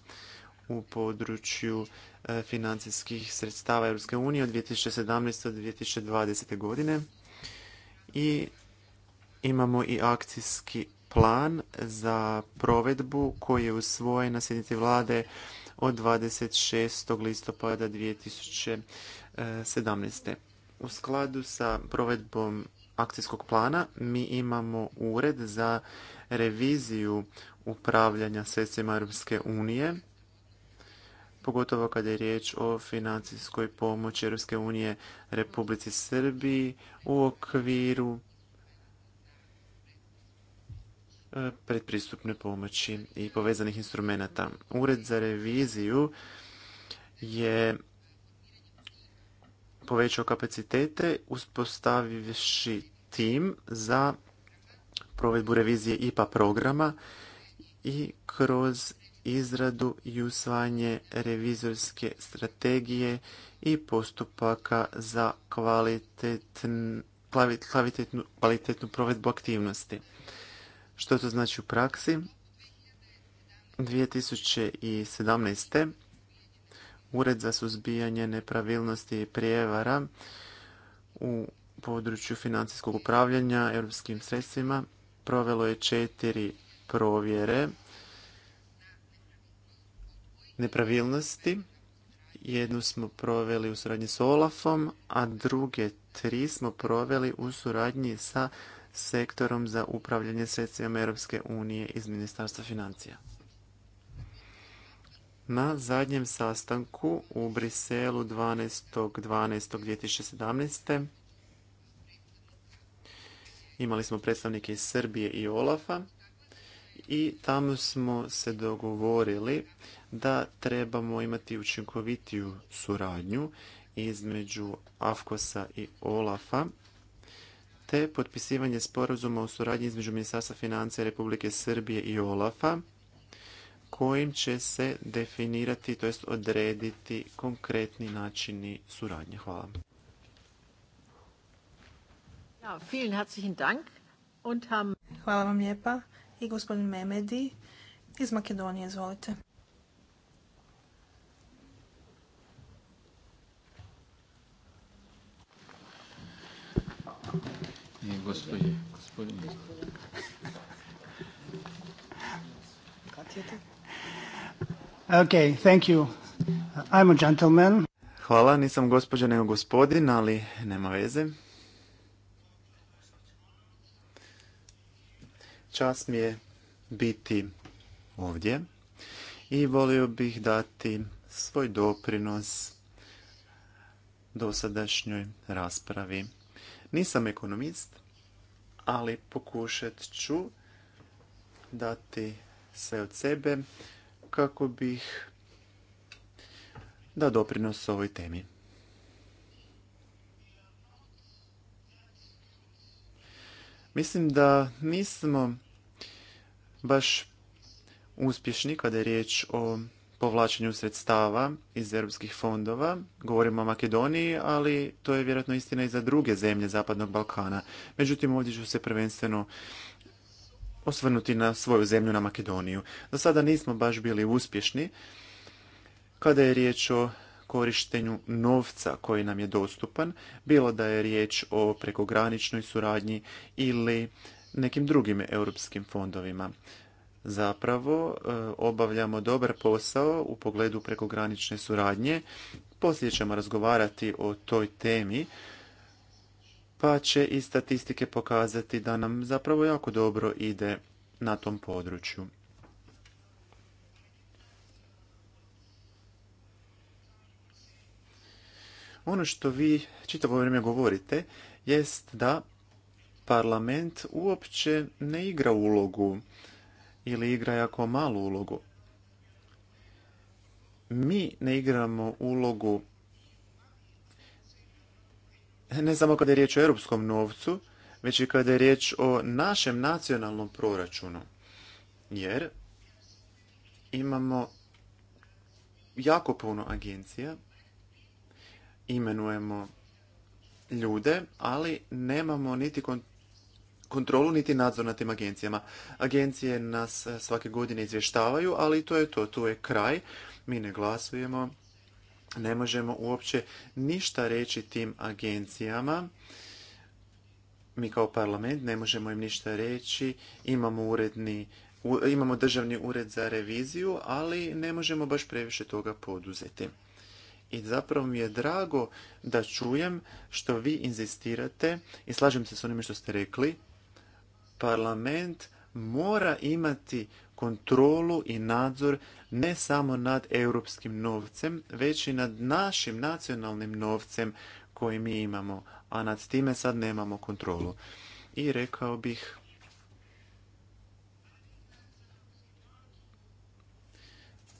u području e, financijskih sredstava Europske unije od 2017. do 2020. godine i imamo i akcijski plan za provedbu koji je usvojen na sjednici vlade od 26. listopada 2017. U skladu sa provedbom akcijskog plana mi imamo ured za reviziju upravljanja sredstvima Europske unije pogotovo kada je riječ o financijskoj pomoći Europske unije Republici Srbiji u okviru E, predpristupne pomoći i povezanih instrumenata. Ured za reviziju je povećao kapacitete uspostavivši tim za provedbu revizije IPA programa i kroz izradu i usvajanje revizorske strategije i postupaka za kvalitetnu provedbu aktivnosti. Što to znači u praksi? 2017. Ured za suzbijanje nepravilnosti i prijevara u području financijskog upravljanja europskim sredstvima provelo je četiri provjere nepravilnosti. Jednu smo proveli u suradnji s Olafom, a druge tri smo proveli u suradnji sa sektorom za upravljanje sredstvima Europske unije iz Ministarstva financija. Na zadnjem sastanku u Briselu 12.12.2017. imali smo predstavnike iz Srbije i Olafa i tamo smo se dogovorili da trebamo imati učinkovitiju suradnju između Afkosa i Olafa te potpisivanje sporazuma o suradnji između Ministarstva financija Republike Srbije i OLAF-a kojim će se definirati, to jest odrediti konkretni načini suradnje. Hvala. Hvala vam lijepa. I gospodin Memedi iz Makedonije, izvolite. gentleman. Hvala, nisam gospođa nego gospodin, ali nema veze. Čast mi je biti ovdje i volio bih dati svoj doprinos dosadašnjoj raspravi nisam ekonomist, ali pokušat ću dati sve od sebe kako bih da doprinos ovoj temi. Mislim da nismo baš uspješni kada je riječ o povlačenju sredstava iz europskih fondova. Govorimo o Makedoniji, ali to je vjerojatno istina i za druge zemlje Zapadnog Balkana. Međutim, ovdje ću se prvenstveno osvrnuti na svoju zemlju, na Makedoniju. Do sada nismo baš bili uspješni kada je riječ o korištenju novca koji nam je dostupan, bilo da je riječ o prekograničnoj suradnji ili nekim drugim europskim fondovima zapravo e, obavljamo dobar posao u pogledu prekogranične suradnje. Poslije ćemo razgovarati o toj temi, pa će i statistike pokazati da nam zapravo jako dobro ide na tom području. Ono što vi čitavo vrijeme govorite jest da parlament uopće ne igra ulogu ili igra jako malu ulogu. Mi ne igramo ulogu ne samo kada je riječ o europskom novcu, već i kada je riječ o našem nacionalnom proračunu. Jer imamo jako puno agencija, imenujemo ljude, ali nemamo niti kontrolu niti nadzor na tim agencijama. Agencije nas eh, svake godine izvještavaju, ali to je to, tu je kraj. Mi ne glasujemo, ne možemo uopće ništa reći tim agencijama. Mi kao parlament ne možemo im ništa reći, imamo uredni Imamo državni ured za reviziju, ali ne možemo baš previše toga poduzeti. I zapravo mi je drago da čujem što vi inzistirate i slažem se s onime što ste rekli, parlament mora imati kontrolu i nadzor ne samo nad europskim novcem, već i nad našim nacionalnim novcem koji mi imamo, a nad time sad nemamo kontrolu. I rekao bih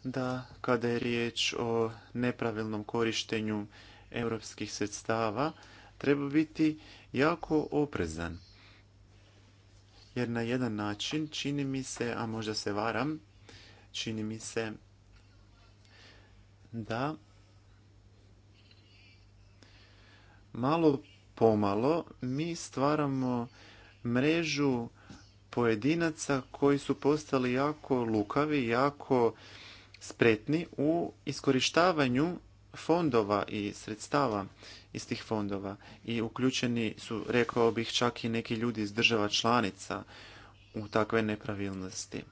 da kada je riječ o nepravilnom korištenju europskih sredstava treba biti jako oprezan jer na jedan način čini mi se, a možda se varam, čini mi se da malo pomalo mi stvaramo mrežu pojedinaca koji su postali jako lukavi, jako spretni u iskorištavanju fondova i sredstava iz tih fondova i uključeni su, rekao bih, čak i neki ljudi iz država članica u takve nepravilnosti.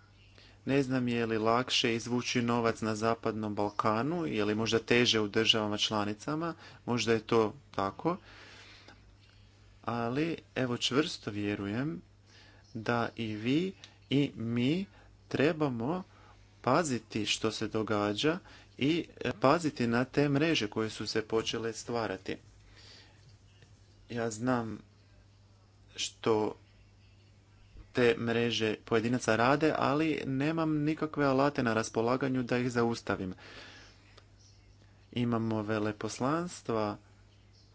Ne znam je li lakše izvući novac na Zapadnom Balkanu, je li možda teže u državama članicama, možda je to tako, ali evo čvrsto vjerujem da i vi i mi trebamo paziti što se događa i e, paziti na te mreže koje su se počele stvarati. Ja znam što te mreže pojedinaca rade, ali nemam nikakve alate na raspolaganju da ih zaustavim. Imamo veleposlanstva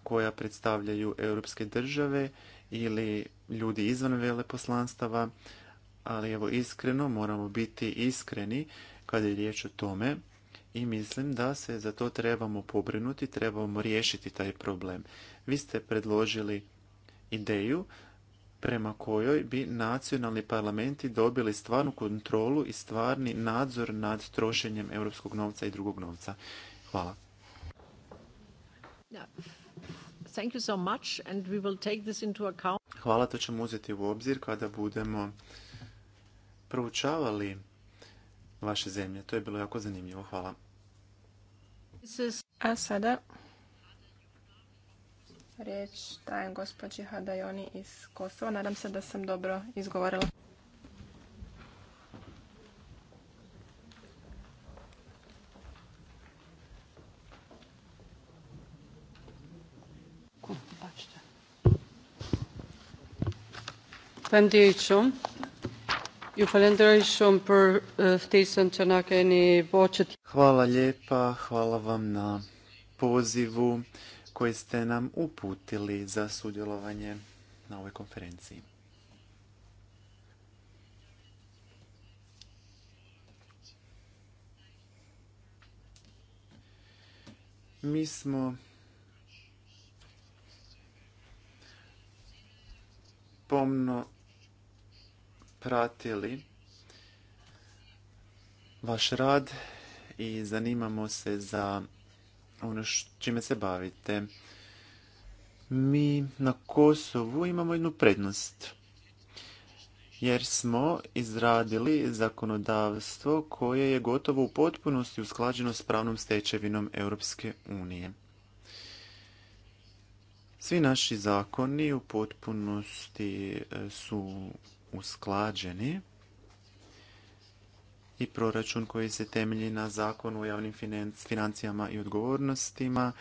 koja predstavljaju europske države ili ljudi izvan veleposlanstava, ali evo iskreno moramo biti iskreni kada je riječ o tome i mislim da se za to trebamo pobrinuti, trebamo riješiti taj problem. Vi ste predložili ideju prema kojoj bi nacionalni parlamenti dobili stvarnu kontrolu i stvarni nadzor nad trošenjem europskog novca i drugog novca. Hvala. Hvala, to ćemo uzeti u obzir kada budemo proučavali vaše zemlje. To je bilo jako zanimljivo. Hvala. A sada riječ dajem gospođi Hadajoni iz Kosova. Nadam se da sam dobro izgovorila. Hvala. Uh, hvala lijepa, hvala vam na pozivu koji ste nam uputili za sudjelovanje na ovoj konferenciji. Mi smo pomno pratili vaš rad i zanimamo se za ono čime se bavite. Mi na Kosovu imamo jednu prednost jer smo izradili zakonodavstvo koje je gotovo u potpunosti usklađeno s pravnom stečevinom Europske unije. Svi naši zakoni u potpunosti e, su usklađeni i proračun koji se temelji na zakonu o javnim financijama i odgovornostima.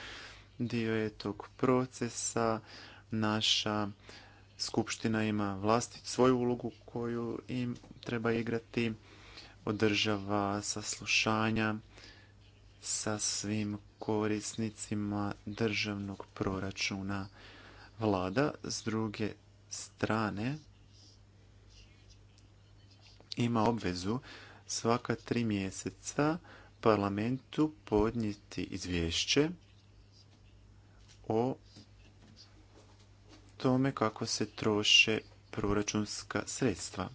Dio je tog procesa. Naša skupština ima vlastitu svoju ulogu koju im treba igrati. Održava saslušanja sa svim korisnicima državnog proračuna vlada. S druge strane, ima obvezu svaka tri mjeseca parlamentu podnijeti izvješće o tome kako se troše proračunska sredstva.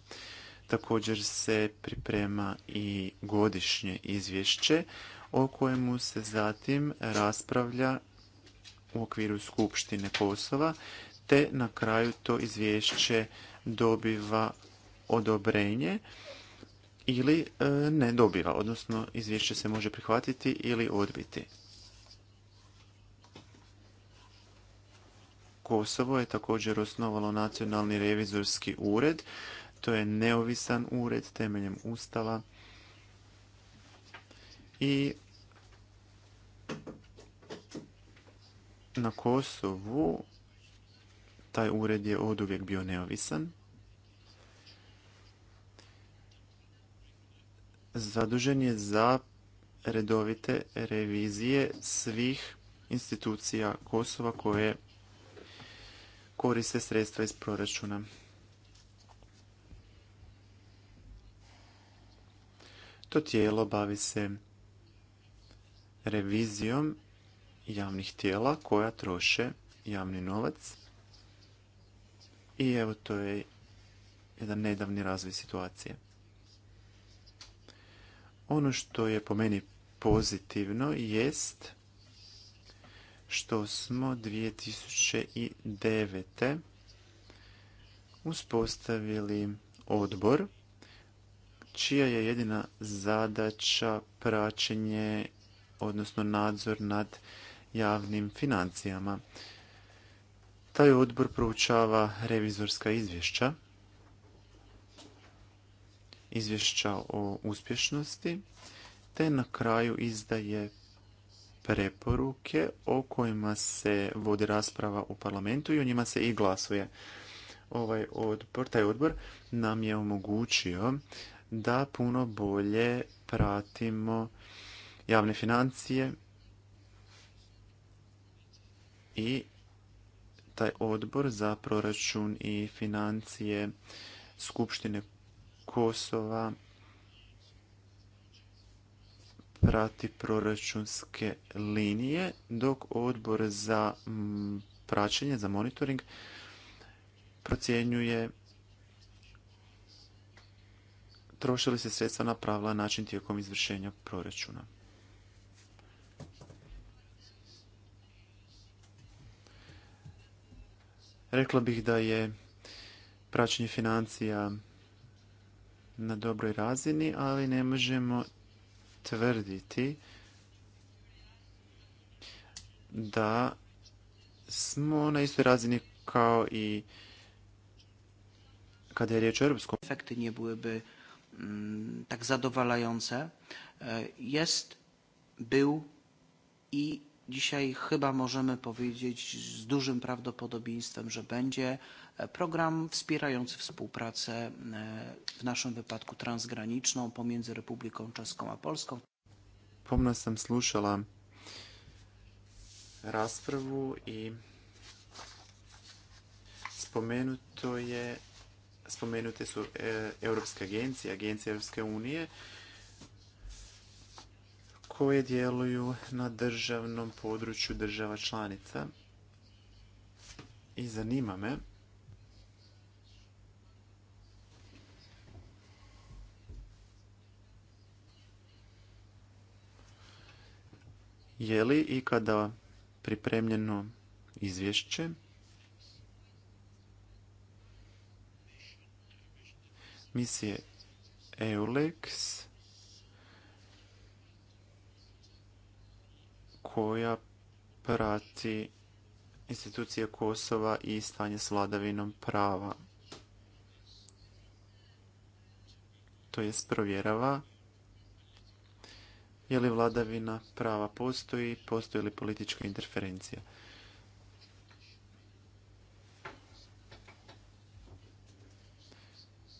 Također se priprema i godišnje izvješće o kojemu se zatim raspravlja u okviru Skupštine Kosova, te na kraju to izvješće dobiva odobrenje ili e, ne dobiva, odnosno izvješće se može prihvatiti ili odbiti. Kosovo je također osnovalo nacionalni revizorski ured. To je neovisan ured temeljem ustava i na Kosovu taj ured je oduvijek bio neovisan. zadužen je za redovite revizije svih institucija Kosova koje koriste sredstva iz proračuna. To tijelo bavi se revizijom javnih tijela koja troše javni novac. I evo to je jedan nedavni razvoj situacije. Ono što je po meni pozitivno jest što smo 2009. uspostavili odbor čija je jedina zadaća praćenje odnosno nadzor nad javnim financijama. Taj odbor proučava revizorska izvješća izvješća o uspješnosti, te na kraju izdaje preporuke o kojima se vodi rasprava u parlamentu i o njima se i glasuje. Ovaj odbor, taj odbor nam je omogućio da puno bolje pratimo javne financije i taj odbor za proračun i financije Skupštine Kosova prati proračunske linije, dok odbor za praćenje, za monitoring, procjenjuje troše li se sredstva na pravila način tijekom izvršenja proračuna. Rekla bih da je praćenje financija na dobroj razini, ali ne možemo tvrditi da smo na istoj razini kao i kada je riječ o europskom. Efekty nie byłyby mm, tak zadowalające. E, jest, był i Dzisiaj chyba możemy powiedzieć z dużym prawdopodobieństwem, że będzie program wspierający współpracę, e, w naszym wypadku transgraniczną, pomiędzy Republiką Czeską a Polską. Pomno sam raz prwu i spomenuto je, spomenute su e, Europejska Agencja, Agencja Europske unije koje djeluju na državnom području država članica. I zanima me je li ikada pripremljeno izvješće misije EULEX koja prati institucije Kosova i stanje s vladavinom prava. To jest provjerava je li vladavina prava postoji, postoji li politička interferencija.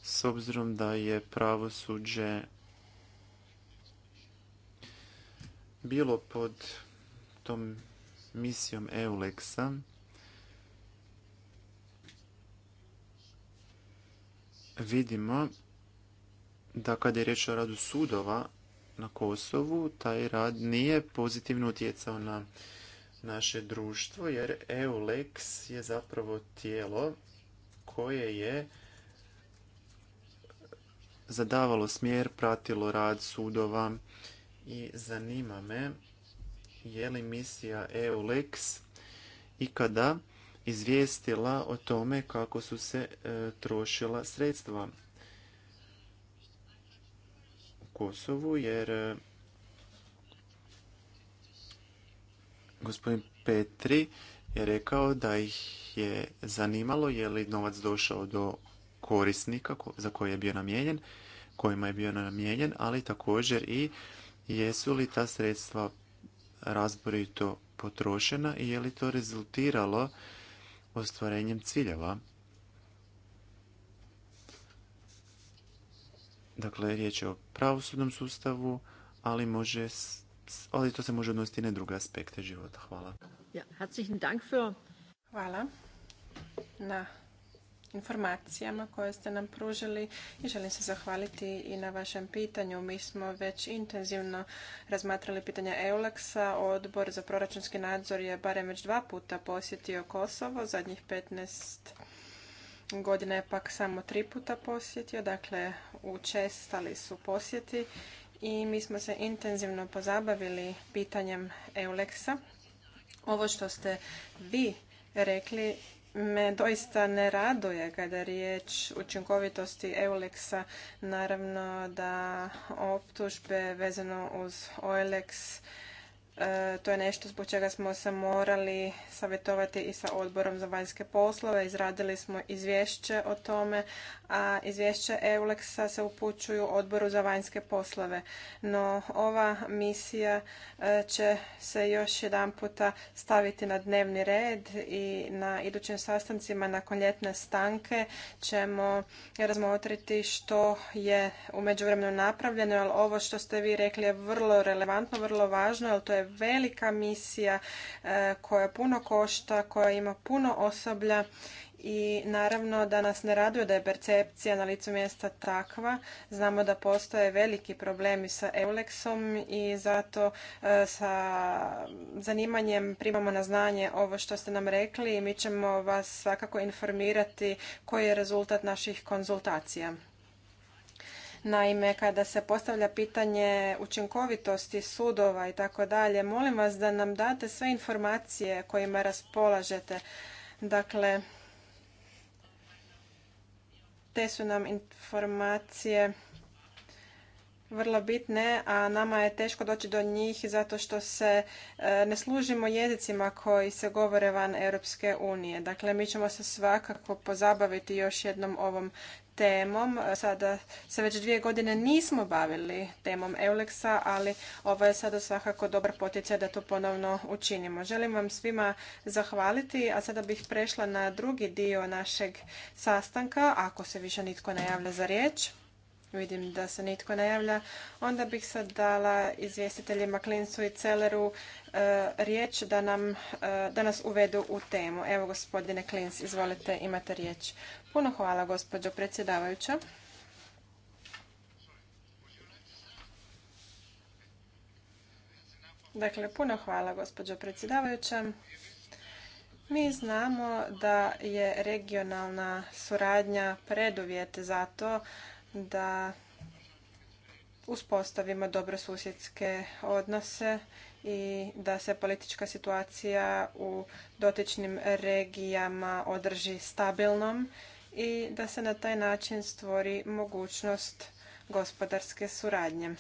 S obzirom da je pravosuđe bilo pod tom misijom EULEX-a vidimo da kada je riječ o radu sudova na Kosovu, taj rad nije pozitivno utjecao na naše društvo, jer EULEX je zapravo tijelo koje je zadavalo smjer, pratilo rad sudova i zanima me je li misija EULEX ikada izvijestila o tome kako su se e, trošila sredstva u Kosovu, jer e, gospodin Petri je rekao da ih je zanimalo je li novac došao do korisnika za koje je bio namijenjen, kojima je bio namijenjen, ali također i jesu li ta sredstva razborito potrošena i je li to rezultiralo ostvarenjem ciljeva. Dakle, riječ je o pravosudnom sustavu, ali, može, ali to se može odnositi na druge aspekte života. Hvala. Hvala na informacijama koje ste nam pružili i želim se zahvaliti i na vašem pitanju. Mi smo već intenzivno razmatrali pitanja EULEX-a. Odbor za proračunski nadzor je barem već dva puta posjetio Kosovo. Zadnjih 15 godina je pak samo tri puta posjetio. Dakle, učestali su posjeti i mi smo se intenzivno pozabavili pitanjem EULEX-a. Ovo što ste vi rekli me doista ne raduje kada je riječ učinkovitosti Eulexa. Naravno da optužbe vezano uz Eulex E, to je nešto zbog čega smo se morali savjetovati i sa odborom za vanjske poslove. Izradili smo izvješće o tome, a izvješće EUleksa se upućuju odboru za vanjske poslove. No ova misija e, će se još jedan puta staviti na dnevni red i na idućim sastancima nakon ljetne stanke ćemo razmotriti što je u međuvremenu napravljeno, ali ovo što ste vi rekli je vrlo relevantno, vrlo važno, jer to je velika misija e, koja puno košta, koja ima puno osoblja i naravno da nas ne raduje da je percepcija na licu mjesta takva. Znamo da postoje veliki problemi sa Eulexom i zato e, sa zanimanjem primamo na znanje ovo što ste nam rekli i mi ćemo vas svakako informirati koji je rezultat naših konzultacija. Naime, kada se postavlja pitanje učinkovitosti sudova i tako dalje, molim vas da nam date sve informacije kojima raspolažete. Dakle, te su nam informacije vrlo bitne, a nama je teško doći do njih zato što se e, ne služimo jezicima koji se govore van Europske unije. Dakle, mi ćemo se svakako pozabaviti još jednom ovom temom. Sada se već dvije godine nismo bavili temom Euleksa, ali ovo je sada svakako dobar potjecaj da to ponovno učinimo. Želim vam svima zahvaliti, a sada bih prešla na drugi dio našeg sastanka, ako se više nitko ne javlja za riječ. Vidim da se nitko ne javlja. Onda bih sad dala izvjestiteljima Klinsu i Celeru e, riječ da, nam, e, da nas uvedu u temu. Evo gospodine Klins, izvolite, imate riječ. Puno hvala, gospođo predsjedavajuća. Dakle, puno hvala, gospođo predsjedavajuća. Mi znamo da je regionalna suradnja preduvjet za to da uspostavimo dobrosusjedske odnose i da se politička situacija u dotičnim regijama održi stabilnom i da se na taj način stvori mogućnost gospodarske suradnje.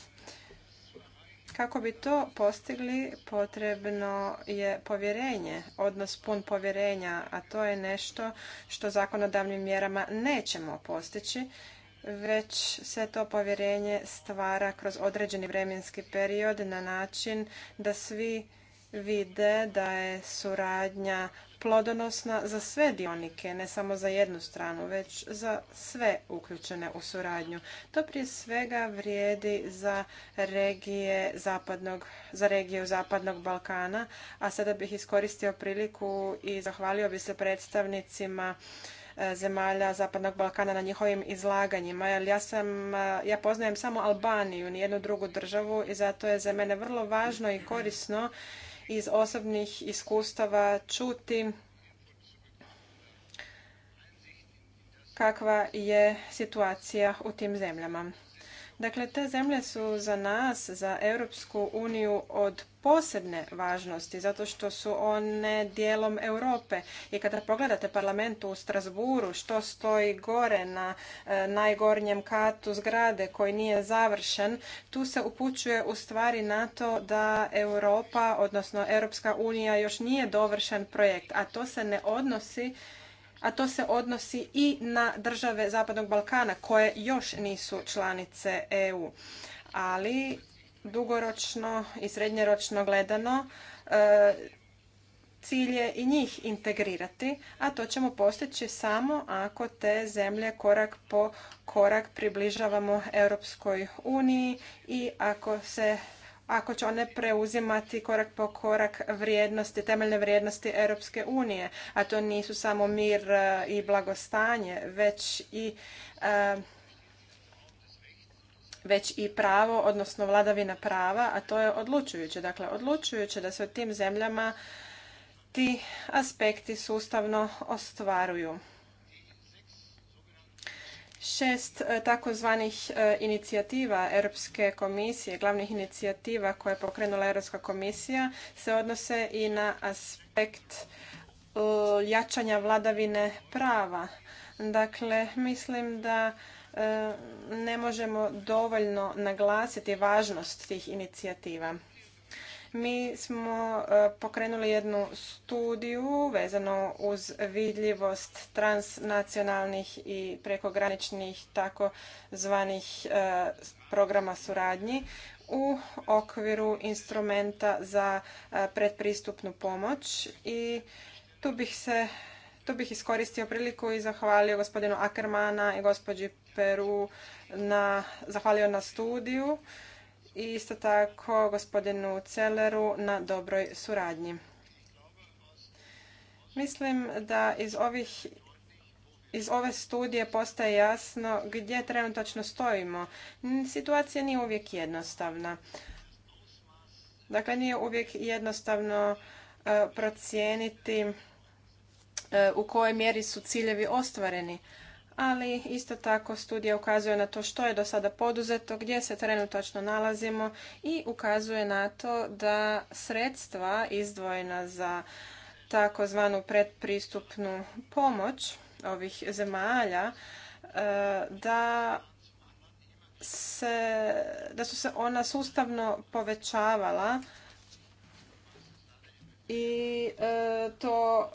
Kako bi to postigli, potrebno je povjerenje, odnos pun povjerenja, a to je nešto što zakonodavnim mjerama nećemo postići, već se to povjerenje stvara kroz određeni vremenski period na način da svi vide da je suradnja plodonosna za sve dionike, ne samo za jednu stranu, već za sve uključene u suradnju. To prije svega vrijedi za regije zapadnog, za regiju Zapadnog Balkana, a sada bih iskoristio priliku i zahvalio bi se predstavnicima e, zemalja Zapadnog Balkana na njihovim izlaganjima, jer ja sam, e, ja poznajem samo Albaniju, nijednu drugu državu i zato je za mene vrlo važno i korisno iz osobnih iskustava čuti kakva je situacija u tim zemljama. Dakle, te zemlje su za nas, za Europsku uniju od posebne važnosti, zato što su one dijelom Europe. I kada pogledate parlament u Strasburu, što stoji gore na e, najgornjem katu zgrade koji nije završen, tu se upućuje u stvari na to da Europa, odnosno Europska unija, još nije dovršen projekt, a to se ne odnosi a to se odnosi i na države Zapadnog Balkana koje još nisu članice EU. Ali dugoročno i srednjeročno gledano e, cilj je i njih integrirati, a to ćemo postići samo ako te zemlje korak po korak približavamo Europskoj uniji i ako se ako će one preuzimati korak po korak vrijednosti, temeljne vrijednosti Europske unije, a to nisu samo mir e, i blagostanje, već i e, već i pravo, odnosno vladavina prava, a to je odlučujuće. Dakle, odlučujuće da se u tim zemljama ti aspekti sustavno ostvaruju šest e, takozvanih e, inicijativa Europske komisije, glavnih inicijativa koje je pokrenula Europska komisija, se odnose i na aspekt e, jačanja vladavine prava. Dakle, mislim da ne možemo dovoljno naglasiti važnost tih inicijativa. Mi smo e, pokrenuli jednu studiju vezano uz vidljivost transnacionalnih i prekograničnih tako zvanih e, programa suradnji u okviru instrumenta za e, predpristupnu pomoć i tu bih se tu bih iskoristio priliku i zahvalio gospodinu Ackermana i gospođi Peru na, zahvalio na studiju i isto tako gospodinu Celeru na dobroj suradnji. Mislim da iz ovih iz ove studije postaje jasno gdje trenutačno stojimo. Situacija nije uvijek jednostavna. Dakle, nije uvijek jednostavno e, procijeniti e, u kojoj mjeri su ciljevi ostvareni ali isto tako studija ukazuje na to što je do sada poduzeto, gdje se trenutačno nalazimo i ukazuje na to da sredstva izdvojena za takozvanu predpristupnu pomoć ovih zemalja e, da se, da su se ona sustavno povećavala i e, to e,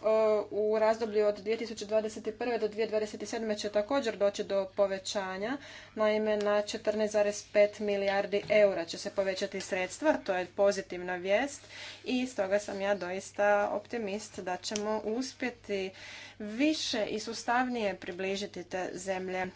u razdoblju od 2021. do 2027. će također doći do povećanja. Naime, na 14,5 milijardi eura će se povećati sredstva, to je pozitivna vijest i stoga sam ja doista optimist da ćemo uspjeti više i sustavnije približiti te zemlje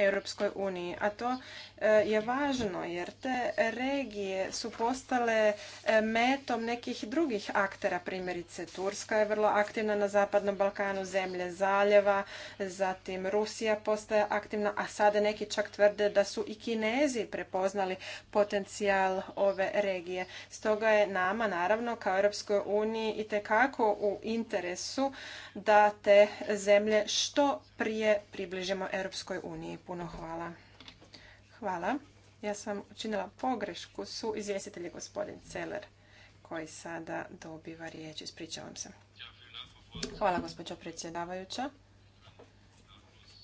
Europskoj uniji. A to e, je važno jer te regije su postale e, metom nekih drugih aktera, primjerice Turska je vrlo aktivna na Zapadnom Balkanu, zemlje Zaljeva, zatim Rusija postaje aktivna, a sada neki čak tvrde da su i Kinezi prepoznali potencijal ove regije. Stoga je nama, naravno, kao Europskoj uniji i tekako u interesu da te zemlje što prije približimo Europskoj uniji puno hvala. Hvala. Ja sam učinila pogrešku su izvjestitelji gospodin Celer koji sada dobiva riječ. Ispričavam se. Hvala gospođo predsjedavajuća.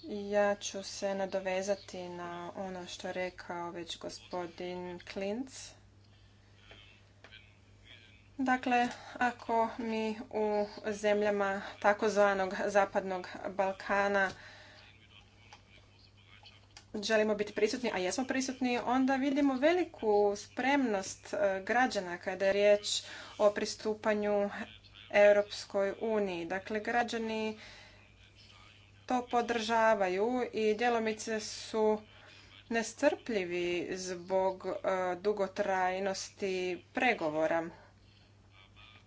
Ja ću se nadovezati na ono što je rekao već gospodin Klinc. Dakle, ako mi u zemljama takozvanog zapadnog Balkana želimo biti prisutni, a jesmo prisutni, onda vidimo veliku spremnost e, građana kada je riječ o pristupanju Europskoj uniji. Dakle, građani to podržavaju i djelomice su nestrpljivi zbog e, dugotrajnosti pregovora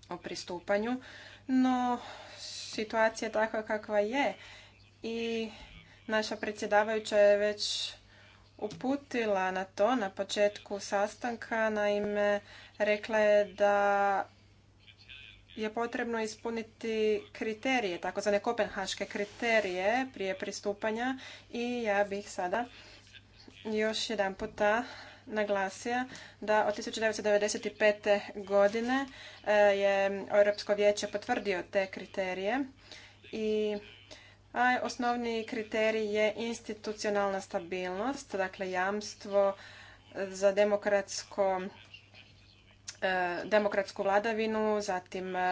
o pristupanju, no situacija je takva kakva je i Naša predsjedavajuća je već uputila na to na početku sastanka. Naime, rekla je da je potrebno ispuniti kriterije, takozvane kopenhaške kriterije prije pristupanja i ja bih sada još jedan puta naglasio da od 1995. godine eh, je Europsko vijeće potvrdio te kriterije i osnovni kriterij je institucionalna stabilnost, dakle jamstvo za demokratsko e, demokratsku vladavinu, zatim e,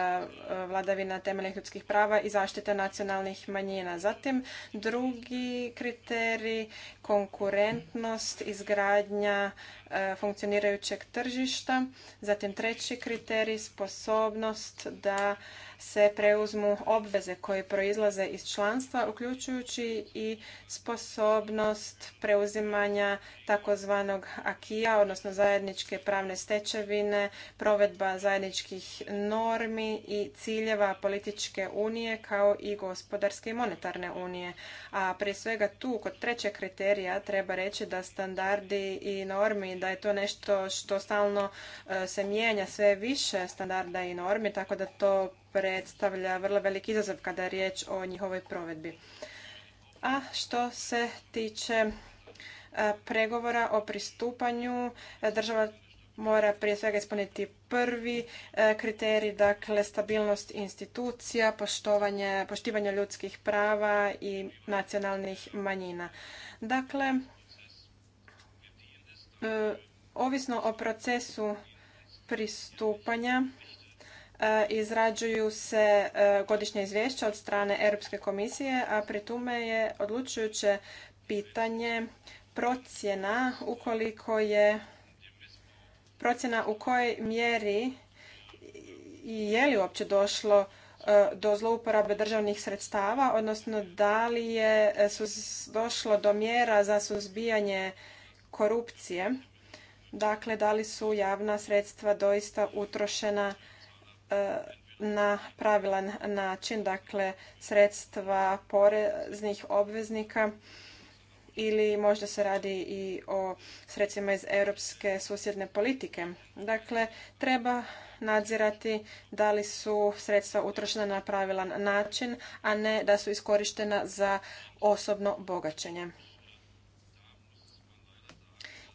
vladavina temeljnih ljudskih prava i zaštita nacionalnih manjina. Zatim drugi kriterij, konkurentnost, izgradnja funkcionirajućeg tržišta. Zatim treći kriterij, sposobnost da se preuzmu obveze koje proizlaze iz članstva, uključujući i sposobnost preuzimanja takozvanog akija, odnosno zajedničke pravne stečevine, provedba zajedničkih normi i ciljeva političke unije kao i gospodarske i monetarne unije. A prije svega tu, kod trećeg kriterija, treba reći da standardi i normi da je to nešto što stalno e, se mijenja sve više standarda i normi, tako da to predstavlja vrlo velik izazov kada je riječ o njihovoj provedbi. A što se tiče e, pregovora o pristupanju, e, država mora prije svega ispuniti prvi kriterij, dakle stabilnost institucija, poštovanje, poštivanje ljudskih prava i nacionalnih manjina. Dakle, E, ovisno o procesu pristupanja e, izrađuju se e, godišnja izvješća od strane Europske komisije, a pri tome je odlučujuće pitanje procjena ukoliko je procjena u kojoj mjeri i je li uopće došlo do zlouporabe državnih sredstava, odnosno da li je došlo do mjera za suzbijanje korupcije. Dakle, da li su javna sredstva doista utrošena e, na pravilan način, dakle sredstva poreznih obveznika ili možda se radi i o sredstvima iz europske susjedne politike. Dakle, treba nadzirati da li su sredstva utrošena na pravilan način, a ne da su iskorištena za osobno bogaćenje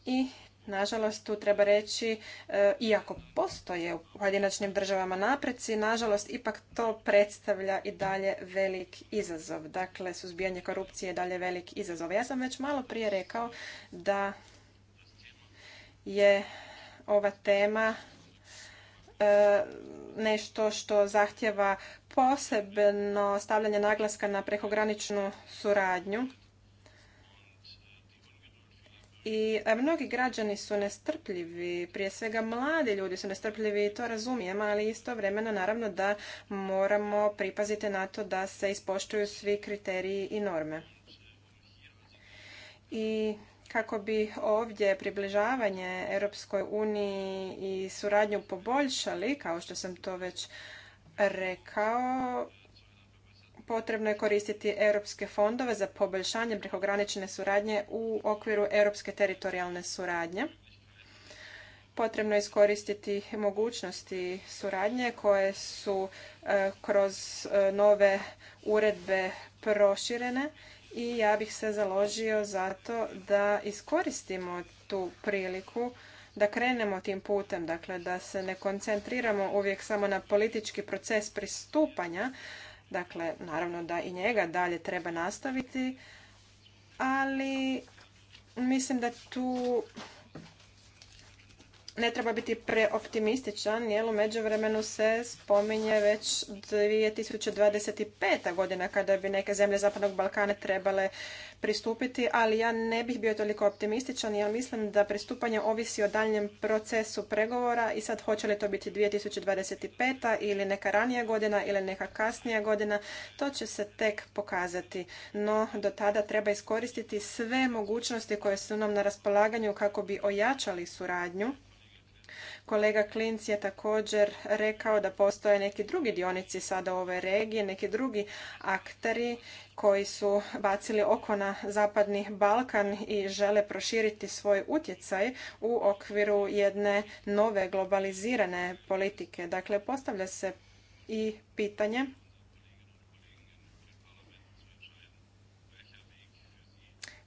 i Nažalost, tu treba reći, e, iako postoje u pojedinačnim državama napreci, nažalost, ipak to predstavlja i dalje velik izazov. Dakle, suzbijanje korupcije je dalje velik izazov. Ja sam već malo prije rekao da je ova tema e, nešto što zahtjeva posebno stavljanje naglaska na prekograničnu suradnju i mnogi građani su nestrpljivi, prije svega mladi ljudi su nestrpljivi i to razumijem, ali istovremeno naravno da moramo pripaziti na to da se ispoštuju svi kriteriji i norme. I kako bi ovdje približavanje Europskoj uniji i suradnju poboljšali, kao što sam to već rekao, potrebno je koristiti europske fondove za poboljšanje prekogranične suradnje u okviru europske teritorijalne suradnje. Potrebno je iskoristiti mogućnosti suradnje koje su e, kroz e, nove uredbe proširene i ja bih se založio za to da iskoristimo tu priliku da krenemo tim putem, dakle da se ne koncentriramo uvijek samo na politički proces pristupanja, Dakle, naravno da i njega dalje treba nastaviti, ali mislim da tu ne treba biti preoptimističan, jer u međuvremenu se spominje već 2025. godina kada bi neke zemlje Zapadnog Balkana trebale pristupiti, ali ja ne bih bio toliko optimističan jer mislim da pristupanje ovisi o daljnjem procesu pregovora i sad hoće li to biti 2025. ili neka ranija godina ili neka kasnija godina, to će se tek pokazati. No, do tada treba iskoristiti sve mogućnosti koje su nam na raspolaganju kako bi ojačali suradnju Kolega Klinc je također rekao da postoje neki drugi dionici sada u ove regije, neki drugi akteri koji su bacili oko na Zapadni Balkan i žele proširiti svoj utjecaj u okviru jedne nove globalizirane politike. Dakle, postavlja se i pitanje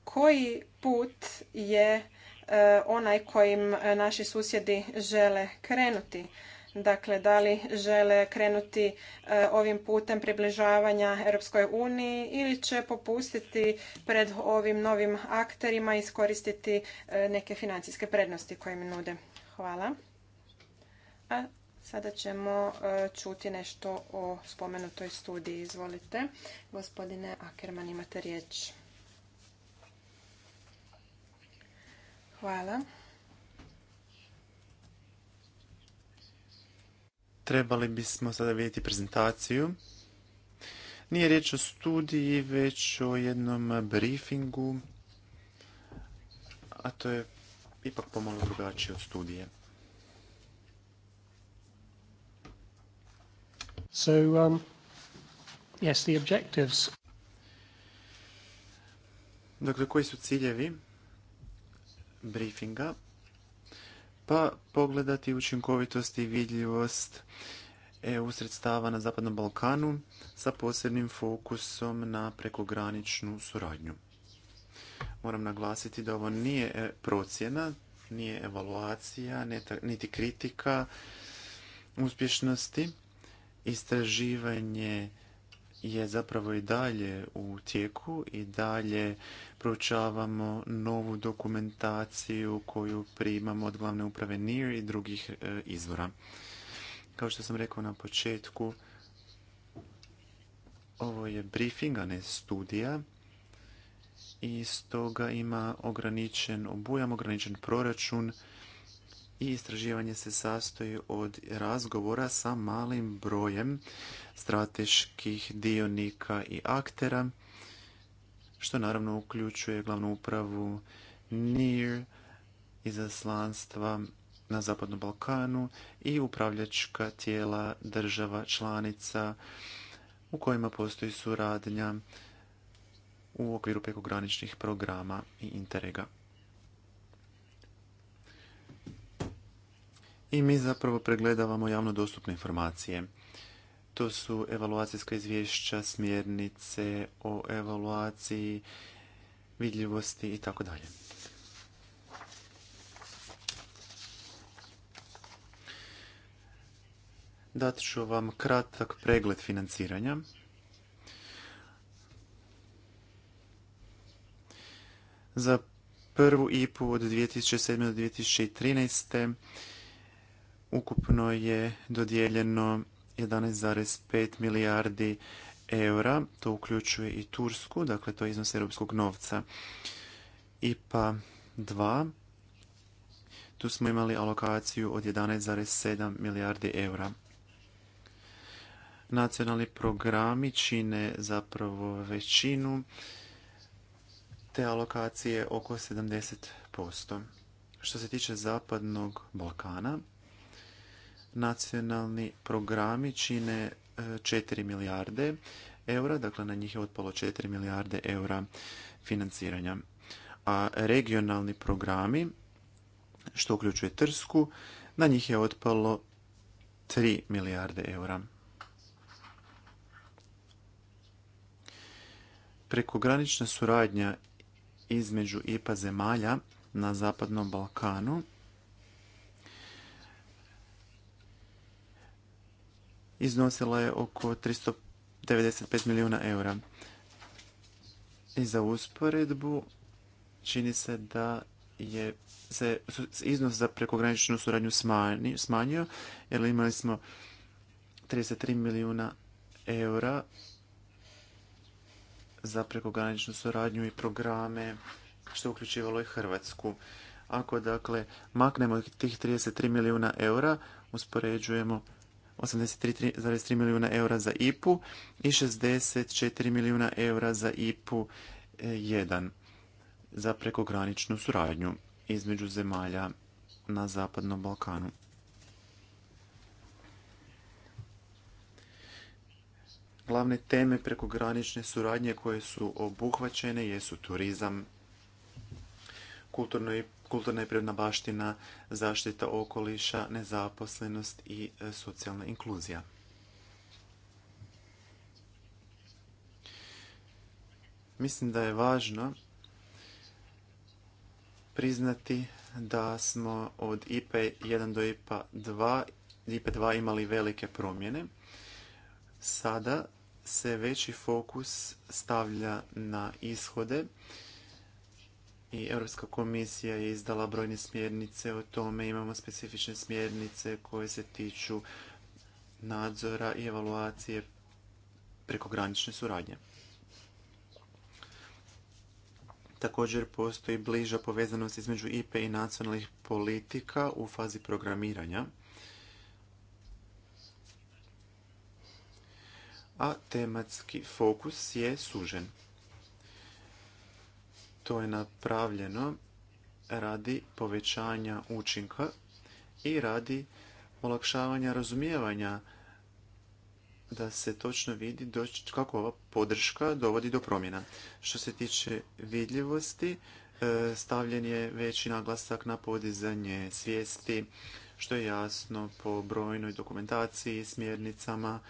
koji put je E, onaj kojim e, naši susjedi žele krenuti. Dakle, da li žele krenuti e, ovim putem približavanja Europskoj uniji ili će popustiti pred ovim novim akterima i iskoristiti neke financijske prednosti koje im nude. Hvala. A sada ćemo čuti nešto o spomenutoj studiji. Izvolite. Gospodine Akerman, imate riječ. Hvala. Trebali bismo sada vidjeti prezentaciju. Nije riječ o studiji, već o jednom briefingu, a to je ipak pomalo drugačije od studije. So, um, yes, the objectives. Dakle, koji su ciljevi? briefinga, pa pogledati učinkovitost i vidljivost EU sredstava na Zapadnom Balkanu sa posebnim fokusom na prekograničnu suradnju. Moram naglasiti da ovo nije e, procjena, nije evaluacija, niti kritika uspješnosti. Istraživanje je zapravo i dalje u tijeku i dalje proučavamo novu dokumentaciju koju primamo od glavne uprave NIR i drugih e, izvora. Kao što sam rekao na početku, ovo je briefing, a ne studija i stoga ima ograničen obujam, ograničen proračun i istraživanje se sastoji od razgovora sa malim brojem strateških dionika i aktera, što naravno uključuje glavnu upravu NIR, izaslanstva na Zapadnom Balkanu i upravljačka tijela država članica u kojima postoji suradnja u okviru pekograničnih programa i interega. i mi zapravo pregledavamo javno dostupne informacije. To su evaluacijska izvješća, smjernice o evaluaciji, vidljivosti i tako dalje. Dat ću vam kratak pregled financiranja. Za prvu IPU od 2007. do 2013 ukupno je dodijeljeno 11,5 milijardi eura, to uključuje i Tursku, dakle to je iznos europskog novca. IPA 2, tu smo imali alokaciju od 11,7 milijardi eura. Nacionalni programi čine zapravo većinu te alokacije oko 70%. Što se tiče Zapadnog Balkana, Nacionalni programi čine 4 e, milijarde eura, dakle na njih je otpalo 4 milijarde eura financiranja. A regionalni programi, što uključuje Trsku, na njih je otpalo 3 milijarde eura. Prekogranična suradnja između IPA zemalja na Zapadnom Balkanu iznosila je oko 395 milijuna eura. I za usporedbu čini se da je se iznos za prekograničnu suradnju smanjio, jer imali smo 33 milijuna eura za prekograničnu suradnju i programe, što uključivalo i Hrvatsku. Ako dakle maknemo tih 33 milijuna eura, uspoređujemo 83,3 milijuna eura za IPU i 64 milijuna eura za IPU 1 e, za prekograničnu suradnju između zemalja na Zapadnom Balkanu. Glavne teme prekogranične suradnje koje su obuhvaćene jesu turizam, kulturna i, kulturna prirodna baština, zaštita okoliša, nezaposlenost i e, socijalna inkluzija. Mislim da je važno priznati da smo od ip 1 do IPA 2, IPA 2 imali velike promjene. Sada se veći fokus stavlja na ishode i Europska komisija je izdala brojne smjernice o tome. Imamo specifične smjernice koje se tiču nadzora i evaluacije prekogranične suradnje. Također postoji bliža povezanost između IP i nacionalnih politika u fazi programiranja. A tematski fokus je sužen. To je napravljeno radi povećanja učinka i radi olakšavanja razumijevanja da se točno vidi kako ova podrška dovodi do promjena. Što se tiče vidljivosti, e, stavljen je veći naglasak na podizanje svijesti, što je jasno po brojnoj dokumentaciji, smjernicama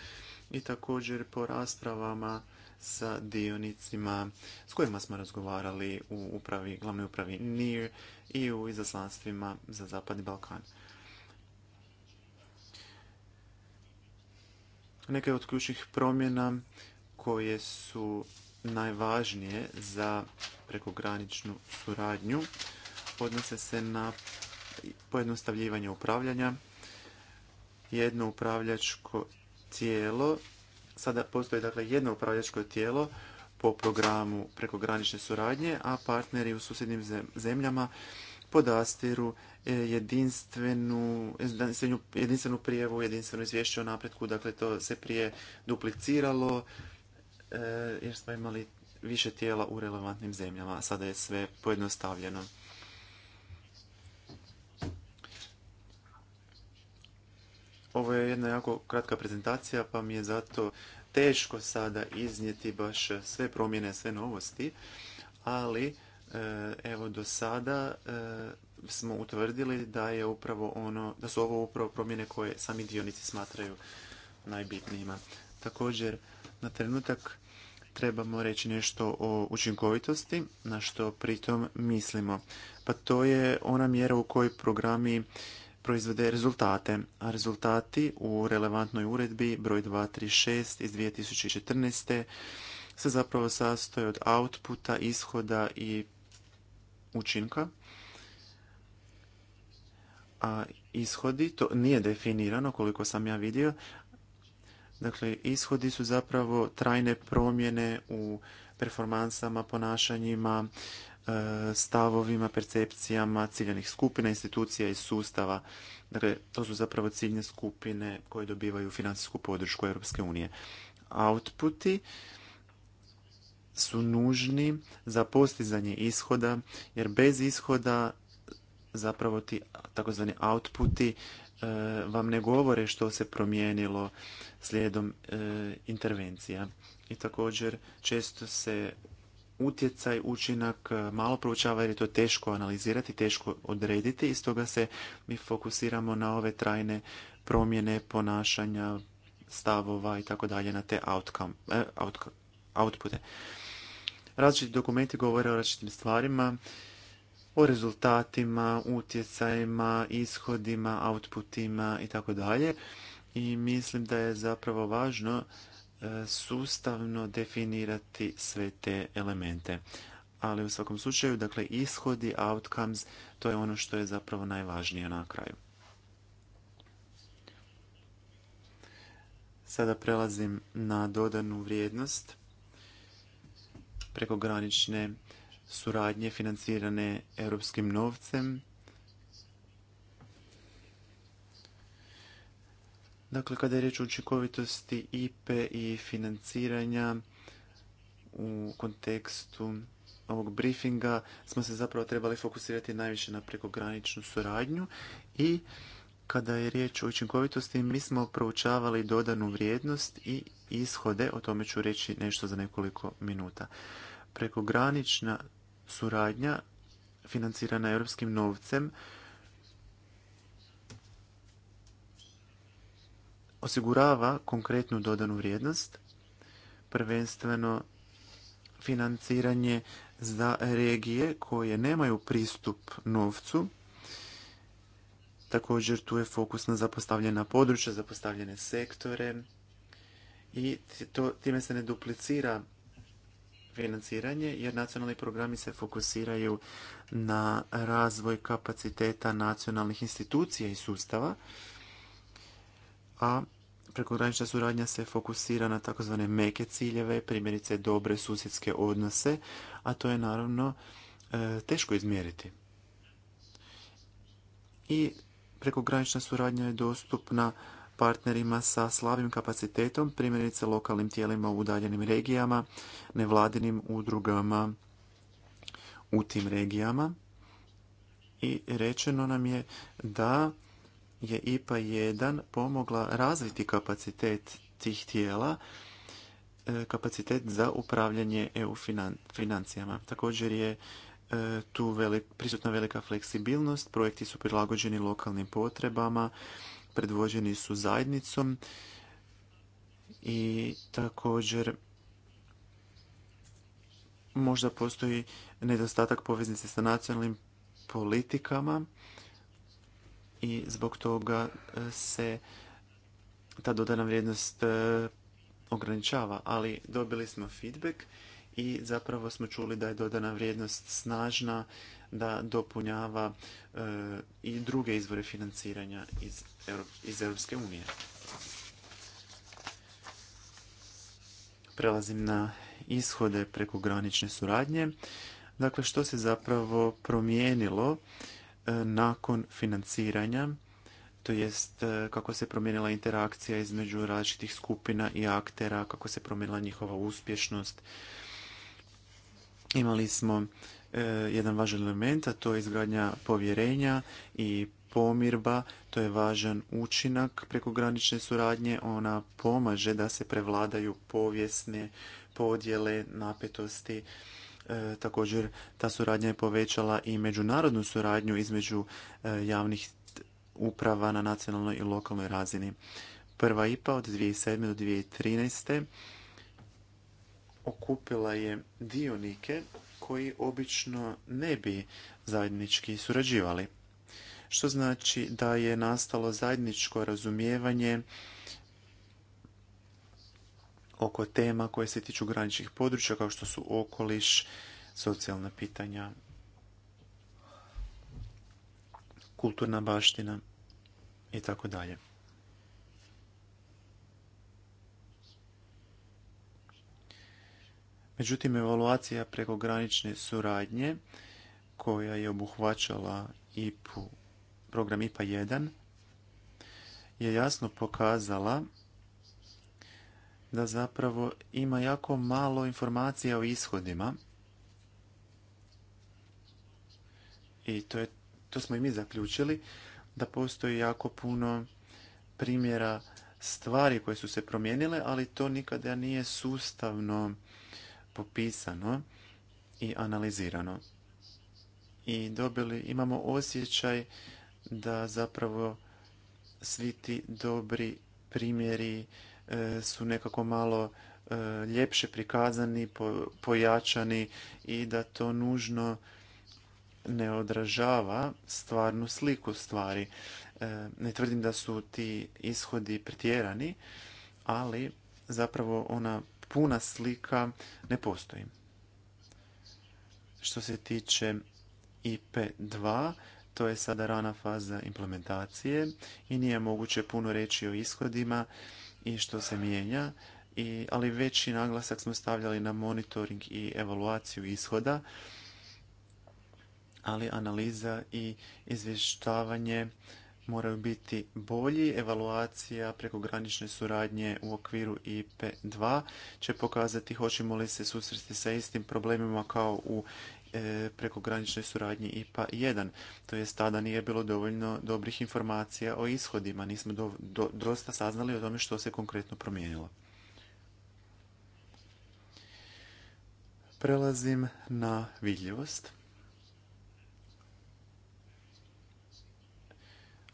i također po raspravama sa dionicima s kojima smo razgovarali u upravi, glavnoj upravi NIR i u izaslanstvima za Zapadni Balkan. Neke od ključnih promjena koje su najvažnije za prekograničnu suradnju odnose se na pojednostavljivanje upravljanja, jedno upravljačko tijelo Sada postoji dakle jedno upravljačko tijelo po programu prekogranične suradnje, a partneri u susjednim zemljama podastiru e, jedinstvenu, jedinstvenu, jedinstvenu prijevu, jedinstveno izvješće o napretku. Dakle, to se prije dupliciralo e, jer smo imali više tijela u relevantnim zemljama. Sada je sve pojednostavljeno. Ovo je jedna jako kratka prezentacija, pa mi je zato teško sada iznijeti baš sve promjene, sve novosti, ali e, evo do sada e, smo utvrdili da je upravo ono, da su ovo upravo promjene koje sami dionici smatraju najbitnijima. Također, na trenutak trebamo reći nešto o učinkovitosti, na što pritom mislimo. Pa to je ona mjera u kojoj programi proizvode rezultate, a rezultati u relevantnoj uredbi broj 236 iz 2014. se zapravo sastoje od outputa, ishoda i učinka. A ishodi, to nije definirano koliko sam ja vidio, dakle ishodi su zapravo trajne promjene u performansama, ponašanjima, E, stavovima, percepcijama ciljanih skupina, institucija i sustava. Dakle, to su zapravo ciljne skupine koje dobivaju financijsku podršku Europske unije. Outputi su nužni za postizanje ishoda, jer bez ishoda zapravo ti takozvani outputi e, vam ne govore što se promijenilo slijedom e, intervencija. I također često se utjecaj, učinak e, malo proučava jer je to teško analizirati, teško odrediti i stoga se mi fokusiramo na ove trajne promjene ponašanja, stavova i tako dalje na te e, outpute. Različiti dokumenti govore o različitim stvarima, o rezultatima, utjecajima, ishodima, outputima i tako dalje. I mislim da je zapravo važno sustavno definirati sve te elemente. Ali u svakom slučaju, dakle, ishodi, outcomes, to je ono što je zapravo najvažnije na kraju. Sada prelazim na dodanu vrijednost prekogranične suradnje financirane europskim novcem Dakle, kada je riječ o učinkovitosti IPE i financiranja u kontekstu ovog briefinga smo se zapravo trebali fokusirati najviše na prekograničnu suradnju i kada je riječ o učinkovitosti mi smo proučavali dodanu vrijednost i ishode, o tome ću reći nešto za nekoliko minuta. Prekogranična suradnja financirana europskim novcem osigurava konkretnu dodanu vrijednost, prvenstveno financiranje za regije koje nemaju pristup novcu. Također tu je fokus na zapostavljena područja, zapostavljene sektore i to, time se ne duplicira financiranje jer nacionalni programi se fokusiraju na razvoj kapaciteta nacionalnih institucija i sustava, a prekogranična suradnja se fokusira na takozvane meke ciljeve, primjerice dobre susjedske odnose, a to je naravno e, teško izmjeriti. I prekogranična suradnja je dostupna partnerima sa slabim kapacitetom, primjerice lokalnim tijelima u udaljenim regijama, nevladinim udrugama u tim regijama. I rečeno nam je da je IPA 1 pomogla razviti kapacitet tih tijela, e, kapacitet za upravljanje EU financijama. Također je e, tu prisutna velika fleksibilnost, projekti su prilagođeni lokalnim potrebama, predvođeni su zajednicom i također možda postoji nedostatak poveznice sa nacionalnim politikama i zbog toga e, se ta dodana vrijednost e, ograničava, ali dobili smo feedback i zapravo smo čuli da je dodana vrijednost snažna da dopunjava e, i druge izvore financiranja iz Europske unije. Prelazim na ishode preko granične suradnje. Dakle, što se zapravo promijenilo E, nakon financiranja, to jest e, kako se promijenila interakcija između različitih skupina i aktera, kako se promijenila njihova uspješnost. Imali smo e, jedan važan element, a to je izgradnja povjerenja i pomirba, to je važan učinak prekogranične suradnje, ona pomaže da se prevladaju povijesne podjele, napetosti E, također ta suradnja je povećala i međunarodnu suradnju između e, javnih uprava na nacionalnoj i lokalnoj razini. Prva IPA od 2007. do 2013. okupila je dionike koji obično ne bi zajednički surađivali. Što znači da je nastalo zajedničko razumijevanje oko tema koje se tiču graničnih područja kao što su okoliš, socijalna pitanja, kulturna baština i tako dalje. Međutim, evaluacija granične suradnje koja je obuhvaćala IPU, program IPA 1 je jasno pokazala da zapravo ima jako malo informacija o ishodima i to, je, to smo i mi zaključili da postoji jako puno primjera stvari koje su se promijenile, ali to nikada nije sustavno popisano i analizirano. I dobili, imamo osjećaj da zapravo svi ti dobri primjeri E, su nekako malo e, ljepše prikazani, pojačani i da to nužno ne odražava stvarnu sliku stvari. E, ne tvrdim da su ti ishodi pretjerani, ali zapravo ona puna slika ne postoji. Što se tiče IP2, to je sada rana faza implementacije i nije moguće puno reći o ishodima i što se mijenja, i, ali veći naglasak smo stavljali na monitoring i evaluaciju ishoda, ali analiza i izvještavanje moraju biti bolji. Evaluacija prekogranične suradnje u okviru IP2 će pokazati hoćemo li se susresti sa istim problemima kao u E, prekograničnoj suradnji IPA 1. To je tada nije bilo dovoljno dobrih informacija o ishodima. Nismo do, dosta saznali o tome što se konkretno promijenilo. Prelazim na vidljivost.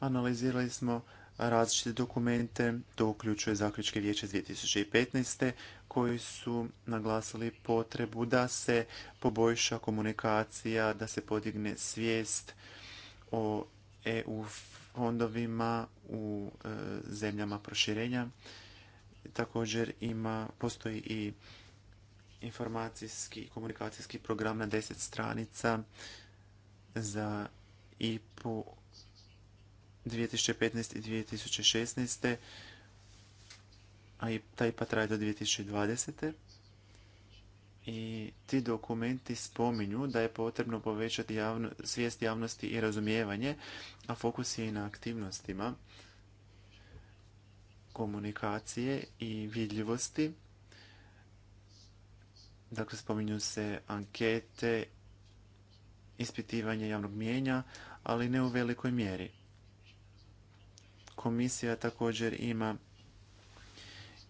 Analizirali smo različite dokumente, to uključuje zaključke vijeća 2015 koji su naglasili potrebu da se poboljša komunikacija, da se podigne svijest o EU fondovima u e, zemljama proširenja. Također ima, postoji i informacijski komunikacijski program na 10 stranica za IPU 2015. i 2016 a taj pa traje do 2020. I ti dokumenti spominju da je potrebno povećati javno, svijest javnosti i razumijevanje, a fokus je i na aktivnostima komunikacije i vidljivosti. Dakle, spominju se ankete, ispitivanje javnog mijenja, ali ne u velikoj mjeri. Komisija također ima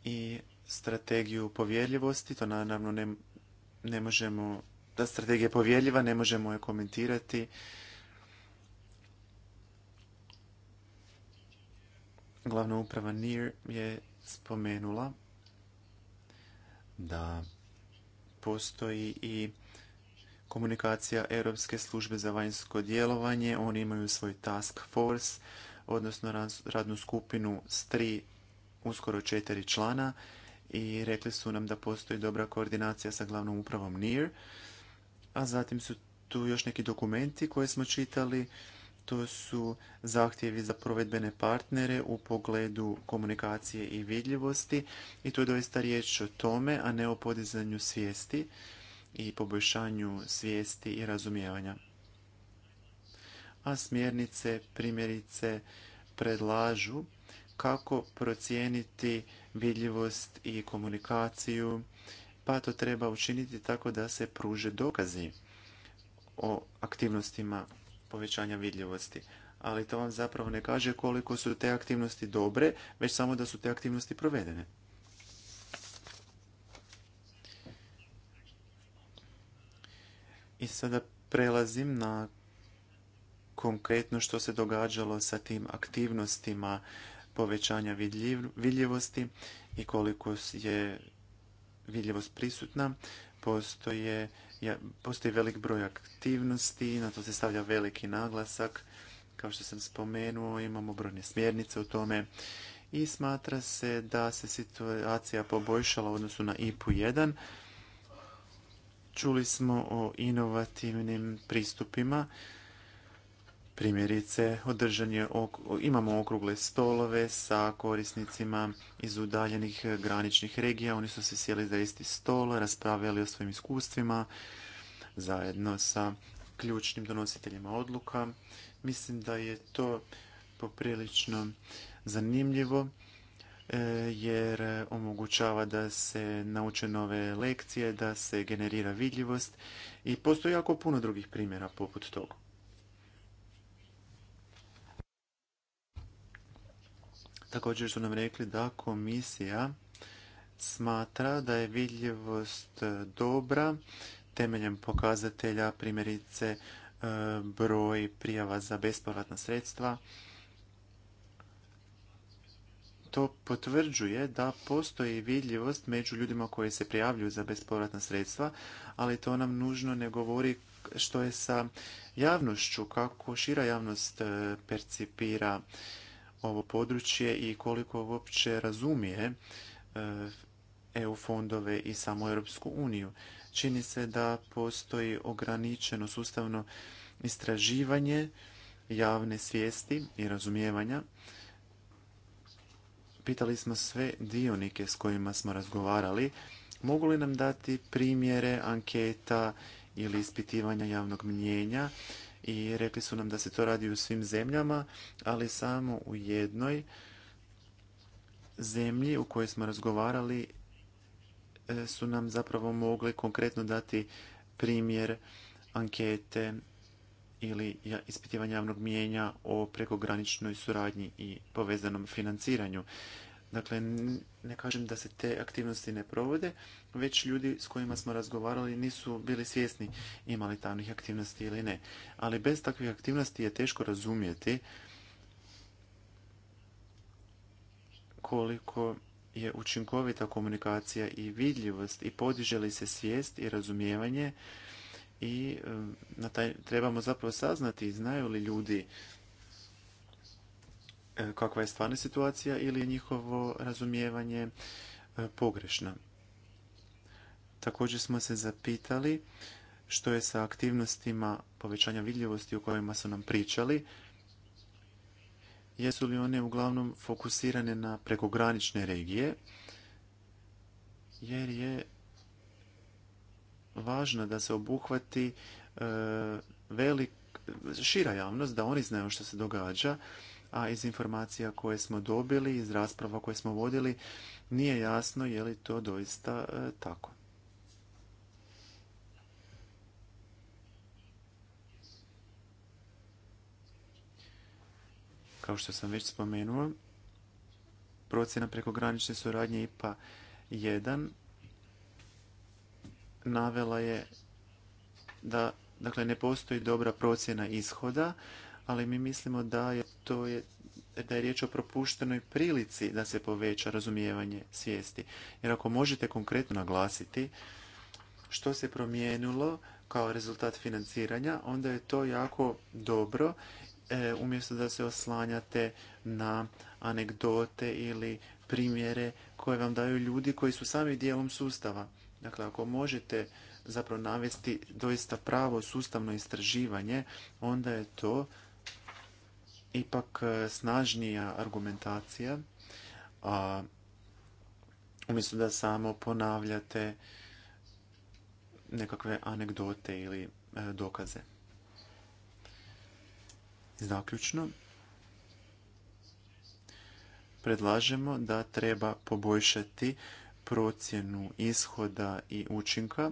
i strategiju povjerljivosti. To naravno ne, ne možemo, Da strategija je povjerljiva, ne možemo je komentirati. Glavna uprava NIR je spomenula da postoji i komunikacija Europske službe za vanjsko djelovanje. Oni imaju svoj task force, odnosno radnu skupinu s tri uskoro četiri člana i rekli su nam da postoji dobra koordinacija sa glavnom upravom NIR, a zatim su tu još neki dokumenti koje smo čitali. To su zahtjevi za provedbene partnere u pogledu komunikacije i vidljivosti i tu je doista riječ o tome, a ne o podizanju svijesti i poboljšanju svijesti i razumijevanja. A smjernice primjerice predlažu kako procijeniti vidljivost i komunikaciju, pa to treba učiniti tako da se pruže dokazi o aktivnostima povećanja vidljivosti. Ali to vam zapravo ne kaže koliko su te aktivnosti dobre, već samo da su te aktivnosti provedene. I sada prelazim na konkretno što se događalo sa tim aktivnostima povećanja vidljivosti i koliko je vidljivost prisutna. Postoje, postoji velik broj aktivnosti, na to se stavlja veliki naglasak. Kao što sam spomenuo, imamo brojne smjernice u tome i smatra se da se situacija poboljšala u odnosu na IPU-1. Čuli smo o inovativnim pristupima Primjerice, održanje, imamo okrugle stolove sa korisnicima iz udaljenih graničnih regija. Oni su se sjeli za isti stol, raspravljali o svojim iskustvima zajedno sa ključnim donositeljima odluka. Mislim da je to poprilično zanimljivo e, jer omogućava da se nauče nove lekcije, da se generira vidljivost i postoji jako puno drugih primjera poput toga. Također su nam rekli da komisija smatra da je vidljivost e, dobra temeljem pokazatelja primjerice e, broj prijava za bespovratna sredstva. To potvrđuje da postoji vidljivost među ljudima koji se prijavljuju za bespovratna sredstva, ali to nam nužno ne govori što je sa javnošću, kako šira javnost e, percipira ovo područje i koliko uopće razumije e, EU fondove i samo Europsku uniju. Čini se da postoji ograničeno sustavno istraživanje javne svijesti i razumijevanja. Pitali smo sve dionike s kojima smo razgovarali, mogu li nam dati primjere anketa ili ispitivanja javnog mnjenja i rekli su nam da se to radi u svim zemljama, ali samo u jednoj zemlji u kojoj smo razgovarali e, su nam zapravo mogli konkretno dati primjer ankete ili ispitivanja javnog mijenja o prekograničnoj suradnji i povezanom financiranju. Dakle, ne kažem da se te aktivnosti ne provode, već ljudi s kojima smo razgovarali nisu bili svjesni imali tamnih aktivnosti ili ne. Ali bez takvih aktivnosti je teško razumjeti koliko je učinkovita komunikacija i vidljivost i podiže li se svijest i razumijevanje i e, na taj, trebamo zapravo saznati znaju li ljudi E, kakva je stvarna situacija ili je njihovo razumijevanje e, pogrešno. Također smo se zapitali što je sa aktivnostima povećanja vidljivosti o kojima su nam pričali. Jesu li one uglavnom fokusirane na prekogranične regije? Jer je važno da se obuhvati e, velik, šira javnost, da oni znaju što se događa a iz informacija koje smo dobili, iz rasprava koje smo vodili, nije jasno je li to doista e, tako. Kao što sam već spomenuo, procjena prekogranične suradnje IPA 1 navela je da dakle, ne postoji dobra procjena ishoda, ali mi mislimo da je to je da je riječ o propuštenoj prilici da se poveća razumijevanje svijesti. Jer ako možete konkretno naglasiti što se promijenilo kao rezultat financiranja, onda je to jako dobro e, umjesto da se oslanjate na anegdote ili primjere koje vam daju ljudi koji su sami dijelom sustava. Dakle, ako možete zapravo navesti doista pravo sustavno istraživanje, onda je to ipak e, snažnija argumentacija, a umjesto da samo ponavljate nekakve anegdote ili e, dokaze. Zaključno, predlažemo da treba poboljšati procjenu ishoda i učinka.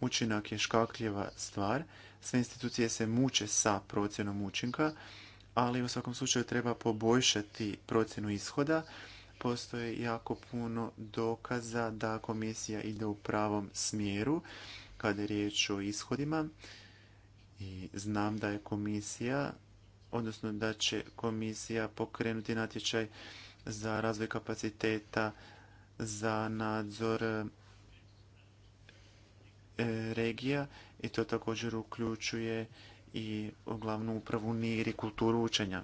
Učinak je škakljiva stvar. Sve institucije se muče sa procjenom učinka ali u svakom slučaju treba poboljšati procjenu ishoda. Postoje jako puno dokaza da komisija ide u pravom smjeru kada je riječ o ishodima i znam da je komisija, odnosno da će komisija pokrenuti natječaj za razvoj kapaciteta za nadzor e, regija i to također uključuje i glavnu upravu NIR i kulturu učenja.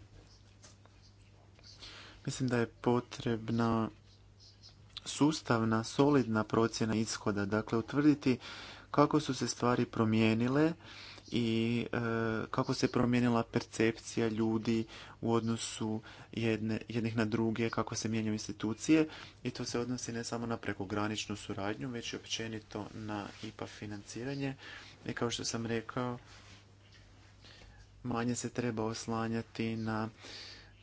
Mislim da je potrebna sustavna, solidna procjena ishoda, dakle utvrditi kako su se stvari promijenile i e, kako se promijenila percepcija ljudi u odnosu jedne, jednih na druge, kako se mijenjaju institucije i to se odnosi ne samo na prekograničnu suradnju, već i općenito na IPA financiranje. I kao što sam rekao, manje se treba oslanjati na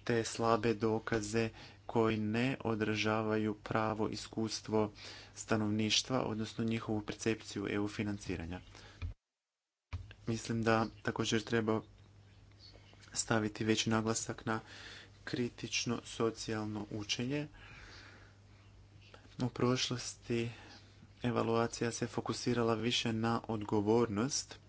te slabe dokaze koji ne održavaju pravo iskustvo stanovništva, odnosno njihovu percepciju EU financiranja. Mislim da također treba staviti veći naglasak na kritično socijalno učenje. U prošlosti evaluacija se fokusirala više na odgovornost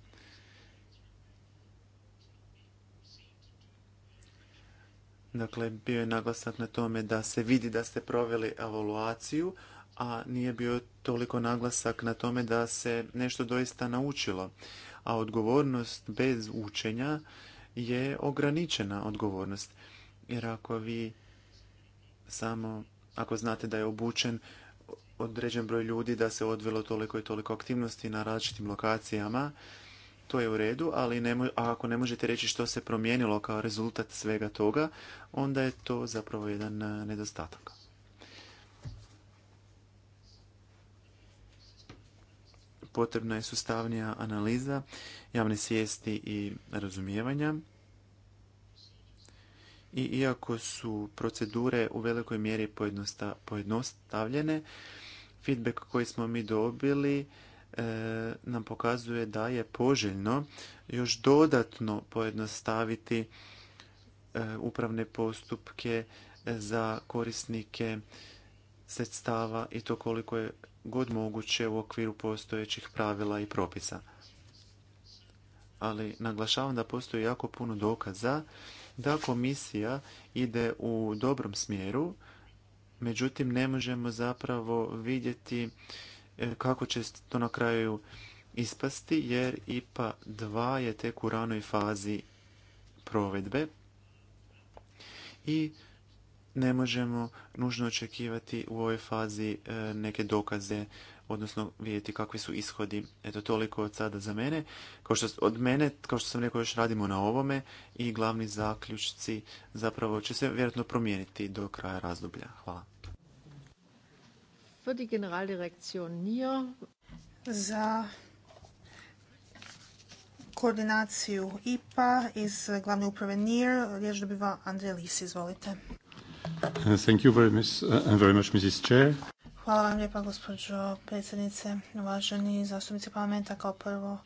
Dakle, bio je naglasak na tome da se vidi da ste proveli evaluaciju, a nije bio toliko naglasak na tome da se nešto doista naučilo. A odgovornost bez učenja je ograničena odgovornost. Jer ako vi samo, ako znate da je obučen određen broj ljudi, da se odvelo toliko i toliko aktivnosti na različitim lokacijama, to je u redu, ali a ako ne možete reći što se promijenilo kao rezultat svega toga, onda je to zapravo jedan e, nedostatak. Potrebna je sustavnija analiza javne svijesti i razumijevanja. I iako su procedure u velikoj mjeri pojednostavljene, feedback koji smo mi dobili E, nam pokazuje da je poželjno još dodatno pojednostaviti e, upravne postupke za korisnike sredstava i to koliko je god moguće u okviru postojećih pravila i propisa. Ali naglašavam da postoji jako puno dokaza da komisija ide u dobrom smjeru, međutim ne možemo zapravo vidjeti E, kako će to na kraju ispasti jer IPA 2 je tek u ranoj fazi provedbe i ne možemo nužno očekivati u ovoj fazi e, neke dokaze odnosno vidjeti kakvi su ishodi. Eto toliko od sada za mene. Kao što, od mene, kao što sam rekao, još radimo na ovome i glavni zaključci zapravo će se vjerojatno promijeniti do kraja razdoblja. Hvala für die Generaldirektion NIR. Za koordinaciju IPA iz glavne uprave NIR riječ dobiva Andrej Lis, izvolite. Thank you very much, uh, very much Mrs. Chair. Hvala vam lijepa, gospođo predsjednice, uvaženi zastupnici parlamenta. Kao prvo,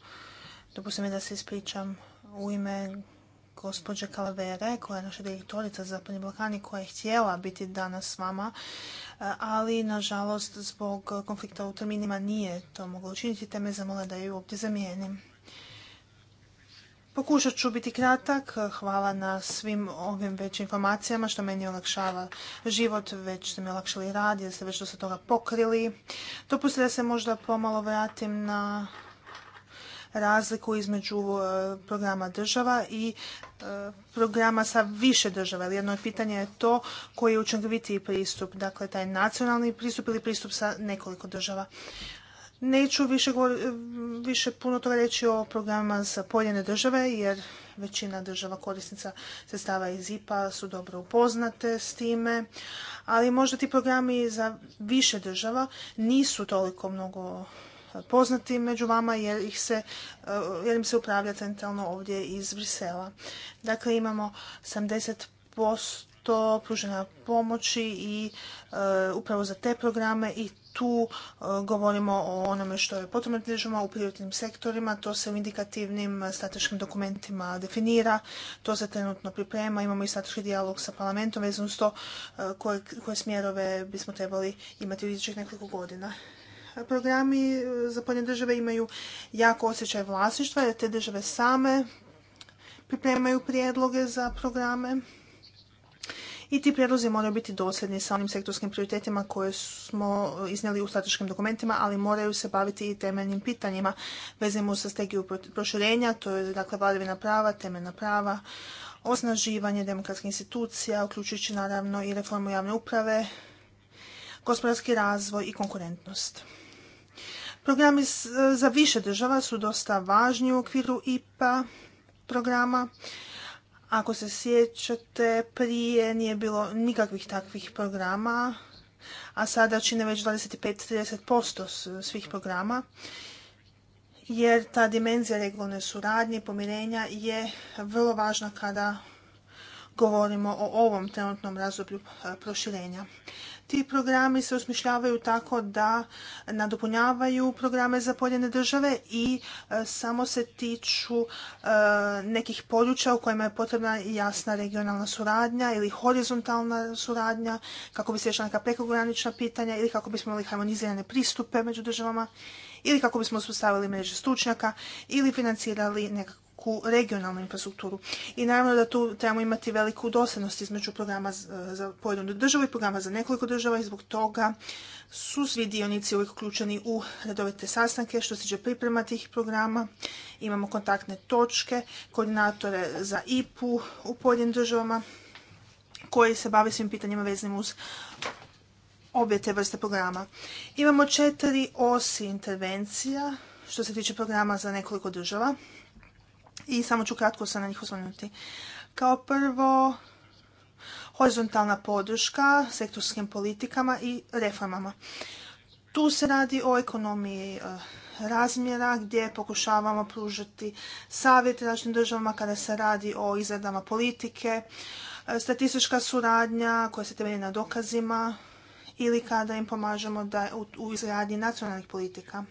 dopustite mi da se ispričam u ime gospođe Kalavere, koja je naša direktorica za Zapadni Balkan i koja je htjela biti danas s vama, eh, ali nažalost zbog konflikta u terminima nije to moglo učiniti, te me zamole da ju ovdje zamijenim. Pokušat ću biti kratak. Hvala na svim ovim već informacijama što meni olakšava život, već ste mi olakšali rad, jer ste već do toga pokrili. Dopustite da se možda pomalo vratim na razliku između e, programa država i e, programa sa više država. Jedno od je to koji je učinkovitiji pristup, dakle taj nacionalni pristup ili pristup sa nekoliko država. Neću više, e, puno toga reći o programima za pojedine države, jer većina država korisnica sredstava iz IPA su dobro upoznate s time, ali možda ti programi za više država nisu toliko mnogo poznati među vama jer, ih se, eh, im se upravlja centralno ovdje iz Brisela. Dakle, imamo 70% pružena pomoći i eh, upravo za te programe i tu eh, govorimo o onome što je potrebno u privatnim sektorima, to se u indikativnim strateškim dokumentima definira, to se trenutno priprema, imamo i strateški dijalog sa parlamentom vezano s to koje, koje smjerove bismo trebali imati u idućih nekoliko godina programi e, za države imaju jako osjećaj vlasništva jer te države same pripremaju prijedloge za programe i ti prijedlozi moraju biti dosljedni sa onim sektorskim prioritetima koje smo iznijeli u strateškim dokumentima, ali moraju se baviti i temeljnim pitanjima vezimo sa strategiju proširenja, to je dakle vladavina prava, temeljna prava, osnaživanje demokratskih institucija, uključujući naravno i reformu javne uprave, gospodarski razvoj i konkurentnost. Programi e, za više država su dosta važni u okviru IPA programa. Ako se sjećate, prije nije bilo nikakvih takvih programa, a sada čine već 25-30% svih programa, jer ta dimenzija regulne suradnje i pomirenja je vrlo važna kada govorimo o ovom trenutnom razdoblju e, proširenja. Ti programi se osmišljavaju tako da nadopunjavaju programe za pojedine države i e, samo se tiču e, nekih područja u kojima je potrebna jasna regionalna suradnja ili horizontalna suradnja kako bi se riješila neka prekogranična pitanja ili kako bismo imali harmonizirane pristupe među državama ili kako bismo uspostavili mreže stručnjaka ili financirali nekakve regionalnu infrastrukturu. I naravno da tu trebamo imati veliku dosadnost između programa e, za pojedinu državu i programa za nekoliko država i zbog toga su svi dionici uvijek uključeni u redovite sastanke. Što se tiče priprema tih programa, imamo kontaktne točke, koordinatore za IPU u pojedinim državama koji se bave svim pitanjima vezanim uz obje te vrste programa. Imamo četiri osi intervencija što se tiče programa za nekoliko država i samo ću kratko se na njih osvrnuti. Kao prvo, horizontalna podrška sektorskim politikama i reformama. Tu se radi o ekonomiji e, razmjera gdje pokušavamo pružiti savjet različitim državama kada se radi o izradama politike, e, statistička suradnja koja se temelji na dokazima ili kada im pomažemo da, u izradnji nacionalnih politika.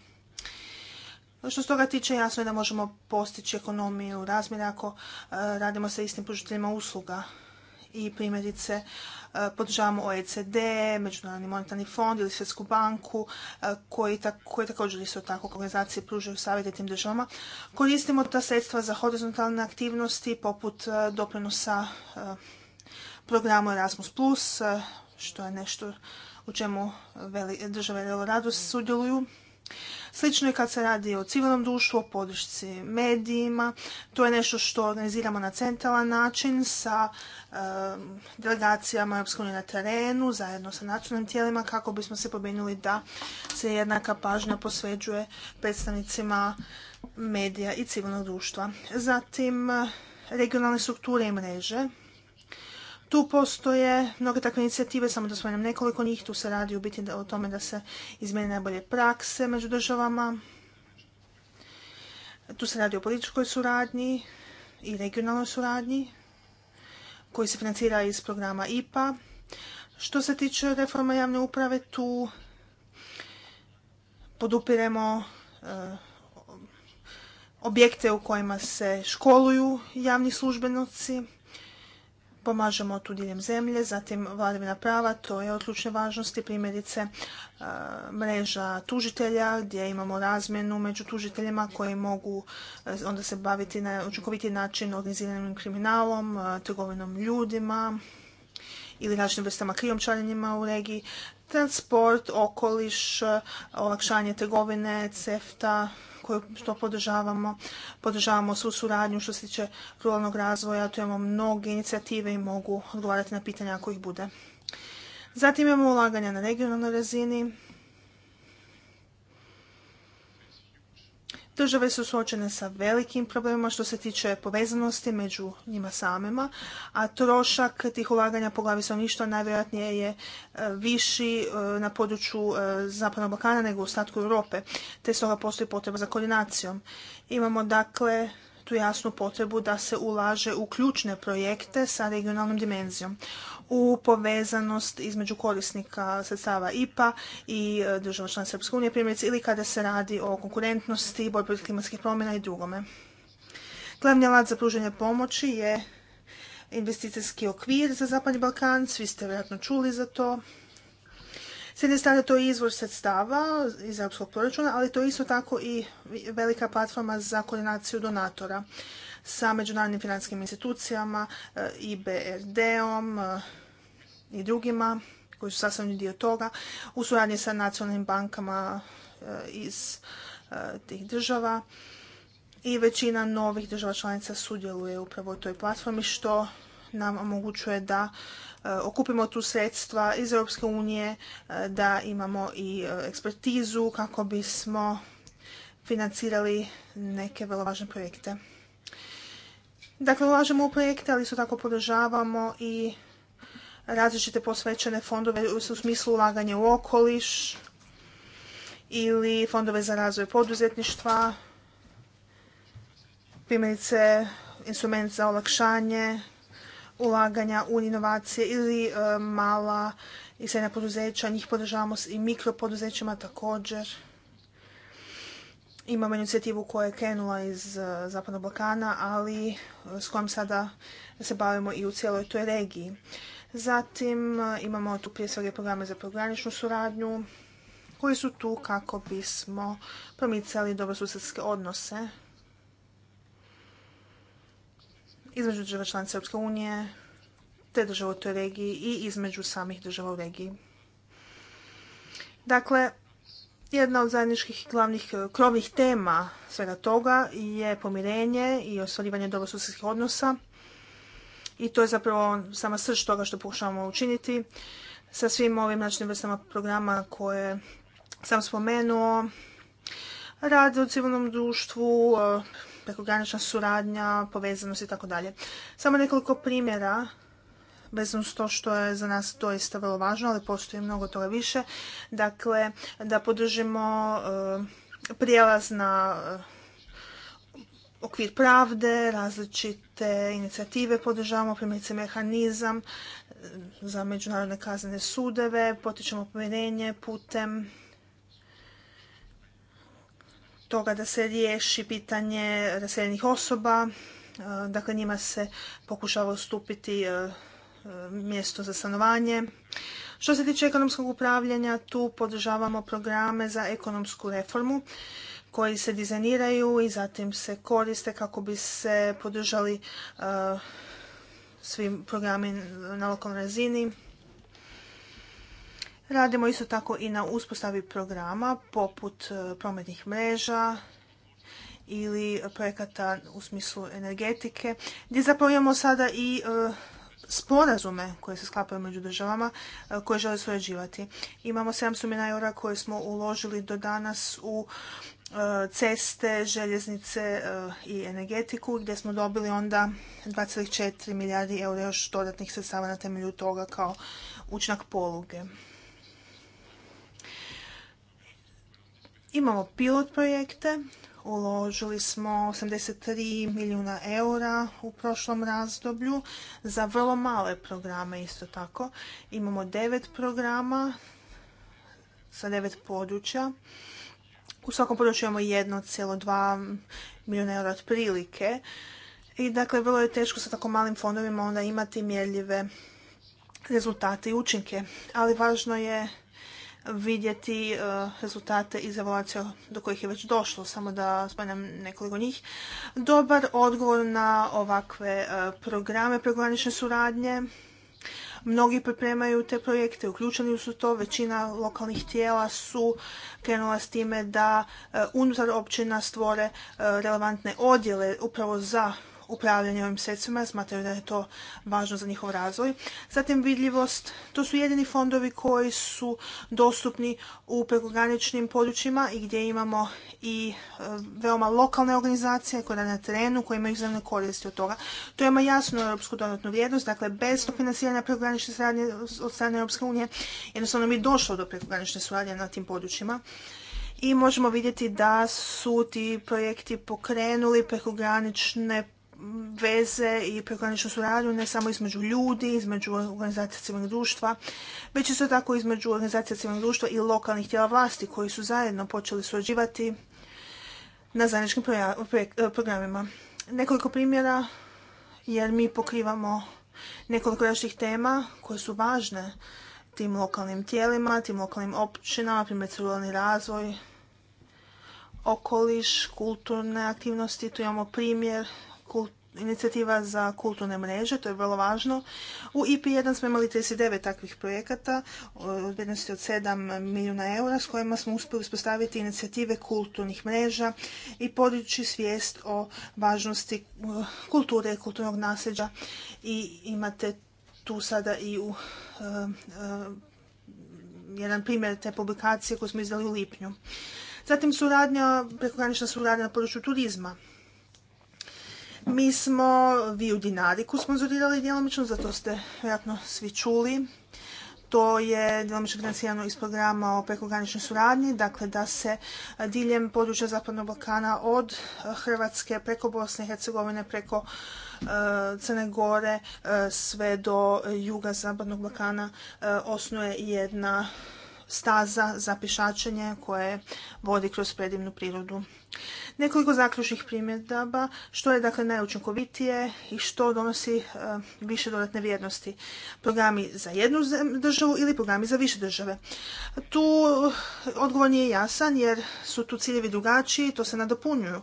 Što se toga tiče, jasno je da možemo postići ekonomiju razmjera ako e, radimo sa istim pružiteljima usluga i primjerice e, podržavamo OECD, Međunarodni monetarni fond ili Svjetsku banku e, koji, također isto tako organizacije pružaju savjete tim državama. Koristimo ta sredstva za horizontalne aktivnosti poput doprinosa programu Erasmus+, što je nešto u čemu države rado sudjeluju Slično je kad se radi o civilnom društvu, o podršci medijima. To je nešto što organiziramo na centralan način sa e, delegacijama EU na terenu, zajedno sa nacionalnim tijelima kako bismo se pobrinuli da se jednaka pažnja posveđuje predstavnicima medija i civilnog društva. Zatim regionalne strukture i mreže tu postoje mnoge takve inicijative, samo da spomenem nekoliko njih. Tu se radi u biti da, o tome da se izmene najbolje prakse među državama. Tu se radi o političkoj suradnji i regionalnoj suradnji koji se financira iz programa IPA. Što se tiče reforma javne uprave, tu podupiremo eh, objekte u kojima se školuju javni službenici pomažemo tu diljem zemlje, zatim vladavina prava, to je od ključne važnosti, primjerice e, mreža tužitelja gdje imamo razmjenu među tužiteljima koji mogu e, onda se baviti na učinkoviti način organiziranim kriminalom, e, trgovinom ljudima ili različitim vrstama krijomčarenjima u regiji, transport, okoliš, olakšanje trgovine, cefta, koju što podržavamo. Podržavamo svu suradnju što se tiče ruralnog razvoja, tu imamo mnoge inicijative i mogu odgovarati na pitanja ako ih bude. Zatim imamo ulaganja na regionalnoj razini, Države su suočene sa velikim problemima što se tiče povezanosti među njima samima, a trošak tih ulaganja po glavi stanovništva najvjerojatnije je e, viši e, na području e, Zapadnog Balkana nego u ostatku Europe, te stoga postoji potreba za koordinacijom. Imamo dakle tu jasnu potrebu da se ulaže u ključne projekte sa regionalnom dimenzijom u povezanost između korisnika sredstava IPA i e, država članica Srpske unije primjerice ili kada se radi o konkurentnosti, borbi protiv klimatskih promjena i drugome. Glavni alat za pružanje pomoći je investicijski okvir za Zapadni Balkan, svi ste vjerojatno čuli za to. S jedne strane to je izvor sredstava iz europskog proračuna, ali to je isto tako i velika platforma za koordinaciju donatora sa međunarodnim financijskim institucijama, eh, IBRD-om eh, i drugima koji su sastavni dio toga, u suradnji sa nacionalnim bankama eh, iz tih država i većina novih država članica sudjeluje upravo u toj platformi što nam omogućuje da Eh, okupimo tu sredstva iz Europske unije, eh, da imamo i eh, ekspertizu kako bismo financirali neke vrlo važne projekte. Dakle, ulažemo u projekte, ali isto tako podržavamo i različite posvećene fondove u smislu ulaganja u okoliš ili fondove za razvoj poduzetništva, primjerice instrument za olakšanje ulaganja u inovacije ili e, mala i srednja poduzeća. Njih podržavamo i mikropoduzećima također. Imamo inicijativu koja je krenula iz e, Zapadnog Balkana, ali e, s kojom sada se bavimo i u cijeloj toj regiji. Zatim imamo tu prije svega programe za prograničnu suradnju, koji su tu kako bismo promicali dobrosusjedske odnose između država članica Europske unije, te država u toj regiji i između samih država u regiji. Dakle, jedna od zajedničkih glavnih eh, krovnih tema svega toga je pomirenje i ostvarivanje dobrosusjedskih odnosa. I to je zapravo sama srž toga što pokušavamo učiniti sa svim ovim našim vrstama programa koje sam spomenuo. Rad u civilnom društvu, eh, prekogranična suradnja, povezanost i tako dalje. Samo nekoliko primjera vezano to što je za nas doista vrlo važno, ali postoji mnogo toga više. Dakle, da podržimo e, prijelaz na e, okvir pravde, različite inicijative podržavamo, primjerice mehanizam e, za međunarodne kaznene sudeve, potičemo povjerenje putem toga da se riješi pitanje raseljenih osoba, e, dakle njima se pokušava ustupiti e, e, mjesto za stanovanje. Što se tiče ekonomskog upravljanja, tu podržavamo programe za ekonomsku reformu koji se dizajniraju i zatim se koriste kako bi se podržali svi programi na lokalnoj razini Radimo isto tako i na uspostavi programa poput e, prometnih mreža ili projekata u smislu energetike, gdje zapravo imamo sada i e, sporazume koje se sklapaju među državama e, koje žele surađivati. Imamo 700 milijuna eura koje smo uložili do danas u ceste, željeznice i energetiku gdje smo dobili onda 2,4 milijardi eura još dodatnih sredstava na temelju toga kao učinak poluge. Imamo pilot projekte, uložili smo 83 milijuna eura u prošlom razdoblju za vrlo male programe isto tako. Imamo devet programa sa devet područja. U svakom području imamo 1,2 milijuna eura otprilike. I dakle, vrlo je teško sa tako malim fondovima onda imati mjerljive rezultate i učinke. Ali važno je vidjeti e, rezultate iz evaluacija do kojih je već došlo, samo da spomenem nekoliko njih. Dobar odgovor na ovakve e, programe prekogranične suradnje. Mnogi pripremaju te projekte, uključeni su to, većina lokalnih tijela su krenula s time da e, unutar općina stvore relevantne odjele upravo za upravljanje ovim sredstvima, smatraju da je to važno za njihov razvoj. Zatim vidljivost, to su jedini fondovi koji su dostupni u prekograničnim područjima i gdje imamo i e, veoma lokalne organizacije koje na terenu, koje imaju izravne koristi od toga. To ima jasnu europsku dodatnu vrijednost, dakle bez financiranja prekogranične suradnje od strane Europske unije, jednostavno bi došlo do prekogranične suradnje na tim područjima i možemo vidjeti da su ti projekti pokrenuli prekogranične veze i prekograničnu suradnju ne samo između ljudi, između organizacija civilnog društva, već isto tako između organizacija civilnog društva i lokalnih tijela vlasti koji su zajedno počeli surađivati na zajedničkim programima. Nekoliko primjera jer mi pokrivamo nekoliko različitih tema koje su važne tim lokalnim tijelima, tim lokalnim općinama, primjer ruralni razvoj, okoliš, kulturne aktivnosti. Tu imamo primjer inicijativa za kulturne mreže, to je vrlo važno. U IP1 smo imali 39 takvih projekata od vrijednosti od 7 milijuna eura s kojima smo uspjeli uspostaviti inicijative kulturnih mreža i podići svijest o važnosti kulture, i kulturnog nasljeđa i imate tu sada i u e, e, jedan primjer te publikacije koju smo izdali u lipnju. Zatim suradnja, prekogranična suradnja na području turizma. Mi smo vi u Dinariku sponzorirali djelomično, zato ste vjerojatno svi čuli. To je djelomično financirano iz programa o prekograničnoj suradnji, dakle da se diljem područja Zapadnog Balkana od eh, Hrvatske preko Bosne i Hercegovine, preko eh, Crne Gore eh, sve do juga Zapadnog Balkana osnuje jedna staza za pišačenje koje vodi kroz predivnu prirodu Nekoliko zaključnih primjedaba, što je dakle najučinkovitije i što donosi e, više dodatne vrijednosti. Programi za jednu državu ili programi za više države. Tu odgovor nije jasan jer su tu ciljevi drugačiji, to se nadopunjuju.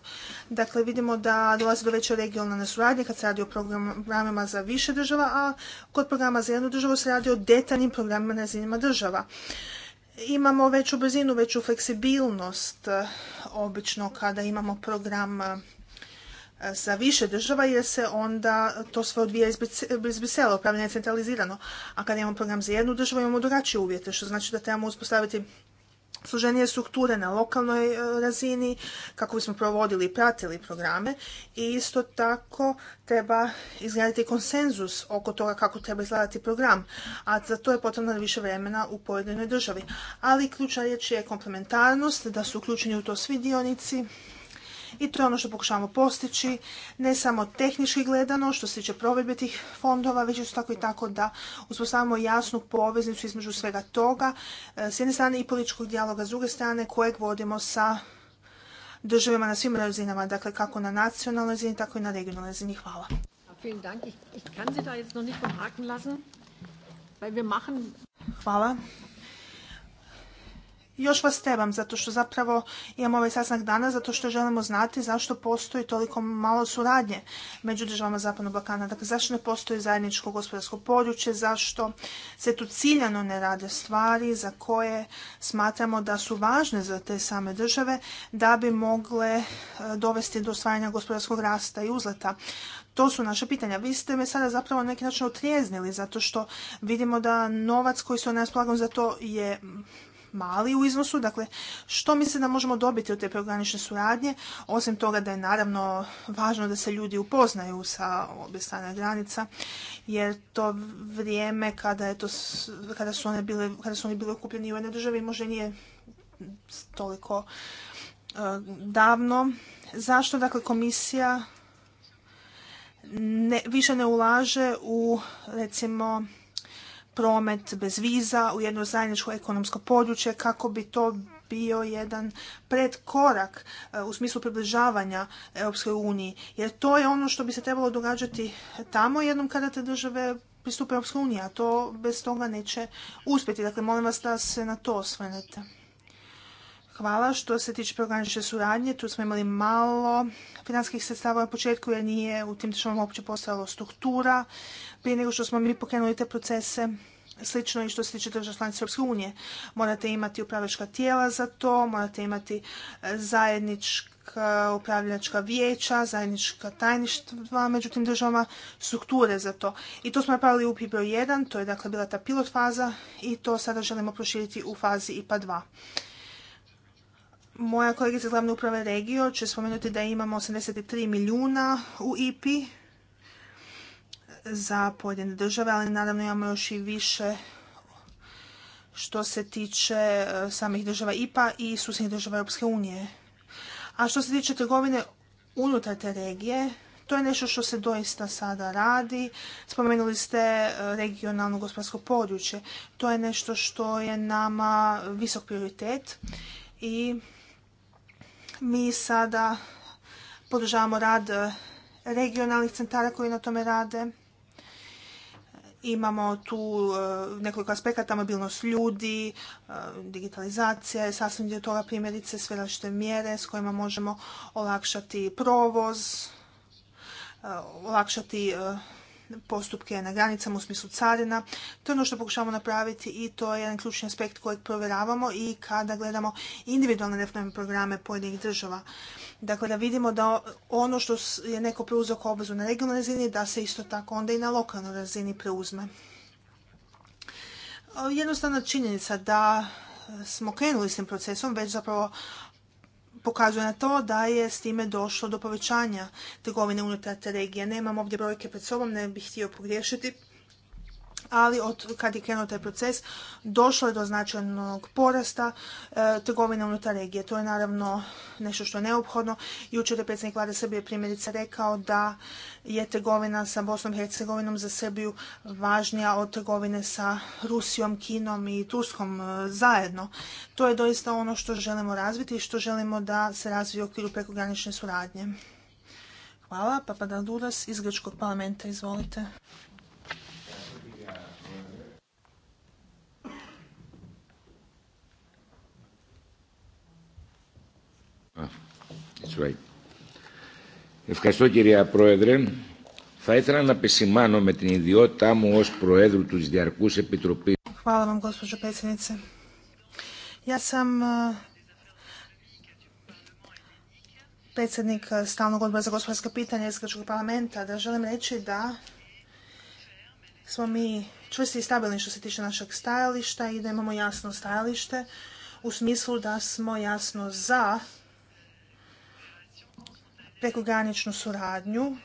Dakle, vidimo da dolazi do veće regionalne suradnje kad se radi o programima za više država, a kod programa za jednu državu se radi o detaljnim programima na razinima država imamo veću brzinu, veću fleksibilnost eh, obično kada imamo program sa eh, više država jer se onda to sve odvija iz Brisela, upravljanje je centralizirano. A kada imamo program za jednu državu imamo drugačije uvjete, što znači da trebamo uspostaviti složenije strukture na lokalnoj e, razini kako bismo provodili i pratili programe i isto tako treba izgraditi konsenzus oko toga kako treba izgledati program, a za to je potrebno više vremena u pojedinoj državi. Ali ključna riječ je komplementarnost, da su uključeni u to svi dionici i to je ono što pokušavamo postići, ne samo tehnički gledano što se tiče provedbe tih fondova, već isto tako i tako da uspostavimo jasnu poveznicu između svega toga, e, s jedne strane i političkog dijaloga, s druge strane kojeg vodimo sa državama na svim razinama, dakle kako na nacionalnoj razini, tako i na regionalnoj razini. Hvala. Hvala još vas trebam, zato što zapravo imamo ovaj sastanak danas, zato što želimo znati zašto postoji toliko malo suradnje među državama Zapadnog Balkana. Dakle, zašto ne postoji zajedničko gospodarsko područje, zašto se tu ciljano ne rade stvari za koje smatramo da su važne za te same države da bi mogle e, dovesti do osvajanja gospodarskog rasta i uzleta. To su naše pitanja. Vi ste me sada zapravo na neki način otrijeznili zato što vidimo da novac koji se na za to je mali u iznosu. Dakle, što misle da možemo dobiti od te preogranične suradnje, osim toga da je naravno važno da se ljudi upoznaju sa obje strane granica, jer to vrijeme kada, to, kada, su, one bile, kada su oni bili okupljeni u jednoj državi možda nije toliko e, davno. Zašto dakle komisija više ne ulaže u recimo promet bez viza u jedno zajedničko ekonomsko područje kako bi to bio jedan predkorak e, u smislu približavanja Europskoj uniji. Jer to je ono što bi se trebalo događati tamo jednom kada te države pristupe Europskoj uniji, a to bez toga neće uspjeti. Dakle, molim vas da se na to osvrnete. Hvala. Što se tiče programične suradnje, tu smo imali malo financijskih sredstava na početku jer nije u tim državama uopće postavila struktura prije nego što smo mi pokrenuli te procese. Slično i što se tiče država članica Europske unije. Morate imati upravljačka tijela za to, morate imati e, zajednička upravljačka vijeća, zajednička tajništva među tim državama, strukture za to. I to smo napravili u PIBRO 1, to je dakle bila ta pilot faza i to sada želimo proširiti u fazi IPA 2. Moja kolegica iz glavne uprave Regio će spomenuti da imamo 83 milijuna u IPI za pojedine države, ali naravno imamo još i više što se tiče e, samih država IPA i susjednih država Europske unije. A što se tiče trgovine unutar te regije, to je nešto što se doista sada radi. Spomenuli ste e, regionalno gospodarsko područje. To je nešto što je nama visok prioritet i mi sada podržavamo rad e, regionalnih centara koji na tome rade. Imamo tu e, nekoliko aspekata, mobilnost ljudi, e, digitalizacija je sasvim dio toga primjerice sve različite mjere s kojima možemo olakšati provoz, olakšati postupke na granicama u smislu carina. To je ono što pokušavamo napraviti i to je jedan ključni aspekt kojeg provjeravamo i kada gledamo individualne reforme programe pojedinih država. Dakle, da vidimo da ono što je neko preuzeo kao obvezu na regionalnoj razini, da se isto tako onda i na lokalnoj razini preuzme. Jednostavna činjenica da smo krenuli s tim procesom već zapravo pokazuje na to da je s time došlo do povećanja trgovine unutar te regije. Nemam ovdje brojke pred sobom, ne bih htio pogriješiti, ali od kad je krenuo taj proces došlo je do značajnog porasta e, trgovine unutar regije. To je naravno nešto što je neophodno. Jučer je predsjednik vlade Srbije primjerice rekao da je trgovina sa Bosnom i Hercegovinom za Srbiju važnija od trgovine sa Rusijom, Kinom i Turskom e, zajedno. To je doista ono što želimo razviti i što želimo da se razvije u okviru prekogranične suradnje. Hvala. Papadanduras iz Grčkog parlamenta. Izvolite. Hvala vam, gospođo predsjednice. Ja sam predsjednik Stalnog odbora za gospodarska pitanja Izgračkog parlamenta, da želim reći da smo mi čvrsti i stabilni što se tiče našeg stajališta i da imamo jasno stajalište u smislu da smo jasno za prekograničnu suradnju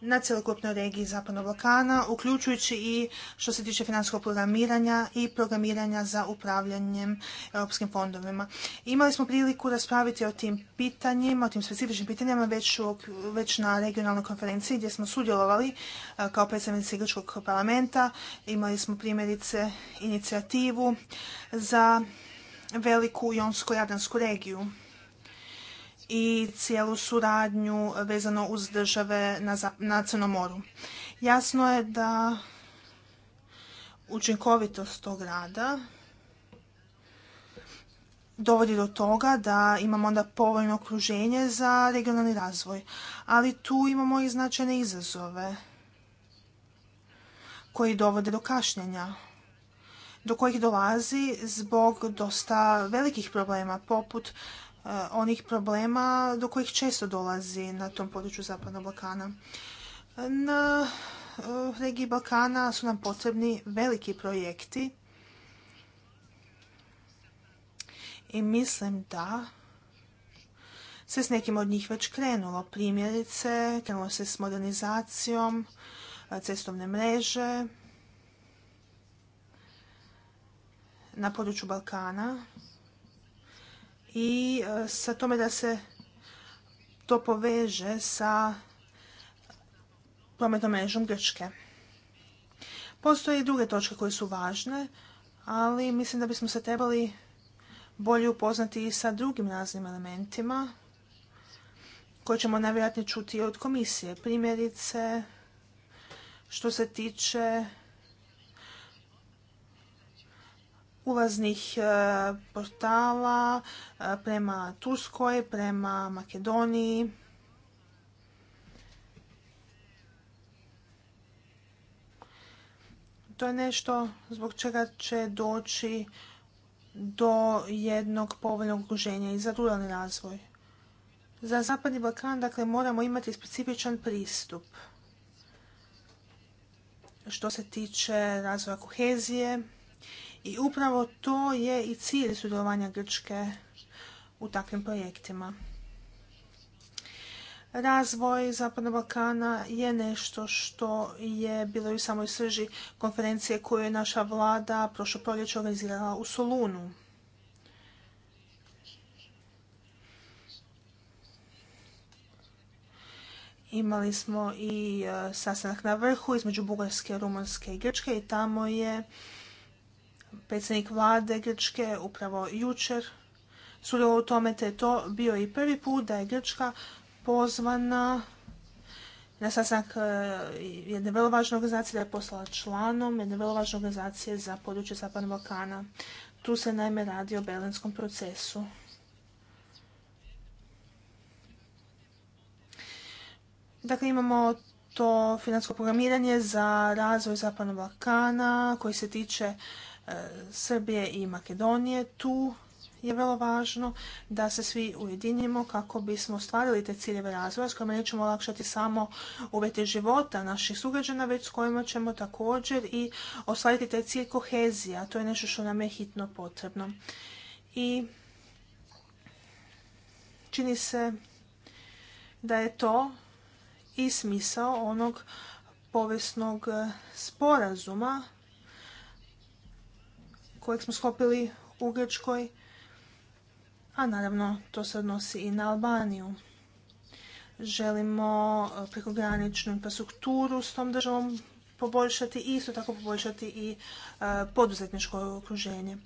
na cjelokupnoj regiji Zapadnog Balkana, uključujući i što se tiče financijskog programiranja i programiranja za upravljanjem europskim fondovima. Imali smo priliku raspraviti o tim pitanjima, o tim specifičnim pitanjima već, već na regionalnoj konferenciji gdje smo sudjelovali kao predstavnici Grčkog parlamenta. Imali smo primjerice inicijativu za veliku jonsko jadransku regiju i cijelu suradnju vezano uz države na, na Crnom moru. Jasno je da učinkovitost tog rada dovodi do toga da imamo onda povoljno okruženje za regionalni razvoj. Ali tu imamo i značajne izazove koji dovode do kašnjenja, do kojih dolazi zbog dosta velikih problema poput Eh, onih problema do kojih često dolazi na tom području Zapadnog Balkana. Na eh, regiji Balkana su nam potrebni veliki projekti i mislim da se s nekim od njih već krenulo. Primjerice, krenulo se s modernizacijom eh, cestovne mreže na području Balkana i e, sa tome da se to poveže sa prometnom mrežom Grčke. Postoje i druge točke koje su važne, ali mislim da bismo se trebali bolje upoznati i sa drugim raznim elementima koje ćemo najvjerojatnije čuti od komisije. Primjerice, što se tiče ulaznih e, portala e, prema Turskoj, prema Makedoniji. To je nešto zbog čega će doći do jednog povoljnog okruženja i za ruralni razvoj. Za Zapadni Balkan dakle, moramo imati specifičan pristup što se tiče razvoja kohezije, i upravo to je i cilj sudjelovanja Grčke u takvim projektima. Razvoj Zapadnog Balkana je nešto što je bilo i u samoj srži konferencije koju je naša vlada prošlo proljeće organizirala u Solunu. Imali smo i e, sastanak na vrhu između Bugarske, Rumunjske i Grčke i tamo je predsjednik vlade Grčke upravo jučer sudjelovao u tome, te je to bio i prvi put da je Grčka pozvana na sastanak e, jedne vrlo važne organizacije, da je poslala članom jedne vrlo važne organizacije za područje Zapadnog Balkana. Tu se naime radi o belenskom procesu. Dakle, imamo to financijsko programiranje za razvoj Zapadnog Balkana koji se tiče E, Srbije i Makedonije. Tu je vrlo važno da se svi ujedinimo kako bismo ostvarili te ciljeve razvoja s kojima nećemo olakšati samo uvjete života naših sugrađana, već s kojima ćemo također i ostvariti taj cilj kohezija. To je nešto što nam je hitno potrebno. I čini se da je to i smisao onog povijesnog sporazuma kojeg smo skopili u Grčkoj, a naravno to se odnosi i na Albaniju. Želimo e, prekograničnu infrastrukturu s tom državom poboljšati i isto tako poboljšati i e, poduzetničko okruženje.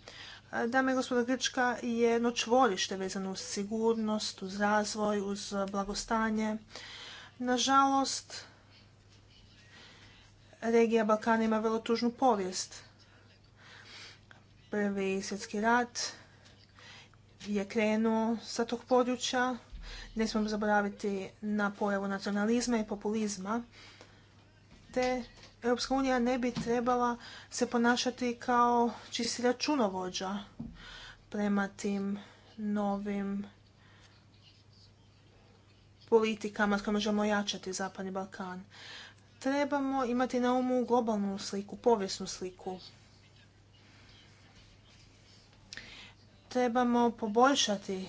E, dame i gospodo, Grčka je jedno čvorište vezano uz sigurnost, uz razvoj, uz blagostanje. Nažalost, regija Balkana ima vrlo tužnu povijest. Prvi svjetski rat je krenuo sa tog područja. Ne smijemo zaboraviti na pojavu nacionalizma i populizma. Te Europska unija ne bi trebala se ponašati kao čisti računovođa prema tim novim politikama s kojima želimo jačati Zapadni Balkan. Trebamo imati na umu globalnu sliku, povijesnu sliku trebamo poboljšati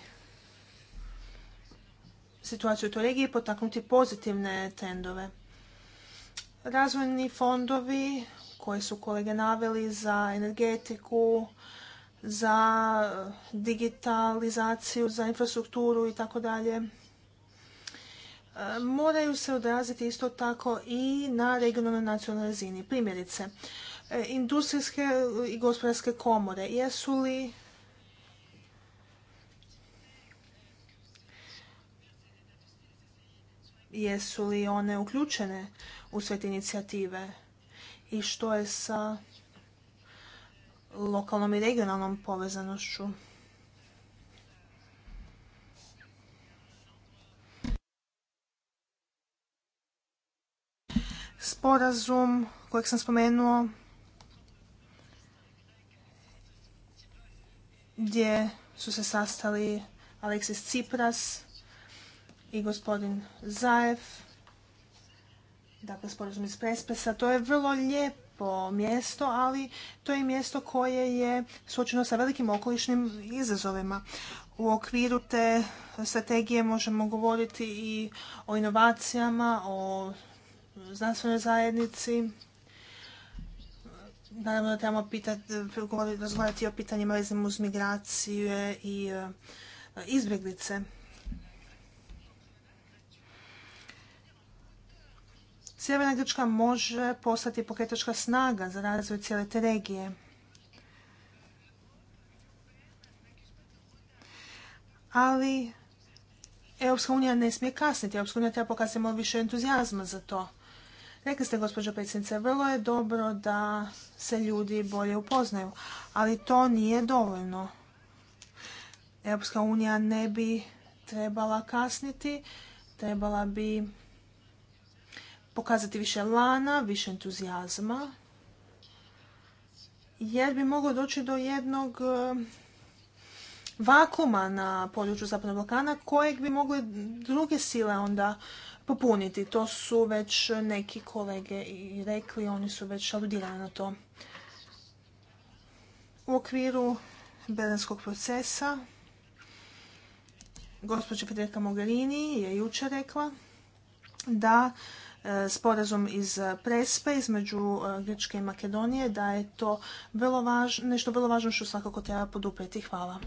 situaciju u toj regiji i potaknuti pozitivne trendove. Razvojni fondovi koje su kolege naveli za energetiku, za digitalizaciju, za infrastrukturu i tako dalje, e, moraju se odraziti isto tako i na regionalnoj nacionalnoj razini. Primjerice, e, industrijske i gospodarske komore, jesu li Jesu li one uključene u sve te inicijative? I što je sa lokalnom i regionalnom povezanošću? Sporazum kojeg sam spomenuo gdje su se sastali Alexis Cipras i gospodin Zaev, dakle sporazum iz Prespesa. To je vrlo lijepo mjesto, ali to je mjesto koje je suočeno sa velikim okolišnim izazovima. U okviru te strategije možemo govoriti i o inovacijama, o znanstvenoj zajednici. Naravno da trebamo razgovarati o pitanjima vezanim uz migracije i e, izbjeglice. Sjeverna Grčka može postati pokretačka snaga za razvoj cijele te regije. Ali Europska unija ne smije kasniti. Europska unija treba pokazati malo više entuzijazma za to. Rekli ste, gospođo predsjednice, vrlo je dobro da se ljudi bolje upoznaju, ali to nije dovoljno. Europska unija ne bi trebala kasniti, trebala bi pokazati više lana, više entuzijazma, jer bi moglo doći do jednog e, vakuma na području Zapadnog Balkana kojeg bi mogle druge sile onda popuniti. To su već neki kolege i rekli, oni su već aludirani na to. U okviru Belenskog procesa gospođa Federica Mogherini je jučer rekla da sporazum iz Prespe između e, Grčke i Makedonije, da je to vrlo važno, nešto vrlo važno što svakako treba poduprijeti. Hvala.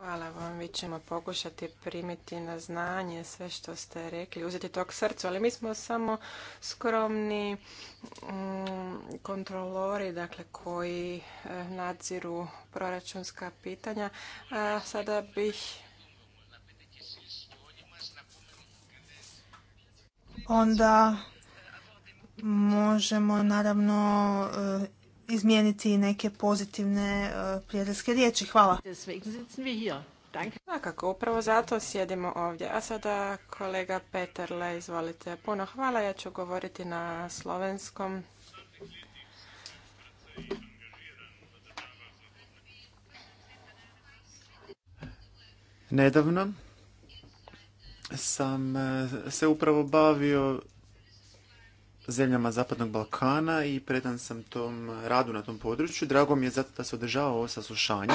Hvala vam, mi ćemo pokušati primiti na znanje sve što ste rekli, uzeti to k srcu, ali mi smo samo skromni mm, kontrolori, dakle koji e, nadziru proračunska pitanja. sada bih onda možemo naravno e, izmijeniti neke pozitivne e, prijateljske riječi. Hvala. Svakako, upravo zato sjedimo ovdje. A sada kolega Peterle, izvolite. Puno hvala, ja ću govoriti na slovenskom. Nedavno sam e, se upravo bavio zemljama Zapadnog Balkana i predan sam tom radu na tom području. Drago mi je zato da se održava ovo saslušanje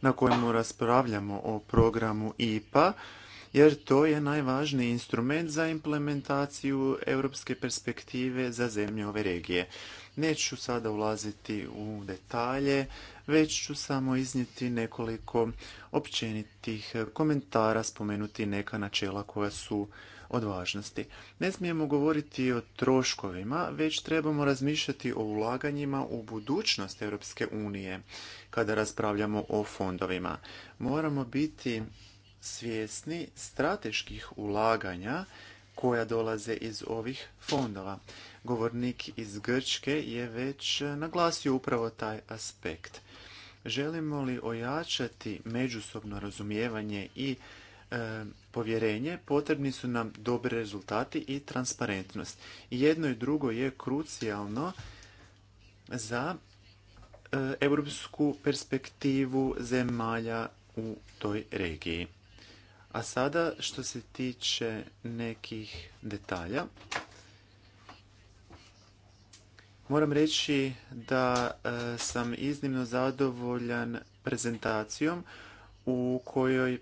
na kojemu raspravljamo o programu IPA, jer to je najvažniji instrument za implementaciju europske perspektive za zemlje ove regije. Neću sada ulaziti u detalje, već ću samo iznijeti nekoliko općenitih komentara, spomenuti neka načela koja su od važnosti. Ne smijemo govoriti o troškovima, već trebamo razmišljati o ulaganjima u budućnost Europske unije kada raspravljamo o fondovima. Moramo biti svjesni strateških ulaganja koja dolaze iz ovih fondova. Govornik iz Grčke je već e, naglasio upravo taj aspekt. Želimo li ojačati međusobno razumijevanje i e, povjerenje, potrebni su nam dobri rezultati i transparentnost. jedno i drugo je krucijalno za e, europsku perspektivu zemalja u toj regiji. A sada što se tiče nekih detalja, Moram reći da e, sam iznimno zadovoljan prezentacijom u kojoj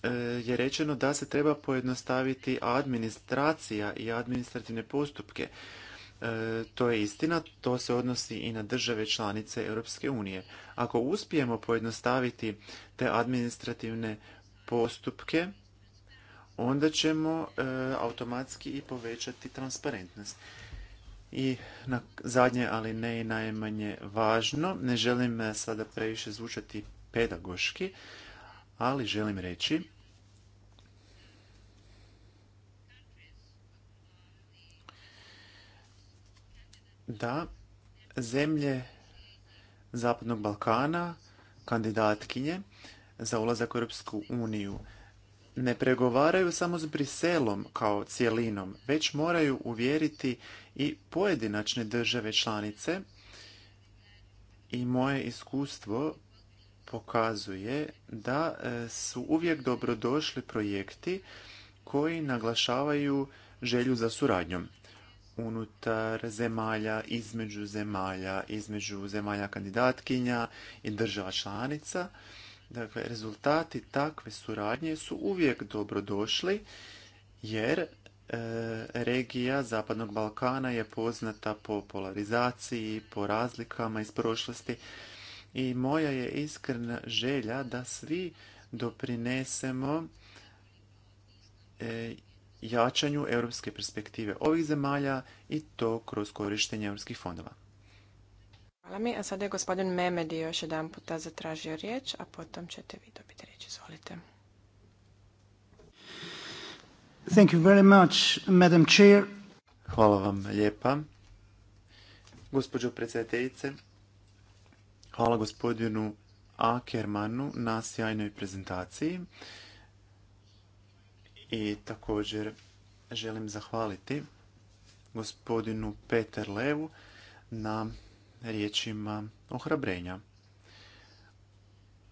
e, je rečeno da se treba pojednostaviti administracija i administrativne postupke. E, to je istina, to se odnosi i na države članice Europske unije. Ako uspijemo pojednostaviti te administrativne postupke, onda ćemo automatski i povećati transparentnost. I na zadnje, ali ne i najmanje važno, ne želim eh, sada previše zvučati pedagoški, ali želim reći da zemlje Zapadnog Balkana, kandidatkinje za ulazak u Europsku uniju, ne pregovaraju samo s Briselom kao cjelinom, već moraju uvjeriti i pojedinačne države članice i moje iskustvo pokazuje da e, su uvijek dobrodošli projekti koji naglašavaju želju za suradnjom unutar zemalja, između zemalja, između zemalja kandidatkinja i država članica Dakle, rezultati takve suradnje su uvijek dobrodošli jer e, regija Zapadnog Balkana je poznata po polarizaciji, po razlikama iz prošlosti i moja je iskrena želja da svi doprinesemo e, jačanju europske perspektive ovih zemalja i to kroz korištenje europskih fondova. Hvala mi. A sada je gospodin Memedi još jedan puta zatražio riječ, a potom ćete vi dobiti riječ. Izvolite. Hvala vam lijepa. Gospođo predsjedateljice, hvala gospodinu Akermanu na sjajnoj prezentaciji. I također želim zahvaliti gospodinu Peter Levu na riječima ohrabrenja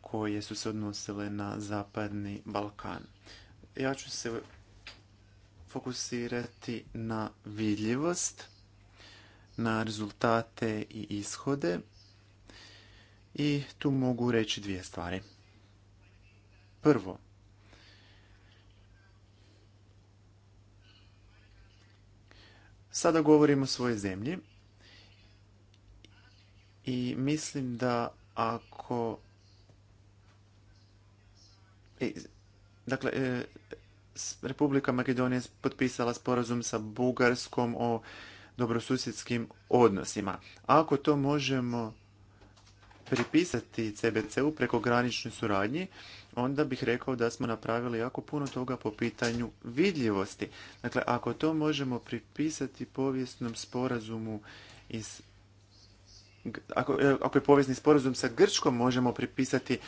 koje su se odnosile na Zapadni Balkan. Ja ću se fokusirati na vidljivost, na rezultate i ishode i tu mogu reći dvije stvari. Prvo, sada govorimo o svojoj zemlji i mislim da ako... E, dakle, e, Republika Makedonija je potpisala sporazum sa Bugarskom o dobrosusjedskim odnosima. Ako to možemo pripisati CBC-u preko graničnoj suradnji, onda bih rekao da smo napravili jako puno toga po pitanju vidljivosti. Dakle, ako to možemo pripisati povijesnom sporazumu iz ako, e, ako je povezni sporazum sa Grčkom možemo pripisati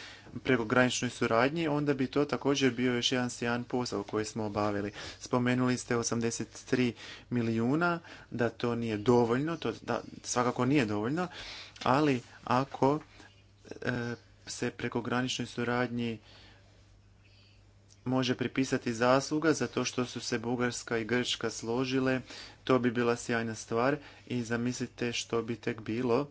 prekograničnoj suradnji, onda bi to također bio još jedan sjajan posao koji smo obavili. Spomenuli ste 83 milijuna, da to nije dovoljno, to svakako nije dovoljno, ali ako e, se prekograničnoj suradnji može pripisati zasluga za to što su se Bugarska i Grčka složile, to bi bila sjajna stvar i zamislite što bi tek bilo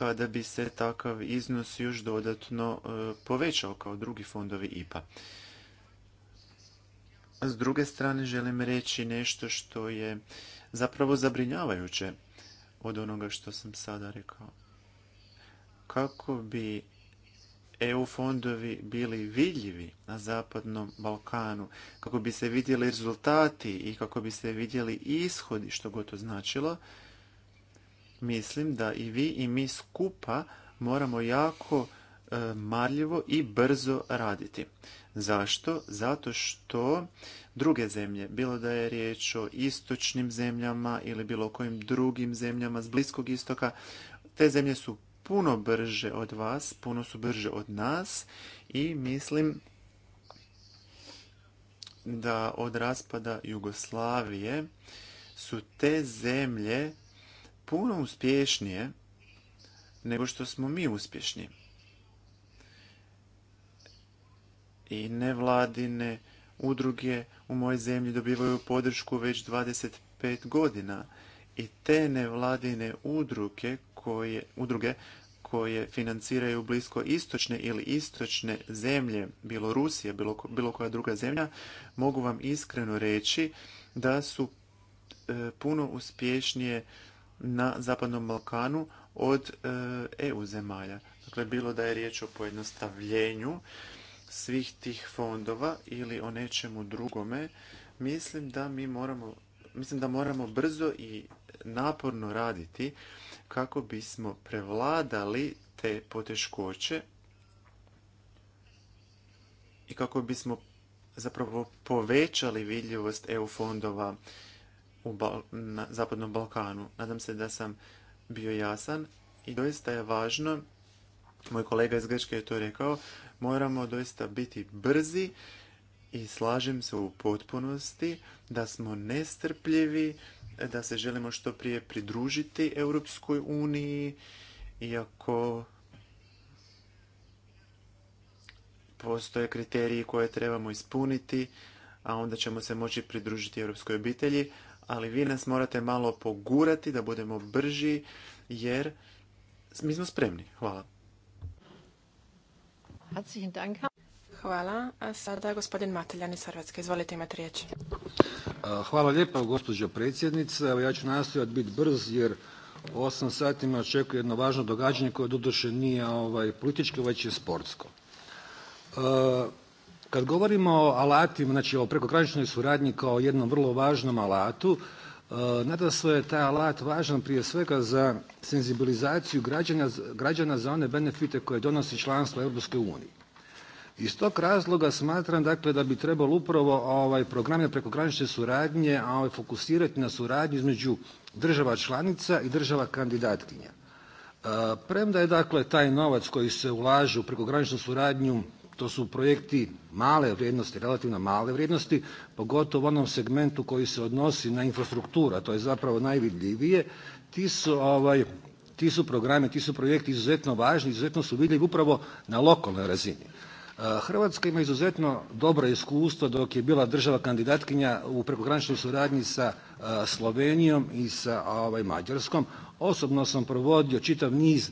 kada bi se takav iznos još dodatno e, povećao kao drugi fondovi IPA. S druge strane želim reći nešto što je zapravo zabrinjavajuće od onoga što sam sada rekao. Kako bi EU fondovi bili vidljivi na Zapadnom Balkanu, kako bi se vidjeli rezultati i kako bi se vidjeli ishodi, što god to značilo, mislim da i vi i mi skupa moramo jako e, marljivo i brzo raditi. Zašto? Zato što druge zemlje, bilo da je riječ o istočnim zemljama ili bilo kojim drugim zemljama s Bliskog istoka, te zemlje su puno brže od vas, puno su brže od nas i mislim da od raspada Jugoslavije su te zemlje puno uspješnije nego što smo mi uspješni. I nevladine udruge u mojoj zemlji dobivaju podršku već 25 godina. I te nevladine udruge koje, udruge koje financiraju blisko istočne ili istočne zemlje, bilo Rusija, bilo, koja druga zemlja, mogu vam iskreno reći da su e, puno uspješnije na Zapadnom Balkanu od e, EU zemalja. Dakle, bilo da je riječ o pojednostavljenju svih tih fondova ili o nečemu drugome, mislim da mi moramo mislim da moramo brzo i naporno raditi kako bismo prevladali te poteškoće i kako bismo zapravo povećali vidljivost EU fondova u na Zapadnom Balkanu. Nadam se da sam bio jasan i doista je važno, moj kolega iz Grčke je to rekao, moramo doista biti brzi i slažem se u potpunosti da smo nestrpljivi, da se želimo što prije pridružiti Europskoj uniji, iako postoje kriteriji koje trebamo ispuniti, a onda ćemo se moći pridružiti Europskoj obitelji, ali vi nas morate malo pogurati da budemo brži jer mi smo spremni. Hvala. Hvala. A sada gospodin Mateljan iz Hrvatske. Izvolite imati riječ. Hvala lijepa gospođo predsjednice. ja ću nastojati biti brz jer u osam sati me očekuje jedno važno događanje koje doduše nije ovaj, političko već je sportsko. E, kad govorimo o alatima, znači o prekograničnoj suradnji kao jednom vrlo važnom alatu, e, nada se je taj alat važan prije svega za senzibilizaciju građana, za one benefite koje donosi članstvo Europske unije. Iz tog razloga smatram dakle da bi trebalo upravo ovaj programe prekogranične suradnje ovaj, fokusirati na suradnju između država članica i država kandidatkinja. E, premda je dakle taj novac koji se ulaže u prekograničnu suradnju to su projekti male vrijednosti, relativno male vrijednosti, pogotovo u onom segmentu koji se odnosi na infrastruktura, to je zapravo najvidljivije. Ti su, ovaj, ti su programe ti su projekti izuzetno važni, izuzetno su vidljivi upravo na lokalnoj razini. E, Hrvatska ima izuzetno dobro iskustvo dok je bila država kandidatkinja u prekograničnoj suradnji sa e, Slovenijom i sa ovaj, Mađarskom. Osobno sam provodio čitav niz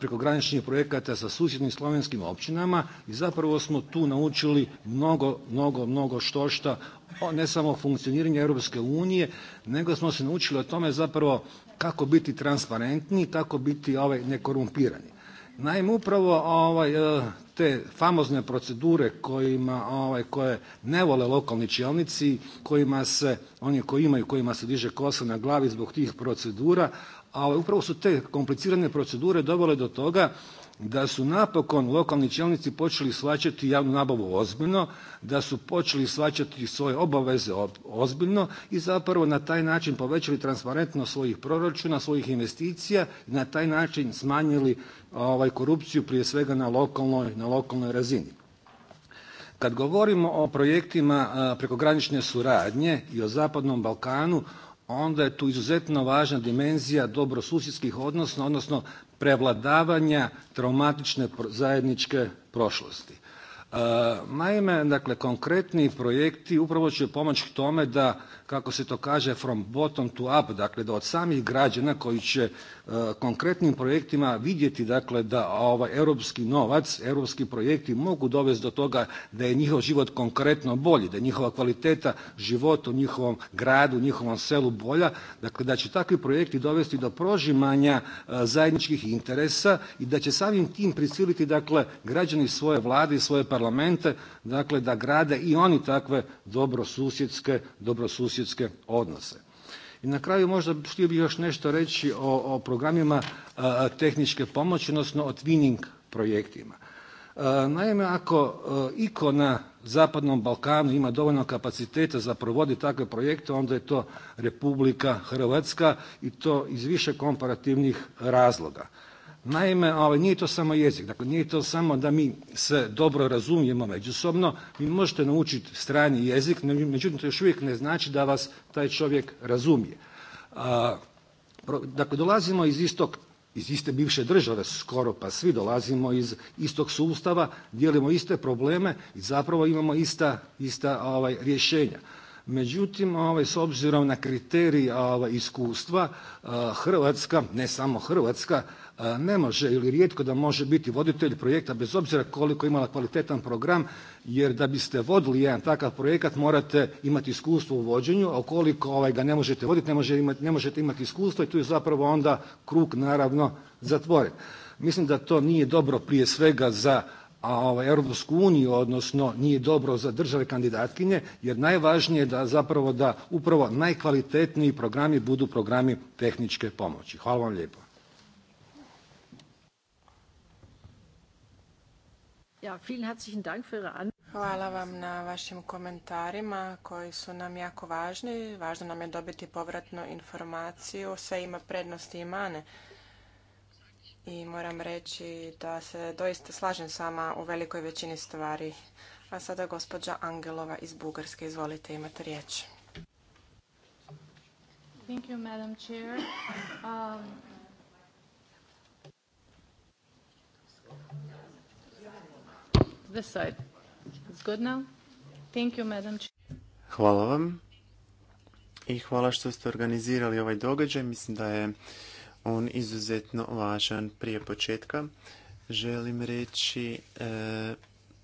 prekograničnih projekata sa susjednim slovenskim općinama i zapravo smo tu naučili mnogo, mnogo, mnogo o ne samo funkcioniranje Europske unije, nego smo se naučili o tome zapravo kako biti transparentni, kako biti ovaj, nekorumpirani. Naime, upravo ovaj, e, te famozne procedure kojima, ovaj, koje ne vole lokalni čelnici, kojima se, oni koji imaju, kojima se diže kosa na glavi zbog tih procedura, a upravo su te komplicirane procedure dovele do toga da su napokon lokalni čelnici počeli shvaćati javnu nabavu ozbiljno, da su počeli shvaćati svoje obaveze ozbiljno i zapravo na taj način povećali transparentnost svojih proračuna, svojih investicija i na taj način smanjili ovaj, korupciju prije svega na lokalnoj, na lokalnoj razini. Kad govorimo o projektima prekogranične suradnje i o Zapadnom Balkanu, onda je tu izuzetno važna dimenzija dobrosusjedskih odnosa, odnosno prevladavanja traumatične zajedničke prošlosti. Naime, dakle, konkretni projekti upravo će pomoći tome da, kako se to kaže, from bottom to up, dakle, da od samih građana koji će e, konkretnim projektima vidjeti, dakle, da ovaj europski novac, europski projekti mogu dovesti do toga da je njihov život konkretno bolji, da je njihova kvaliteta života u njihovom gradu, u njihovom selu bolja, dakle, da će takvi projekti dovesti do prožimanja e, zajedničkih interesa i da će samim tim prisiliti, dakle, građani svoje vlade i svoje parlamente parlamente, dakle da grade i oni takve dobrosusjedske, dobrosusjedske odnose. I na kraju možda htio bih još nešto reći o, o programima e, tehničke pomoći, odnosno o twinning projektima. E, naime, ako a, e, iko na Zapadnom Balkanu ima dovoljno kapaciteta za provoditi takve projekte, onda je to Republika Hrvatska i to iz više komparativnih razloga. Naime, ali ovaj, nije to samo jezik, dakle nije to samo da mi se dobro razumijemo međusobno, vi možete naučiti strani jezik, međutim to još uvijek ne znači da vas taj čovjek razumije. dakle, dolazimo iz istog iz iste bivše države skoro, pa svi dolazimo iz istog sustava, dijelimo iste probleme i zapravo imamo ista, ista ovaj, rješenja. Međutim, ovaj, s obzirom na kriterij ovaj, iskustva, Hrvatska, ne samo Hrvatska, ne može ili rijetko da može biti voditelj projekta bez obzira koliko imala kvalitetan program jer da biste vodili jedan takav projekat morate imati iskustvo u vođenju, a ukoliko ovaj, ga ne možete voditi, ne, ne možete imati iskustvo i tu je zapravo onda krug naravno zatvoren. Mislim da to nije dobro prije svega za a ovaj, Europsku uniju, odnosno nije dobro za države kandidatkinje, jer najvažnije je da zapravo da upravo najkvalitetniji programi budu programi tehničke pomoći. Hvala vam lijepo. Ja, vielen Hvala vam na vašim komentarima koji su nam jako važni. Važno nam je dobiti povratnu informaciju. Sve ima prednosti i mane. I moram reći da se doista slažem s vama u velikoj većini stvari. A sada gospođa Angelova iz Bugarske. Izvolite, imate riječ. Thank you, Madam um, Hvala vam. I hvala što ste organizirali ovaj događaj. Mislim da je on izuzetno važan prije početka. Želim reći e,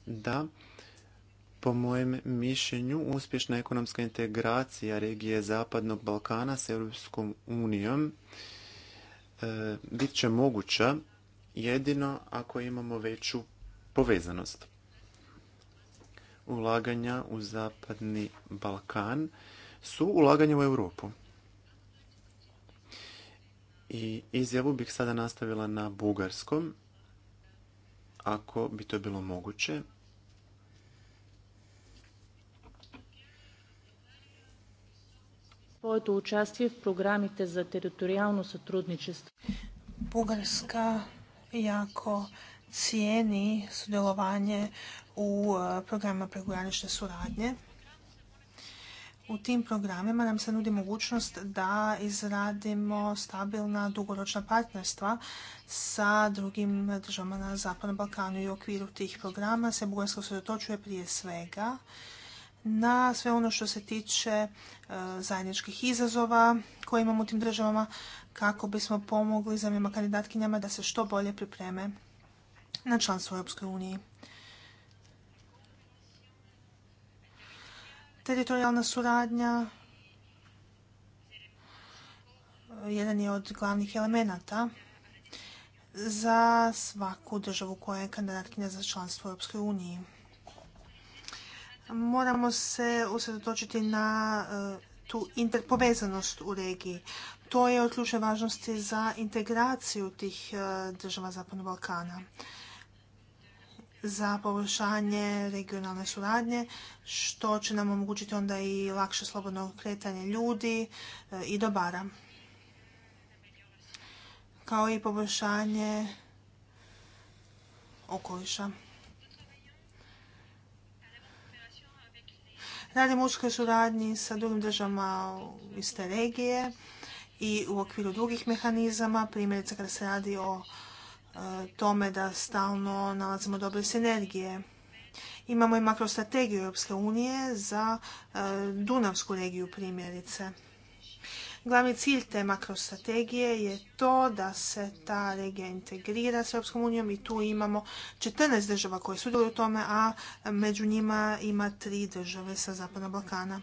da po mojem mišljenju uspješna ekonomska integracija regije Zapadnog Balkana s Europskom unijom e, bit će moguća jedino ako imamo veću povezanost ulaganja u Zapadni Balkan su ulaganja u Europu. I izjavu bih sada nastavila na bugarskom, ako bi to bilo moguće. učastje v programite za teritorijalno Bugarska jako cijeni sudjelovanje u uh, programima prekogranične suradnje. U tim programima nam se nudi mogućnost da izradimo stabilna dugoročna partnerstva sa drugim državama na Zapadnom Balkanu i u okviru tih programa se Bugarska usredotočuje prije svega na sve ono što se tiče uh, zajedničkih izazova koje imamo u tim državama kako bismo pomogli zemljama kandidatkinjama da se što bolje pripreme na članstvo u Europskoj uniji. Teritorijalna suradnja jedan je od glavnih elemenata za svaku državu koja je kandidatkinja za članstvo u Europskoj uniji. Moramo se usredotočiti na e, tu interpovezanost u regiji. To je od ključne važnosti za integraciju tih e, država Zapadnog Balkana za poboljšanje regionalne suradnje, što će nam omogućiti onda i lakše slobodno kretanje ljudi e, i dobara. Kao i poboljšanje okoliša. Radim uskoj suradnji sa drugim državama iz te regije i u okviru drugih mehanizama, primjerice kada se radi o E, tome da stalno nalazimo dobre sinergije. Imamo i makrostrategiju Europske unije za e, Dunavsku regiju primjerice. Glavni cilj te makrostrategije je to da se ta regija integrira s Europskom unijom i tu imamo 14 država koje sudjeluju u tome, a među njima ima tri države sa Zapadnog Balkana.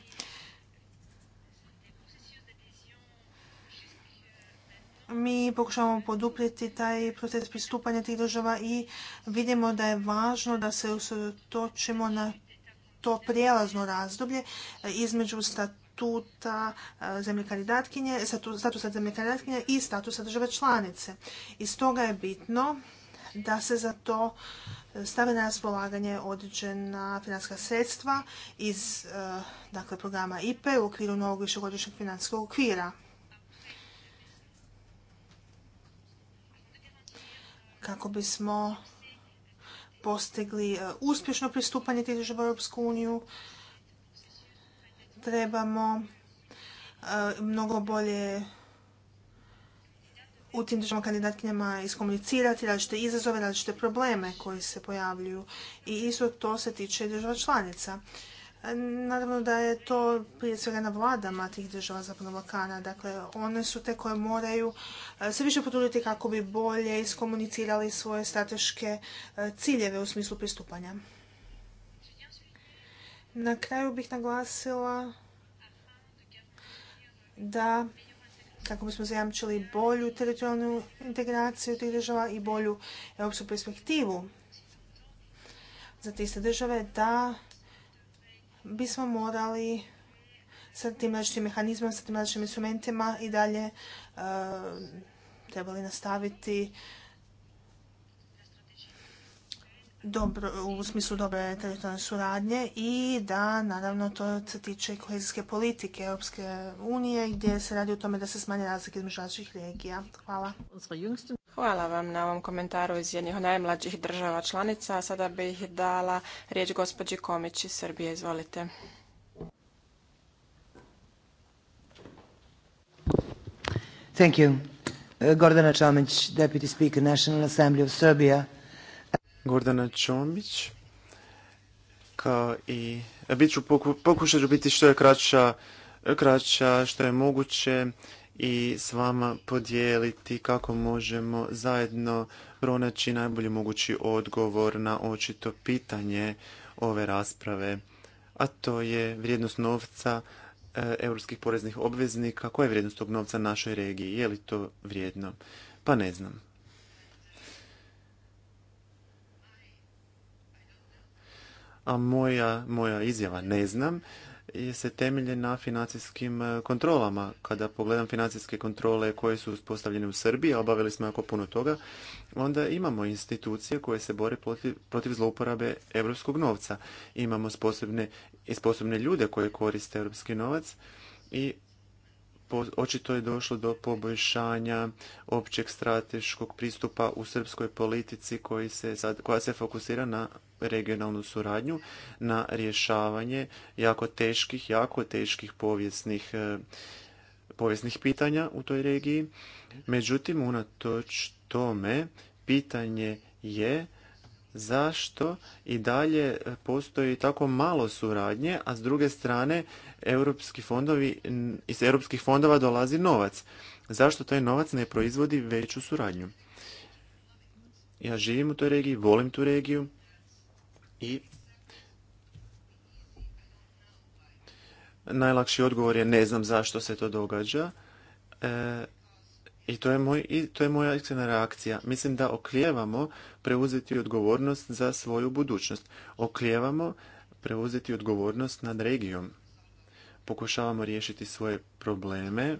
mi pokušavamo poduprijeti taj proces pristupanja tih država i vidimo da je važno da se usredotočimo na to prijelazno razdoblje između statuta e, zemlje kandidatkinje, statusa zemlje kandidatkinje i statusa države članice. I stoga je bitno da se za to stave na raspolaganje određena financijska sredstva iz e, dakle, programa IPE u okviru novog višegodišnjeg financijskog okvira. kako bismo postigli e, uspješno pristupanje tih u Europsku uniju, trebamo e, mnogo bolje u tim državama kandidatkinjama iskomunicirati različite izazove, različite probleme koji se pojavljuju. I isto to se tiče država članica. Naravno da je to prije svega na vladama tih država zapadnog Balkana. Dakle, one su te koje moraju e, se više potruditi kako bi bolje iskomunicirali svoje strateške e, ciljeve u smislu pristupanja. Na kraju bih naglasila da kako bismo zajamčili bolju teritorijalnu integraciju tih država i bolju europsku perspektivu za te iste države, da bismo morali sa tim različitim mehanizmom, sa tim različitim instrumentima i dalje e, trebali nastaviti u smislu dobre teritorijalne suradnje i da naravno to se tiče kohezijske politike Europske unije gdje se radi o tome da se smanje razlike između različitih regija. Hvala. Hvala vam na ovom komentaru iz jednih najmlađih država članica. Sada bih dala riječ gospođi Komić iz Srbije. Izvolite. Thank you. Gordana Čomić, Deputy Speaker, National Assembly of Serbia. Gordana Čomić, kao i... Bit ću, pokušat ću biti što je kraća, kraća, što je moguće i s vama podijeliti kako možemo zajedno pronaći najbolji mogući odgovor na očito pitanje ove rasprave, a to je vrijednost novca e, europskih poreznih obveznika. Koja je vrijednost tog novca našoj regiji? Je li to vrijedno? Pa ne znam. A moja, moja izjava ne znam se temelje na financijskim e, kontrolama. Kada pogledam financijske kontrole koje su uspostavljene u Srbiji, a obavili smo jako puno toga, onda imamo institucije koje se bore protiv, zlouporabe europskog novca. Imamo sposobne, sposobne ljude koje koriste europski novac i očito je došlo do poboljšanja općeg strateškog pristupa u srpskoj politici koja se fokusira na regionalnu suradnju na rješavanje jako teških, jako teških povijesnih e, povijesnih pitanja u toj regiji. Međutim, unatoč tome, pitanje je zašto i dalje postoji tako malo suradnje, a s druge strane europski fondovi, iz europskih fondova dolazi novac. Zašto taj novac ne proizvodi veću suradnju? Ja živim u toj regiji, volim tu regiju, i najlakši odgovor je ne znam zašto se to događa. E, i to je, moj, to je moja ekstremna reakcija. Mislim da oklijevamo preuzeti odgovornost za svoju budućnost. Oklijevamo preuzeti odgovornost nad regijom. Pokušavamo riješiti svoje probleme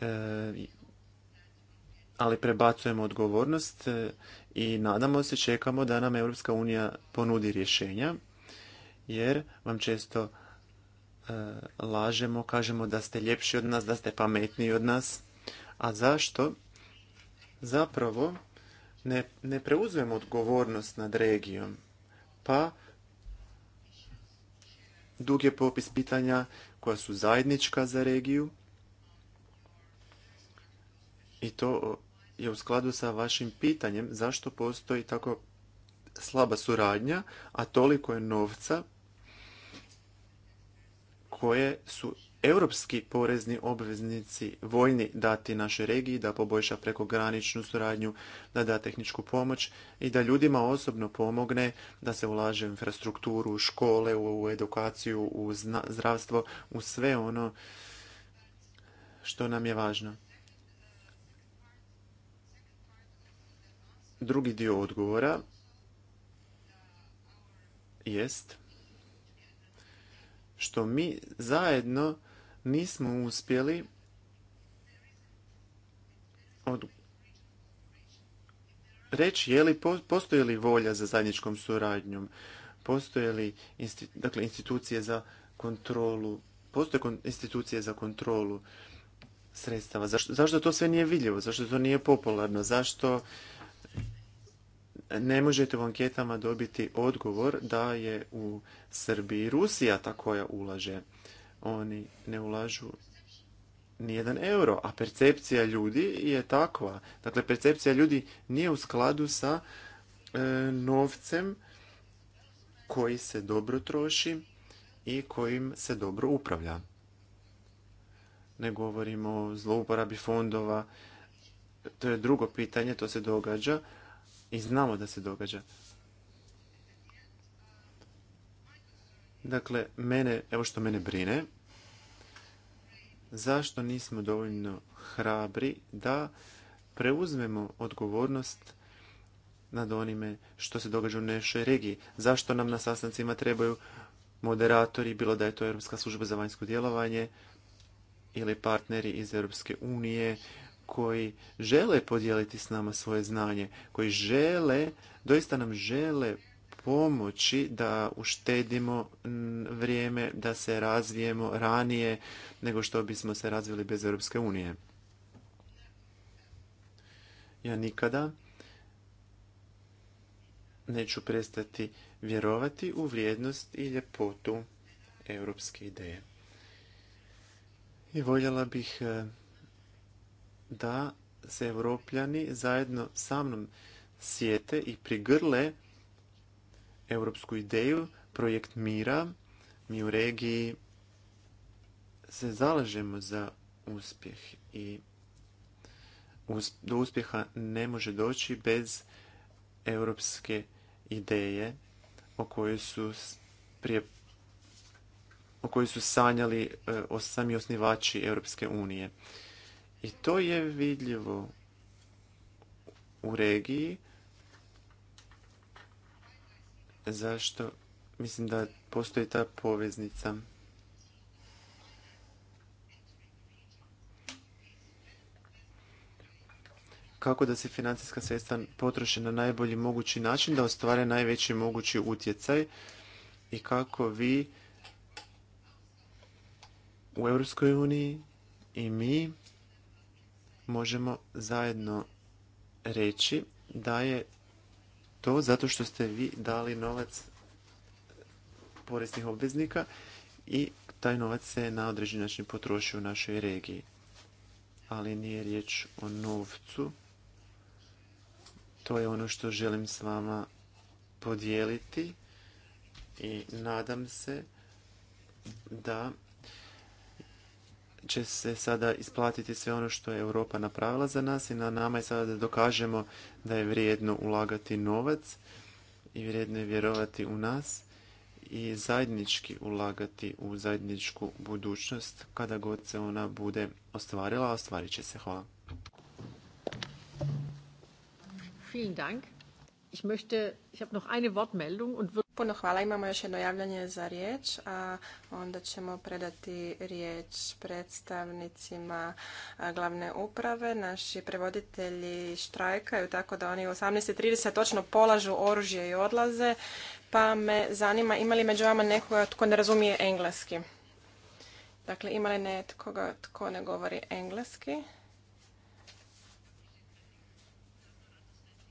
e, ali prebacujemo odgovornost eh, i nadamo se, čekamo da nam Europska unija ponudi rješenja, jer vam često eh, lažemo, kažemo da ste ljepši od nas, da ste pametniji od nas. A zašto? Zapravo ne, ne preuzujemo odgovornost nad regijom, pa dug je popis pitanja koja su zajednička za regiju, i to je u skladu sa vašim pitanjem zašto postoji tako slaba suradnja, a toliko je novca koje su europski porezni obveznici voljni dati našoj regiji da poboljša prekograničnu suradnju, da da tehničku pomoć i da ljudima osobno pomogne da se ulaže u infrastrukturu, u škole, u edukaciju, u zdravstvo, u sve ono što nam je važno. Drugi dio odgovora jest što mi zajedno nismo uspjeli reći je li li volja za zajedničkom suradnjom, postoje li dakle, institucije za kontrolu, postoje institucije za kontrolu sredstava. Zašto, zašto to sve nije vidljivo? Zašto to nije popularno? Zašto ne možete u anketama dobiti odgovor da je u Srbiji Rusija ta koja ulaže. Oni ne ulažu nijedan euro, a percepcija ljudi je takva. Dakle, percepcija ljudi nije u skladu sa e, novcem koji se dobro troši i kojim se dobro upravlja. Ne govorimo o zlouporabi fondova, to je drugo pitanje, to se događa, i znamo da se događa. Dakle, mene, evo što mene brine, zašto nismo dovoljno hrabri da preuzmemo odgovornost nad onime što se događa u našoj regiji. Zašto nam na sastancima trebaju moderatori, bilo da je to Europska služba za vanjsko djelovanje ili partneri iz Europske unije koji žele podijeliti s nama svoje znanje, koji žele, doista nam žele pomoći da uštedimo vrijeme, da se razvijemo ranije nego što bismo se razvili bez Europske unije. Ja nikada neću prestati vjerovati u vrijednost i ljepotu europske ideje. I voljela bih eh, da se Evropljani zajedno sa mnom sjete i prigrle europsku ideju, projekt mira. Mi u regiji se zalažemo za uspjeh i do uspjeha ne može doći bez europske ideje o kojoj su prije o kojoj su sanjali e, sami osnivači Europske unije. I to je vidljivo u regiji. Zašto? Mislim da postoji ta poveznica. kako da se financijska sredstva potroše na najbolji mogući način, da ostvare najveći mogući utjecaj i kako vi u EU uniji i mi možemo zajedno reći da je to zato što ste vi dali novac poreznih obveznika i taj novac se na određeni način potrošio u našoj regiji. Ali nije riječ o novcu. To je ono što želim s vama podijeliti i nadam se da će se sada isplatiti sve ono što je Europa napravila za nas i na nama je sada da dokažemo da je vrijedno ulagati novac i vrijedno je vjerovati u nas i zajednički ulagati u zajedničku budućnost kada god se ona bude ostvarila, a ostvarit će se. Hvala. Puno hvala. Imamo još jedno javljanje za riječ, a onda ćemo predati riječ predstavnicima glavne uprave. Naši prevoditelji štrajkaju, tako da oni u 18.30 točno polažu oružje i odlaze. Pa me zanima, ima li među vama nekoga tko ne razumije engleski? Dakle, ima li netkoga tko ne govori engleski?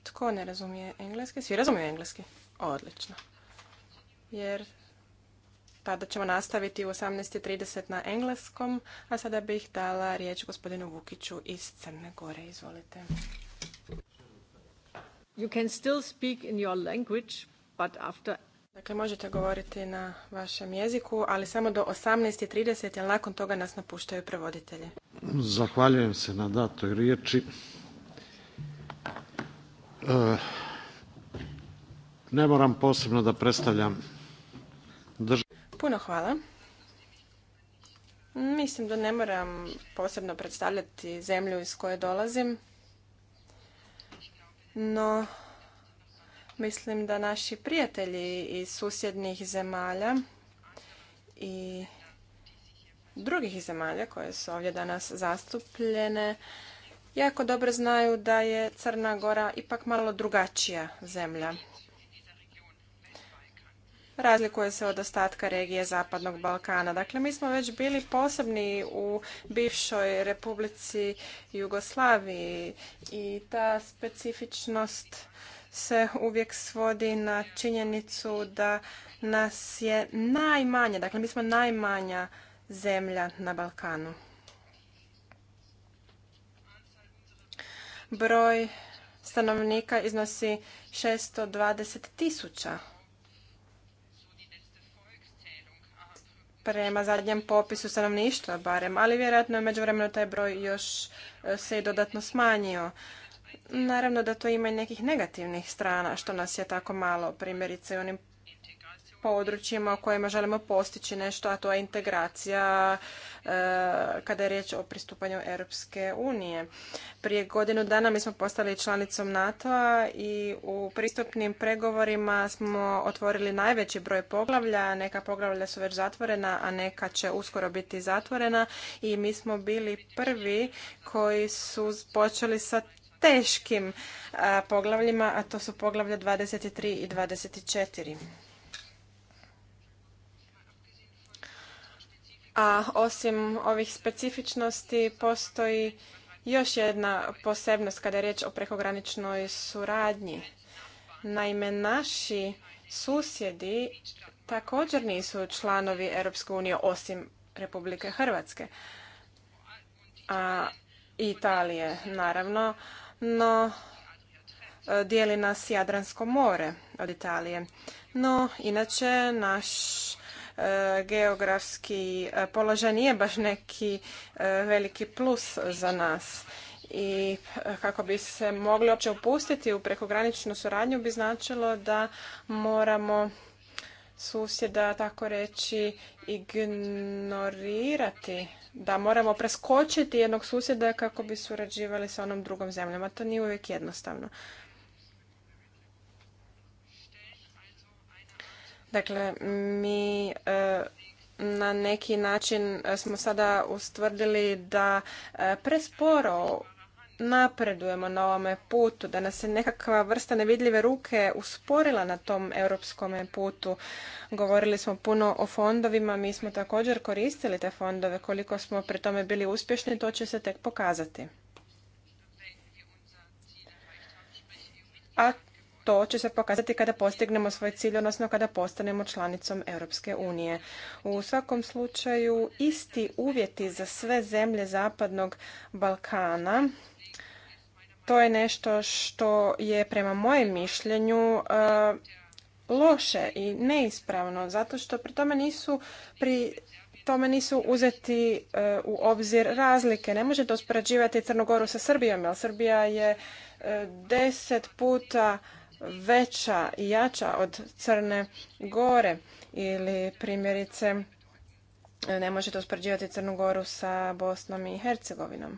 Tko ne razumije engleski? Svi razumiju engleski? Odlično jer tada ćemo nastaviti u 18.30 na engleskom, a sada bih dala riječ gospodinu Vukiću iz Crne Gore. Izvolite. You can still speak in your language, but after... Dakle, možete govoriti na vašem jeziku, ali samo do 18.30, jer nakon toga nas napuštaju prevoditelji. Zahvaljujem se na datoj riječi. Eh, ne moram posebno da predstavljam Puno hvala. Mislim da ne moram posebno predstavljati zemlju iz koje dolazim, no mislim da naši prijatelji iz susjednih zemalja i drugih zemalja koje su ovdje danas zastupljene jako dobro znaju da je Crna Gora ipak malo drugačija zemlja razlikuje se od ostatka regije Zapadnog Balkana. Dakle, mi smo već bili posebni u bivšoj Republici Jugoslaviji i ta specifičnost se uvijek svodi na činjenicu da nas je najmanje, dakle mi smo najmanja zemlja na Balkanu. Broj stanovnika iznosi 620 tisuća prema zadnjem popisu stanovništva barem, ali vjerojatno je međuvremeno taj broj još e, se dodatno smanjio. Naravno da to ima i nekih negativnih strana što nas je tako malo, primjerice u onim područjima u kojima želimo postići nešto, a to je integracija e, kada je riječ o pristupanju Europske unije. Prije godinu dana mi smo postali članicom NATO-a i u pristupnim pregovorima smo otvorili najveći broj poglavlja, neka poglavlja su već zatvorena, a neka će uskoro biti zatvorena i mi smo bili prvi koji su počeli sa teškim e, poglavljima, a to su poglavlja 23 i 24. a osim ovih specifičnosti postoji još jedna posebnost kada je riječ o prekograničnoj suradnji. Naime, naši susjedi također nisu članovi Europske unije osim Republike Hrvatske, a Italije naravno, no e, dijeli nas Jadransko more od Italije. No, inače, naš E, geografski e, položaj nije baš neki e, veliki plus za nas i kako bi se mogli uopće upustiti u prekograničnu suradnju bi značilo da moramo susjeda tako reći ignorirati, da moramo preskočiti jednog susjeda kako bi surađivali sa onom drugom zemljom, a to nije uvijek jednostavno. Dakle, mi e, na neki način e, smo sada ustvrdili da e, presporo napredujemo na ovome putu, da nas je nekakva vrsta nevidljive ruke usporila na tom europskom putu. Govorili smo puno o fondovima, mi smo također koristili te fondove. Koliko smo pri tome bili uspješni, to će se tek pokazati. A to će se pokazati kada postignemo svoj cilj, odnosno kada postanemo članicom Europske unije. U svakom slučaju, isti uvjeti za sve zemlje Zapadnog Balkana to je nešto što je prema mojem mišljenju e, loše i neispravno zato što pri tome nisu pri tome nisu uzeti e, u obzir razlike. Ne možete uspoređivati Crnogoru sa Srbijom, jer Srbija je e, deset puta veća i jača od Crne Gore ili primjerice ne možete uspoređivati Crnu Goru sa Bosnom i Hercegovinom.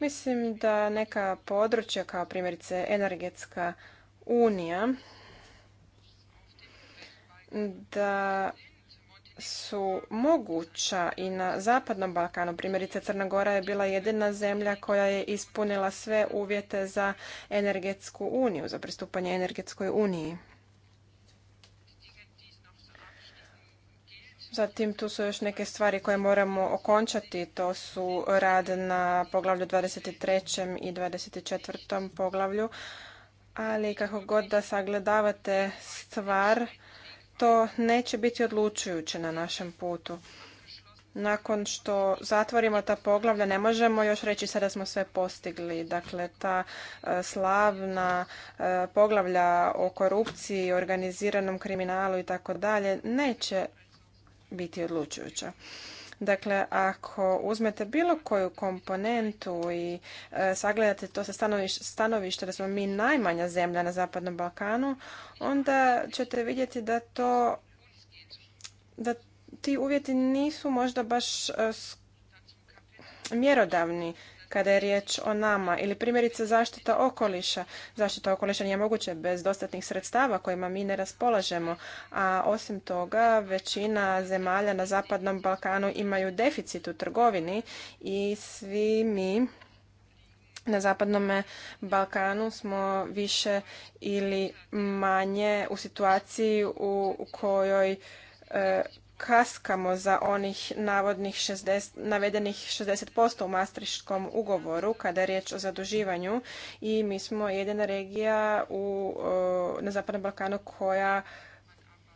Mislim da neka područja kao primjerice energetska unija da su moguća i na Zapadnom Balkanu. Primjerice Crna Gora je bila jedina zemlja koja je ispunila sve uvjete za energetsku uniju, za pristupanje energetskoj uniji. Zatim tu su još neke stvari koje moramo okončati, to su rad na poglavlju 23. i 24. poglavlju, ali kako god da sagledavate stvar, to neće biti odlučujuće na našem putu. Nakon što zatvorimo ta poglavlja, ne možemo još reći sada smo sve postigli. Dakle, ta e, slavna e, poglavlja o korupciji, organiziranom kriminalu i tako dalje, neće biti odlučujuća. Dakle, ako uzmete bilo koju komponentu i e, sagledate to sa stanovišta, da smo mi najmanja zemlja na Zapadnom Balkanu, onda ćete vidjeti da to da ti uvjeti nisu možda baš e, mjerodavni kada je riječ o nama ili primjerice zaštita okoliša. Zaštita okoliša nije moguće bez dostatnih sredstava kojima mi ne raspolažemo, a osim toga većina zemalja na Zapadnom Balkanu imaju deficit u trgovini i svi mi na zapadnom Balkanu smo više ili manje u situaciji u kojoj e, kaskamo za onih navodnih 60, navedenih 60% u mastriškom ugovoru kada je riječ o zaduživanju i mi smo jedina regija u, na Zapadnom Balkanu koja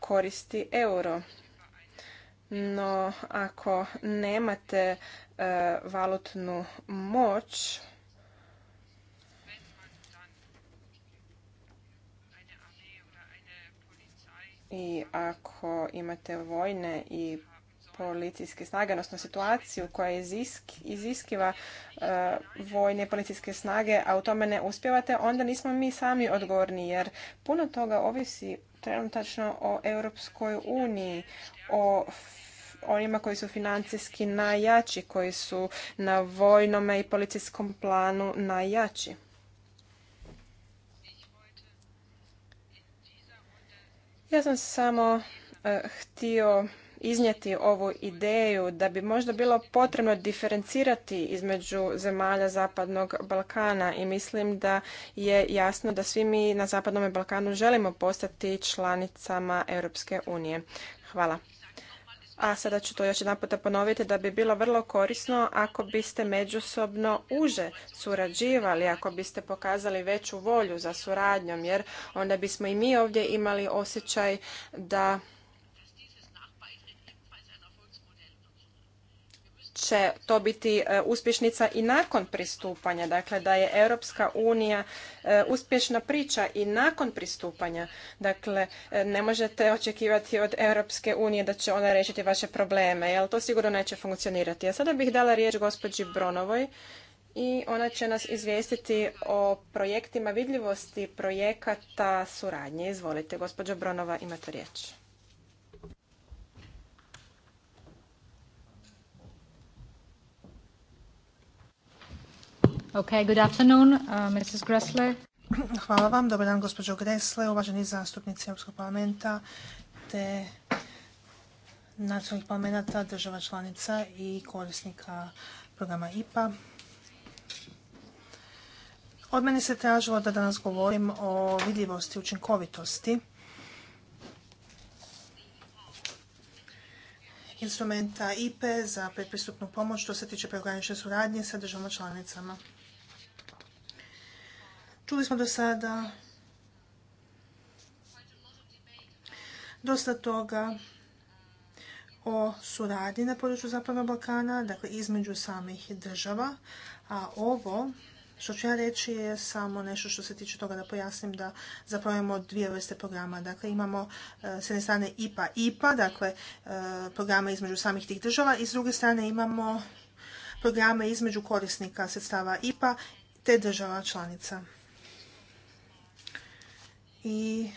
koristi euro. No, ako nemate e, valutnu moć, i ako imate vojne i policijske snage, odnosno situaciju koja iziskiva e, vojne i policijske snage, a u tome ne uspjevate, onda nismo mi sami odgovorni, jer puno toga ovisi trenutačno o Europskoj uniji, o onima koji su financijski najjači, koji su na vojnom i policijskom planu najjači. Ja sam samo e, htio iznijeti ovu ideju da bi možda bilo potrebno diferencirati između zemalja Zapadnog Balkana i mislim da je jasno da svi mi na Zapadnom Balkanu želimo postati članicama Europske unije. Hvala a sada ću to još jedan puta ponoviti, da bi bilo vrlo korisno ako biste međusobno uže surađivali, ako biste pokazali veću volju za suradnjom, jer onda bismo i mi ovdje imali osjećaj da će to biti e, uspješnica i nakon pristupanja, dakle da je Europska unija e, uspješna priča i nakon pristupanja. Dakle, e, ne možete očekivati od Europske unije da će ona riješiti vaše probleme, jer to sigurno neće funkcionirati. A sada bih dala riječ gospođi Bronovoj i ona će nas izvijestiti o projektima vidljivosti projekata suradnje. Izvolite, gospođo Bronova, imate riječ. Okay, good afternoon, uh, Hvala vam, dobar dan gospođo Gresle, uvaženi zastupnici Europskog parlamenta te nacionalnih parlamenta, država članica i korisnika programa IPA. Od mene se tražilo da danas govorim o vidljivosti učinkovitosti instrumenta IPE za pretpristupnu pomoć što se tiče preogranične suradnje sa državama članicama. Čuli smo do sada dosta toga o suradnji na području Zapadnog Balkana, dakle između samih država, a ovo što ću ja reći je samo nešto što se tiče toga da pojasnim da zapravo imamo dvije vrste programa. Dakle, imamo e, s jedne strane IPA-IPA, dakle e, programa između samih tih država i s druge strane imamo programe između korisnika sredstava IPA te država članica i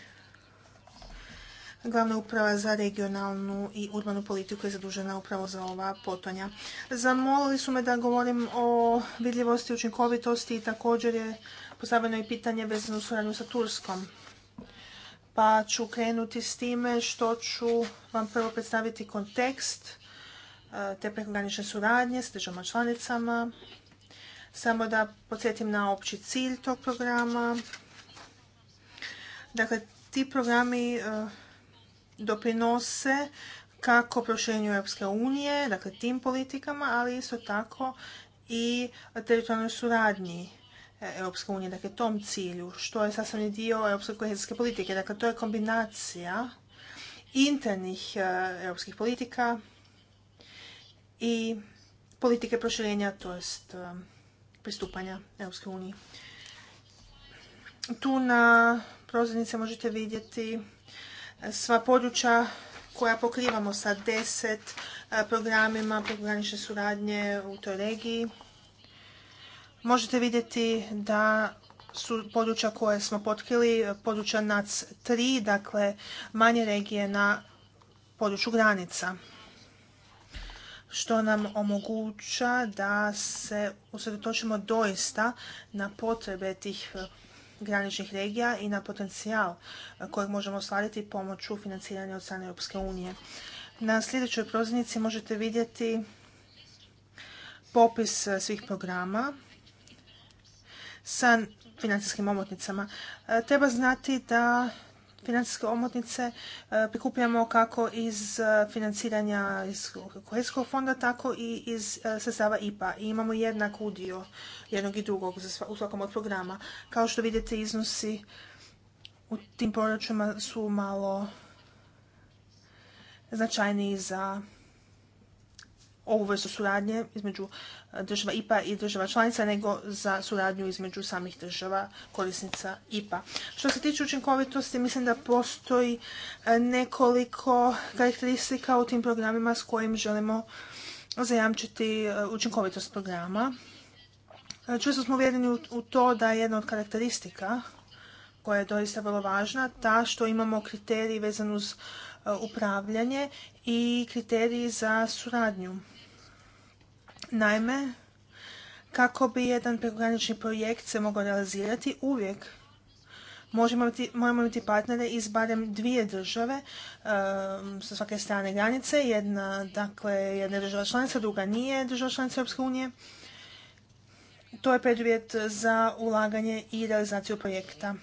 glavna uprava za regionalnu i urbanu politiku je zadužena upravo za ova potonja. Zamolili su me da govorim o vidljivosti, i učinkovitosti i također je postavljeno i pitanje vezano u suradnju sa Turskom. Pa ću krenuti s time što ću vam prvo predstaviti kontekst e, te prekogranične suradnje s državama članicama. Samo da podsjetim na opći cilj tog programa, Dakle, ti programi e, doprinose kako proširenju Europske unije, dakle tim politikama, ali isto tako i teritorijalnoj suradnji e, Europske unije, dakle tom cilju, što je sastavni dio europske kohezijske politike. Dakle, to je kombinacija internih e, europskih politika i politike proširenja, to jest pristupanja Europske unije. Tu na prozirnice možete vidjeti e, sva područja koja pokrivamo sa deset e, programima prekogranične suradnje u toj regiji. Možete vidjeti da su područja koje smo potkrili e, područja NAC 3, dakle manje regije na području granica što nam omoguća da se usredotočimo doista na potrebe tih graničnih regija i na potencijal e, kojeg možemo ostvariti pomoću financiranja od strane Europske unije. Na sljedećoj proznici možete vidjeti popis e, svih programa sa financijskim omotnicama. E, treba znati da financijske omotnice e, prikupljamo kako iz e, financiranja iz kohezijskog fonda, tako i iz e, sredstava IPA. I imamo jednak udio jednog i drugog u svakom od programa. Kao što vidite, iznosi u tim proračunima su malo značajniji za ovu suradnje između e, država IPA i država članica, nego za suradnju između samih država korisnica IPA. Što se tiče učinkovitosti, mislim da postoji e, nekoliko karakteristika u tim programima s kojim želimo zajamčiti e, učinkovitost programa. Često smo uvjereni u to da je jedna od karakteristika koja je doista vrlo važna, ta što imamo kriterij vezan uz upravljanje i kriteriji za suradnju. Naime, kako bi jedan prekogranični projekt se mogao realizirati, uvijek možemo moramo imati partnere iz barem dvije države ehm, sa svake strane granice. Jedna, dakle, jedna je država članica, druga nije država članica Europske unije. To je preduvjet za ulaganje i realizaciju projekta.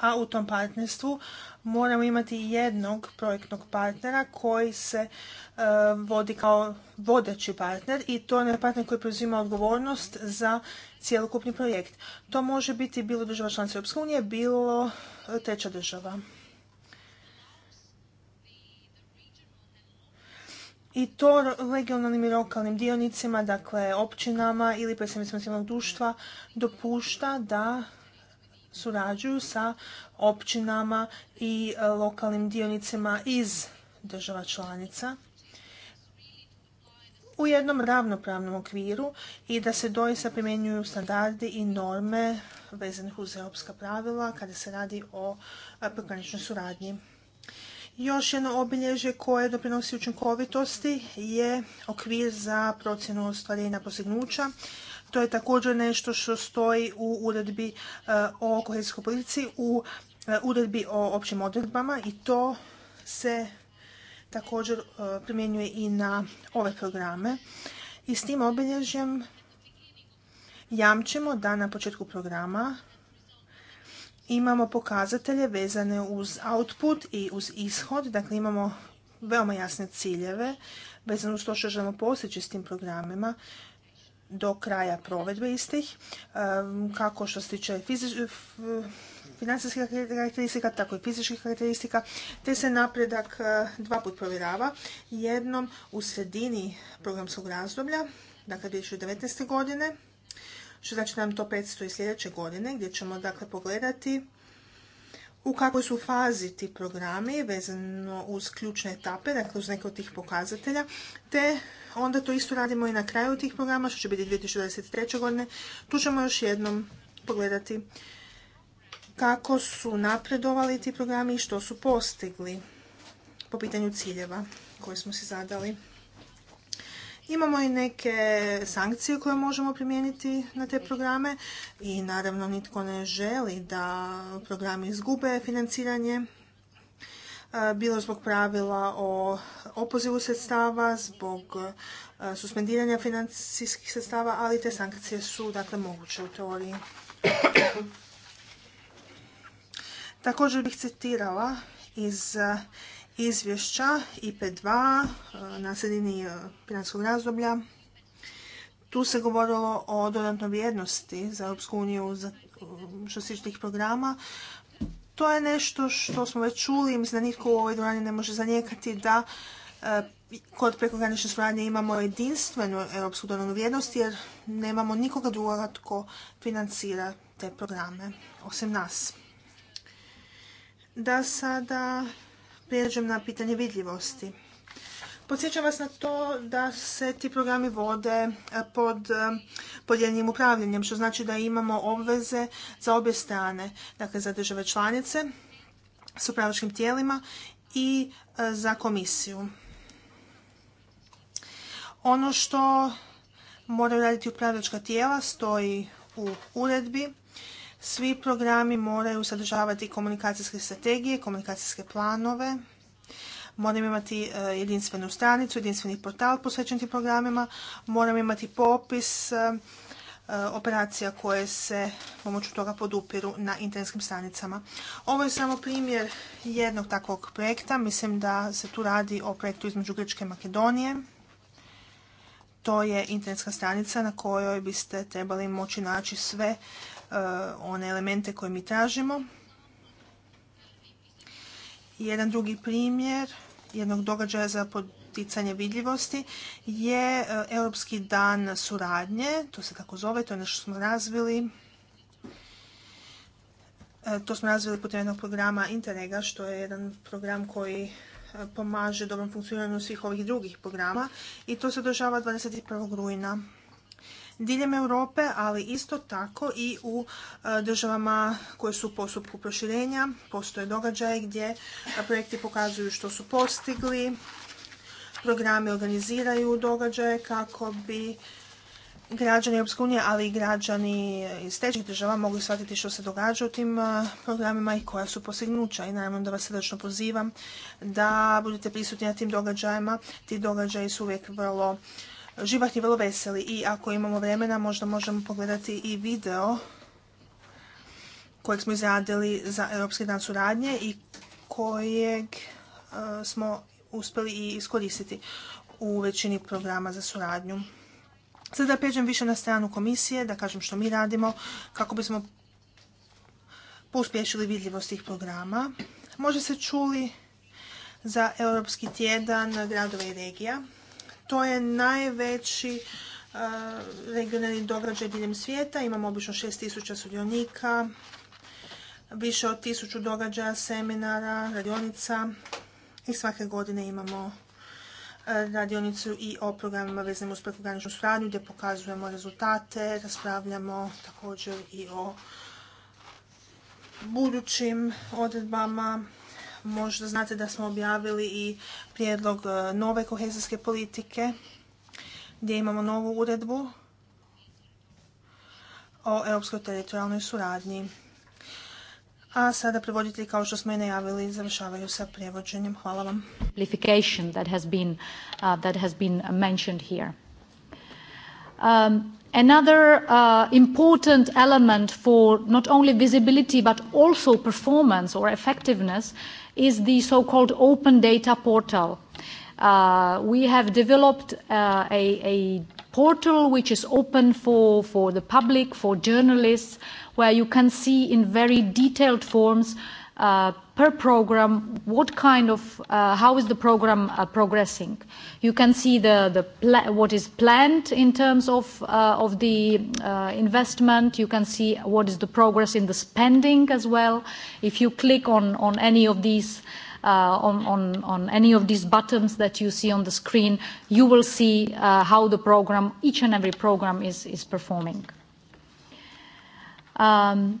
A u tom partnerstvu moramo imati jednog projektnog partnera koji se e, vodi kao vodeći partner i to je partner koji preuzima odgovornost za cjelokupni projekt. To može biti bilo država članica Europske unije, bilo e, treća država. i to regionalnim i lokalnim dionicima, dakle općinama ili predstavnicima civilnog društva, dopušta da surađuju sa općinama i e, lokalnim dionicima iz država članica u jednom ravnopravnom okviru i da se doista primjenjuju standardi i norme vezanih uz europska pravila kada se radi o e, pograničnoj suradnji. Još jedno obilježje koje doprinosi učinkovitosti je okvir za procjenu ostvarenja postignuća to je također nešto što stoji u uredbi eh, o kohezijskoj politici, u eh, uredbi o općim odredbama i to se također eh, primjenjuje i na ove programe. I s tim obilježjem jamčimo da na početku programa imamo pokazatelje vezane uz output i uz ishod. Dakle, imamo veoma jasne ciljeve vezano uz to što želimo postići s tim programima do kraja provedbe istih, kako što se tiče financijskih karakteristika, tako i fizičkih karakteristika, te se napredak e, dva put provjerava. Jednom u sredini programskog razdoblja, dakle 2019. godine, što znači nam to 500 i sljedeće godine, gdje ćemo dakle pogledati u kakvoj su fazi ti programi vezano uz ključne etape, dakle uz neke od tih pokazatelja, te onda to isto radimo i na kraju tih programa, što će biti 2023. godine. Tu ćemo još jednom pogledati kako su napredovali ti programi i što su postigli po pitanju ciljeva koje smo si zadali. Imamo i neke sankcije koje možemo primijeniti na te programe i naravno nitko ne želi da programi izgube financiranje bilo zbog pravila o opozivu sredstava, zbog suspendiranja financijskih sredstava, ali te sankcije su dakle moguće u teoriji. *coughs* Također bih citirala iz izvješća IP2 e, na sredini e, financijskog razdoblja. Tu se govorilo o dodatnoj vrijednosti za Europsku uniju e, što se tih programa. To je nešto što smo već čuli i mislim da nitko u ovoj dvorani ne može zanijekati da kod prekogranične suradnje imamo jedinstvenu europsku dodanu vrijednost jer nemamo nikoga drugoga tko financira te programe osim nas. Da sada prijeđem na pitanje vidljivosti. Podsjećam vas na to da se ti programi vode e, pod e, podijeljenim upravljanjem, što znači da imamo obveze za obje strane, dakle za države članice s upravljačkim tijelima i e, za komisiju. Ono što moraju raditi upravljačka tijela stoji u uredbi svi programi moraju sadržavati komunikacijske strategije, komunikacijske planove, moram imati e, jedinstvenu stranicu, jedinstveni portal posvećen tim programima, moram imati popis e, e, operacija koje se pomoću toga podupiru na internetskim stranicama. Ovo je samo primjer jednog takvog projekta. Mislim da se tu radi o projektu između Grčke i Makedonije. To je internetska stranica na kojoj biste trebali moći naći sve Eh, one elemente koje mi tražimo. Jedan drugi primjer jednog događaja za poticanje vidljivosti je eh, Europski dan suradnje, to se tako zove, to je nešto što smo razvili. Eh, to smo razvili putem jednog programa Interrega, što je jedan program koji pomaže dobrom funkcioniranju svih ovih drugih programa i to se održava 21. rujna diljem Europe, ali isto tako i u e, državama koje su u postupku proširenja. Postoje događaje gdje e, projekti pokazuju što su postigli, programi organiziraju događaje kako bi građani Europske unije, ali i građani iz trećih država mogli shvatiti što se događa u tim e, programima i koja su postignuća. I naravno da vas srdečno pozivam da budete prisutni na tim događajima. Ti događaji su uvijek vrlo je vrlo veseli i ako imamo vremena možda možemo pogledati i video kojeg smo izradili za Europski dan suradnje i kojeg e, smo uspjeli i iskoristiti u većini programa za suradnju. Sada pređem više na stranu komisije, da kažem što mi radimo, kako bismo pouspješili vidljivost tih programa. Može se čuli za Europski tjedan gradova i regija to je najveći e, regionalni događaj diljem svijeta. Imamo obično 6000 sudionika, više od 1000 događaja, seminara, radionica i svake godine imamo e, radionicu i o programima vezanim uz prekograničnu suradnju gdje pokazujemo rezultate, raspravljamo također i o budućim odredbama Možda znate da smo objavili i prijedlog e, nove kohezijske politike gdje imamo novu uredbu o europskoj teritorijalnoj suradnji. A sada prevoditelji kao što smo i najavili završavaju sa prevođenjem. Hvala vam. that has been uh, that has been mentioned here. Um, Another uh, important element for not only visibility but also performance or effectiveness is the so-called open data portal. Uh, we have developed uh, a, a portal which is open for, for the public, for journalists, where you can see in very detailed forms uh, per program what kind of uh, how is the program uh, progressing you can see the the pla what is planned in terms of uh, of the uh, investment you can see what is the progress in the spending as well if you click on on any of these uh, on, on, on any of these buttons that you see on the screen, you will see uh, how the program, each and every program is, is performing. Um,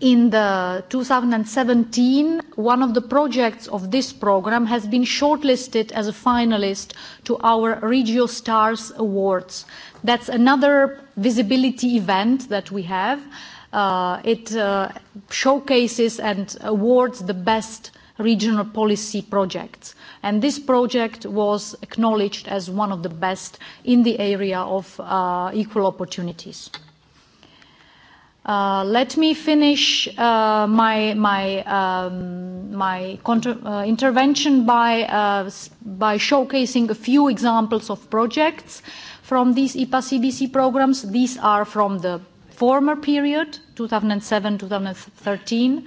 in the 2017 one of the projects of this program has been shortlisted as a finalist to our regio stars awards that's another visibility event that we have uh, it uh, showcases and awards the best regional policy projects and this project was acknowledged as one of the best in the area of uh, equal opportunities Uh, let me finish uh, my my um, my contra uh, intervention by uh, by showcasing a few examples of projects from these IPA CBC programs. These are from the former period, 2007-2013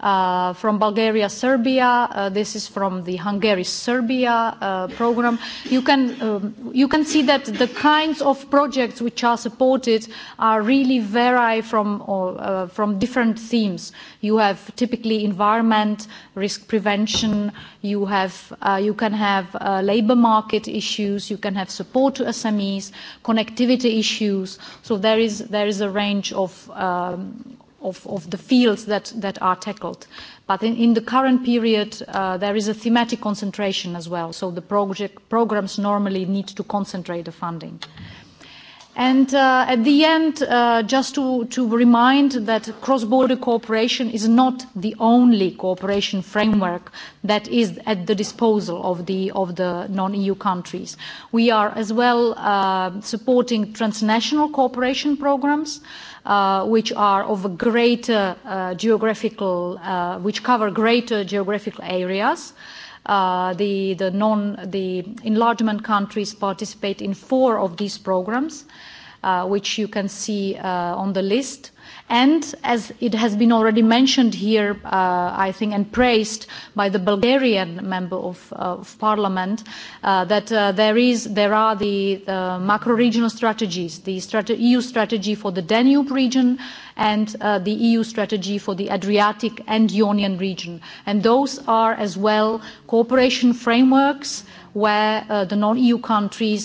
Uh, from Bulgaria, Serbia. Uh, this is from the Hungary Serbia uh, program. You can um, you can see that the kinds of projects which are supported are really vary from uh, uh from different themes. You have typically environment, risk prevention. You have you can have uh, labor market issues. You can have support to SMEs, connectivity issues. So there is there is a range of um, of, of the fields that, that are tackled. But in, in the current period, uh, there is a thematic concentration as well. So the project, programs normally need to concentrate the funding. And uh, at the end, uh, just to, to remind that cross-border cooperation is not the only cooperation framework that is at the disposal of the, of the non-EU countries. We are as well uh, supporting transnational cooperation programs, Uh, which are of a greater uh, geographical, uh, which cover greater geographical areas. Uh, the the non the enlargement countries participate in four of these programs, uh, which you can see uh, on the list and as it has been already mentioned here uh, i think and praised by the bulgarian member of, parliament uh, that uh, there is there are the macro regional strategies the eu e strategy for the danube region and uh, the eu strategy for the adriatic and ionian region and those are as well cooperation frameworks where the non eu countries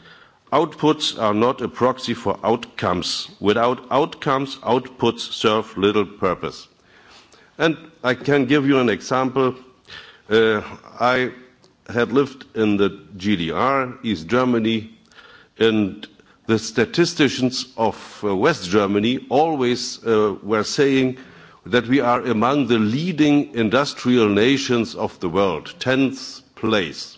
outputs are not a proxy for outcomes without outcomes outputs serve little purpose and i can give you an example uh, i had lived in the gdr east germany and the statisticians of uh, west germany always uh, were saying that we are among the leading industrial nations of the world 10th place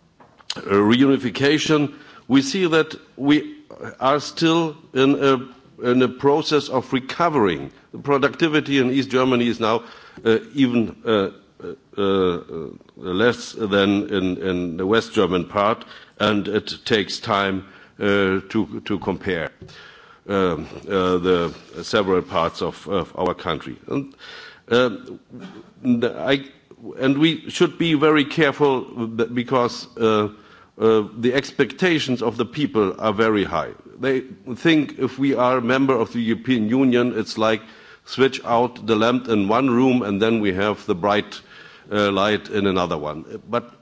Uh, reunification, we see that we are still in a, in a process of recovering. The productivity in East Germany is now uh, even uh, uh, uh less than in, in the West German part, and it takes time uh, to, to compare um, the several parts of, of our country. And, um, I and we should be very careful because uh, uh, the expectations of the people are very high. They think if we are a member of the European Union, it's like switch out the lamp in one room and then we have the bright uh, light in another one. But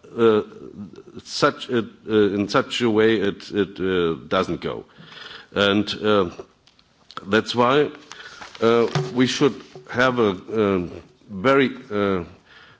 such in such a way it, it uh, doesn't go. And uh, that's why we should have a, um, very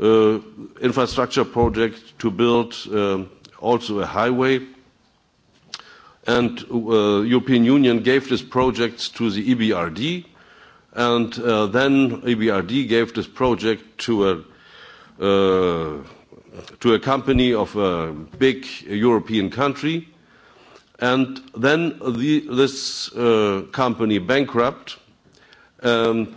Uh, infrastructure project to build uh, also a highway. And uh, European Union gave this project to the EBRD, and then EBRD gave this project to a to a company of a big European country, and then the, this company bankrupt. And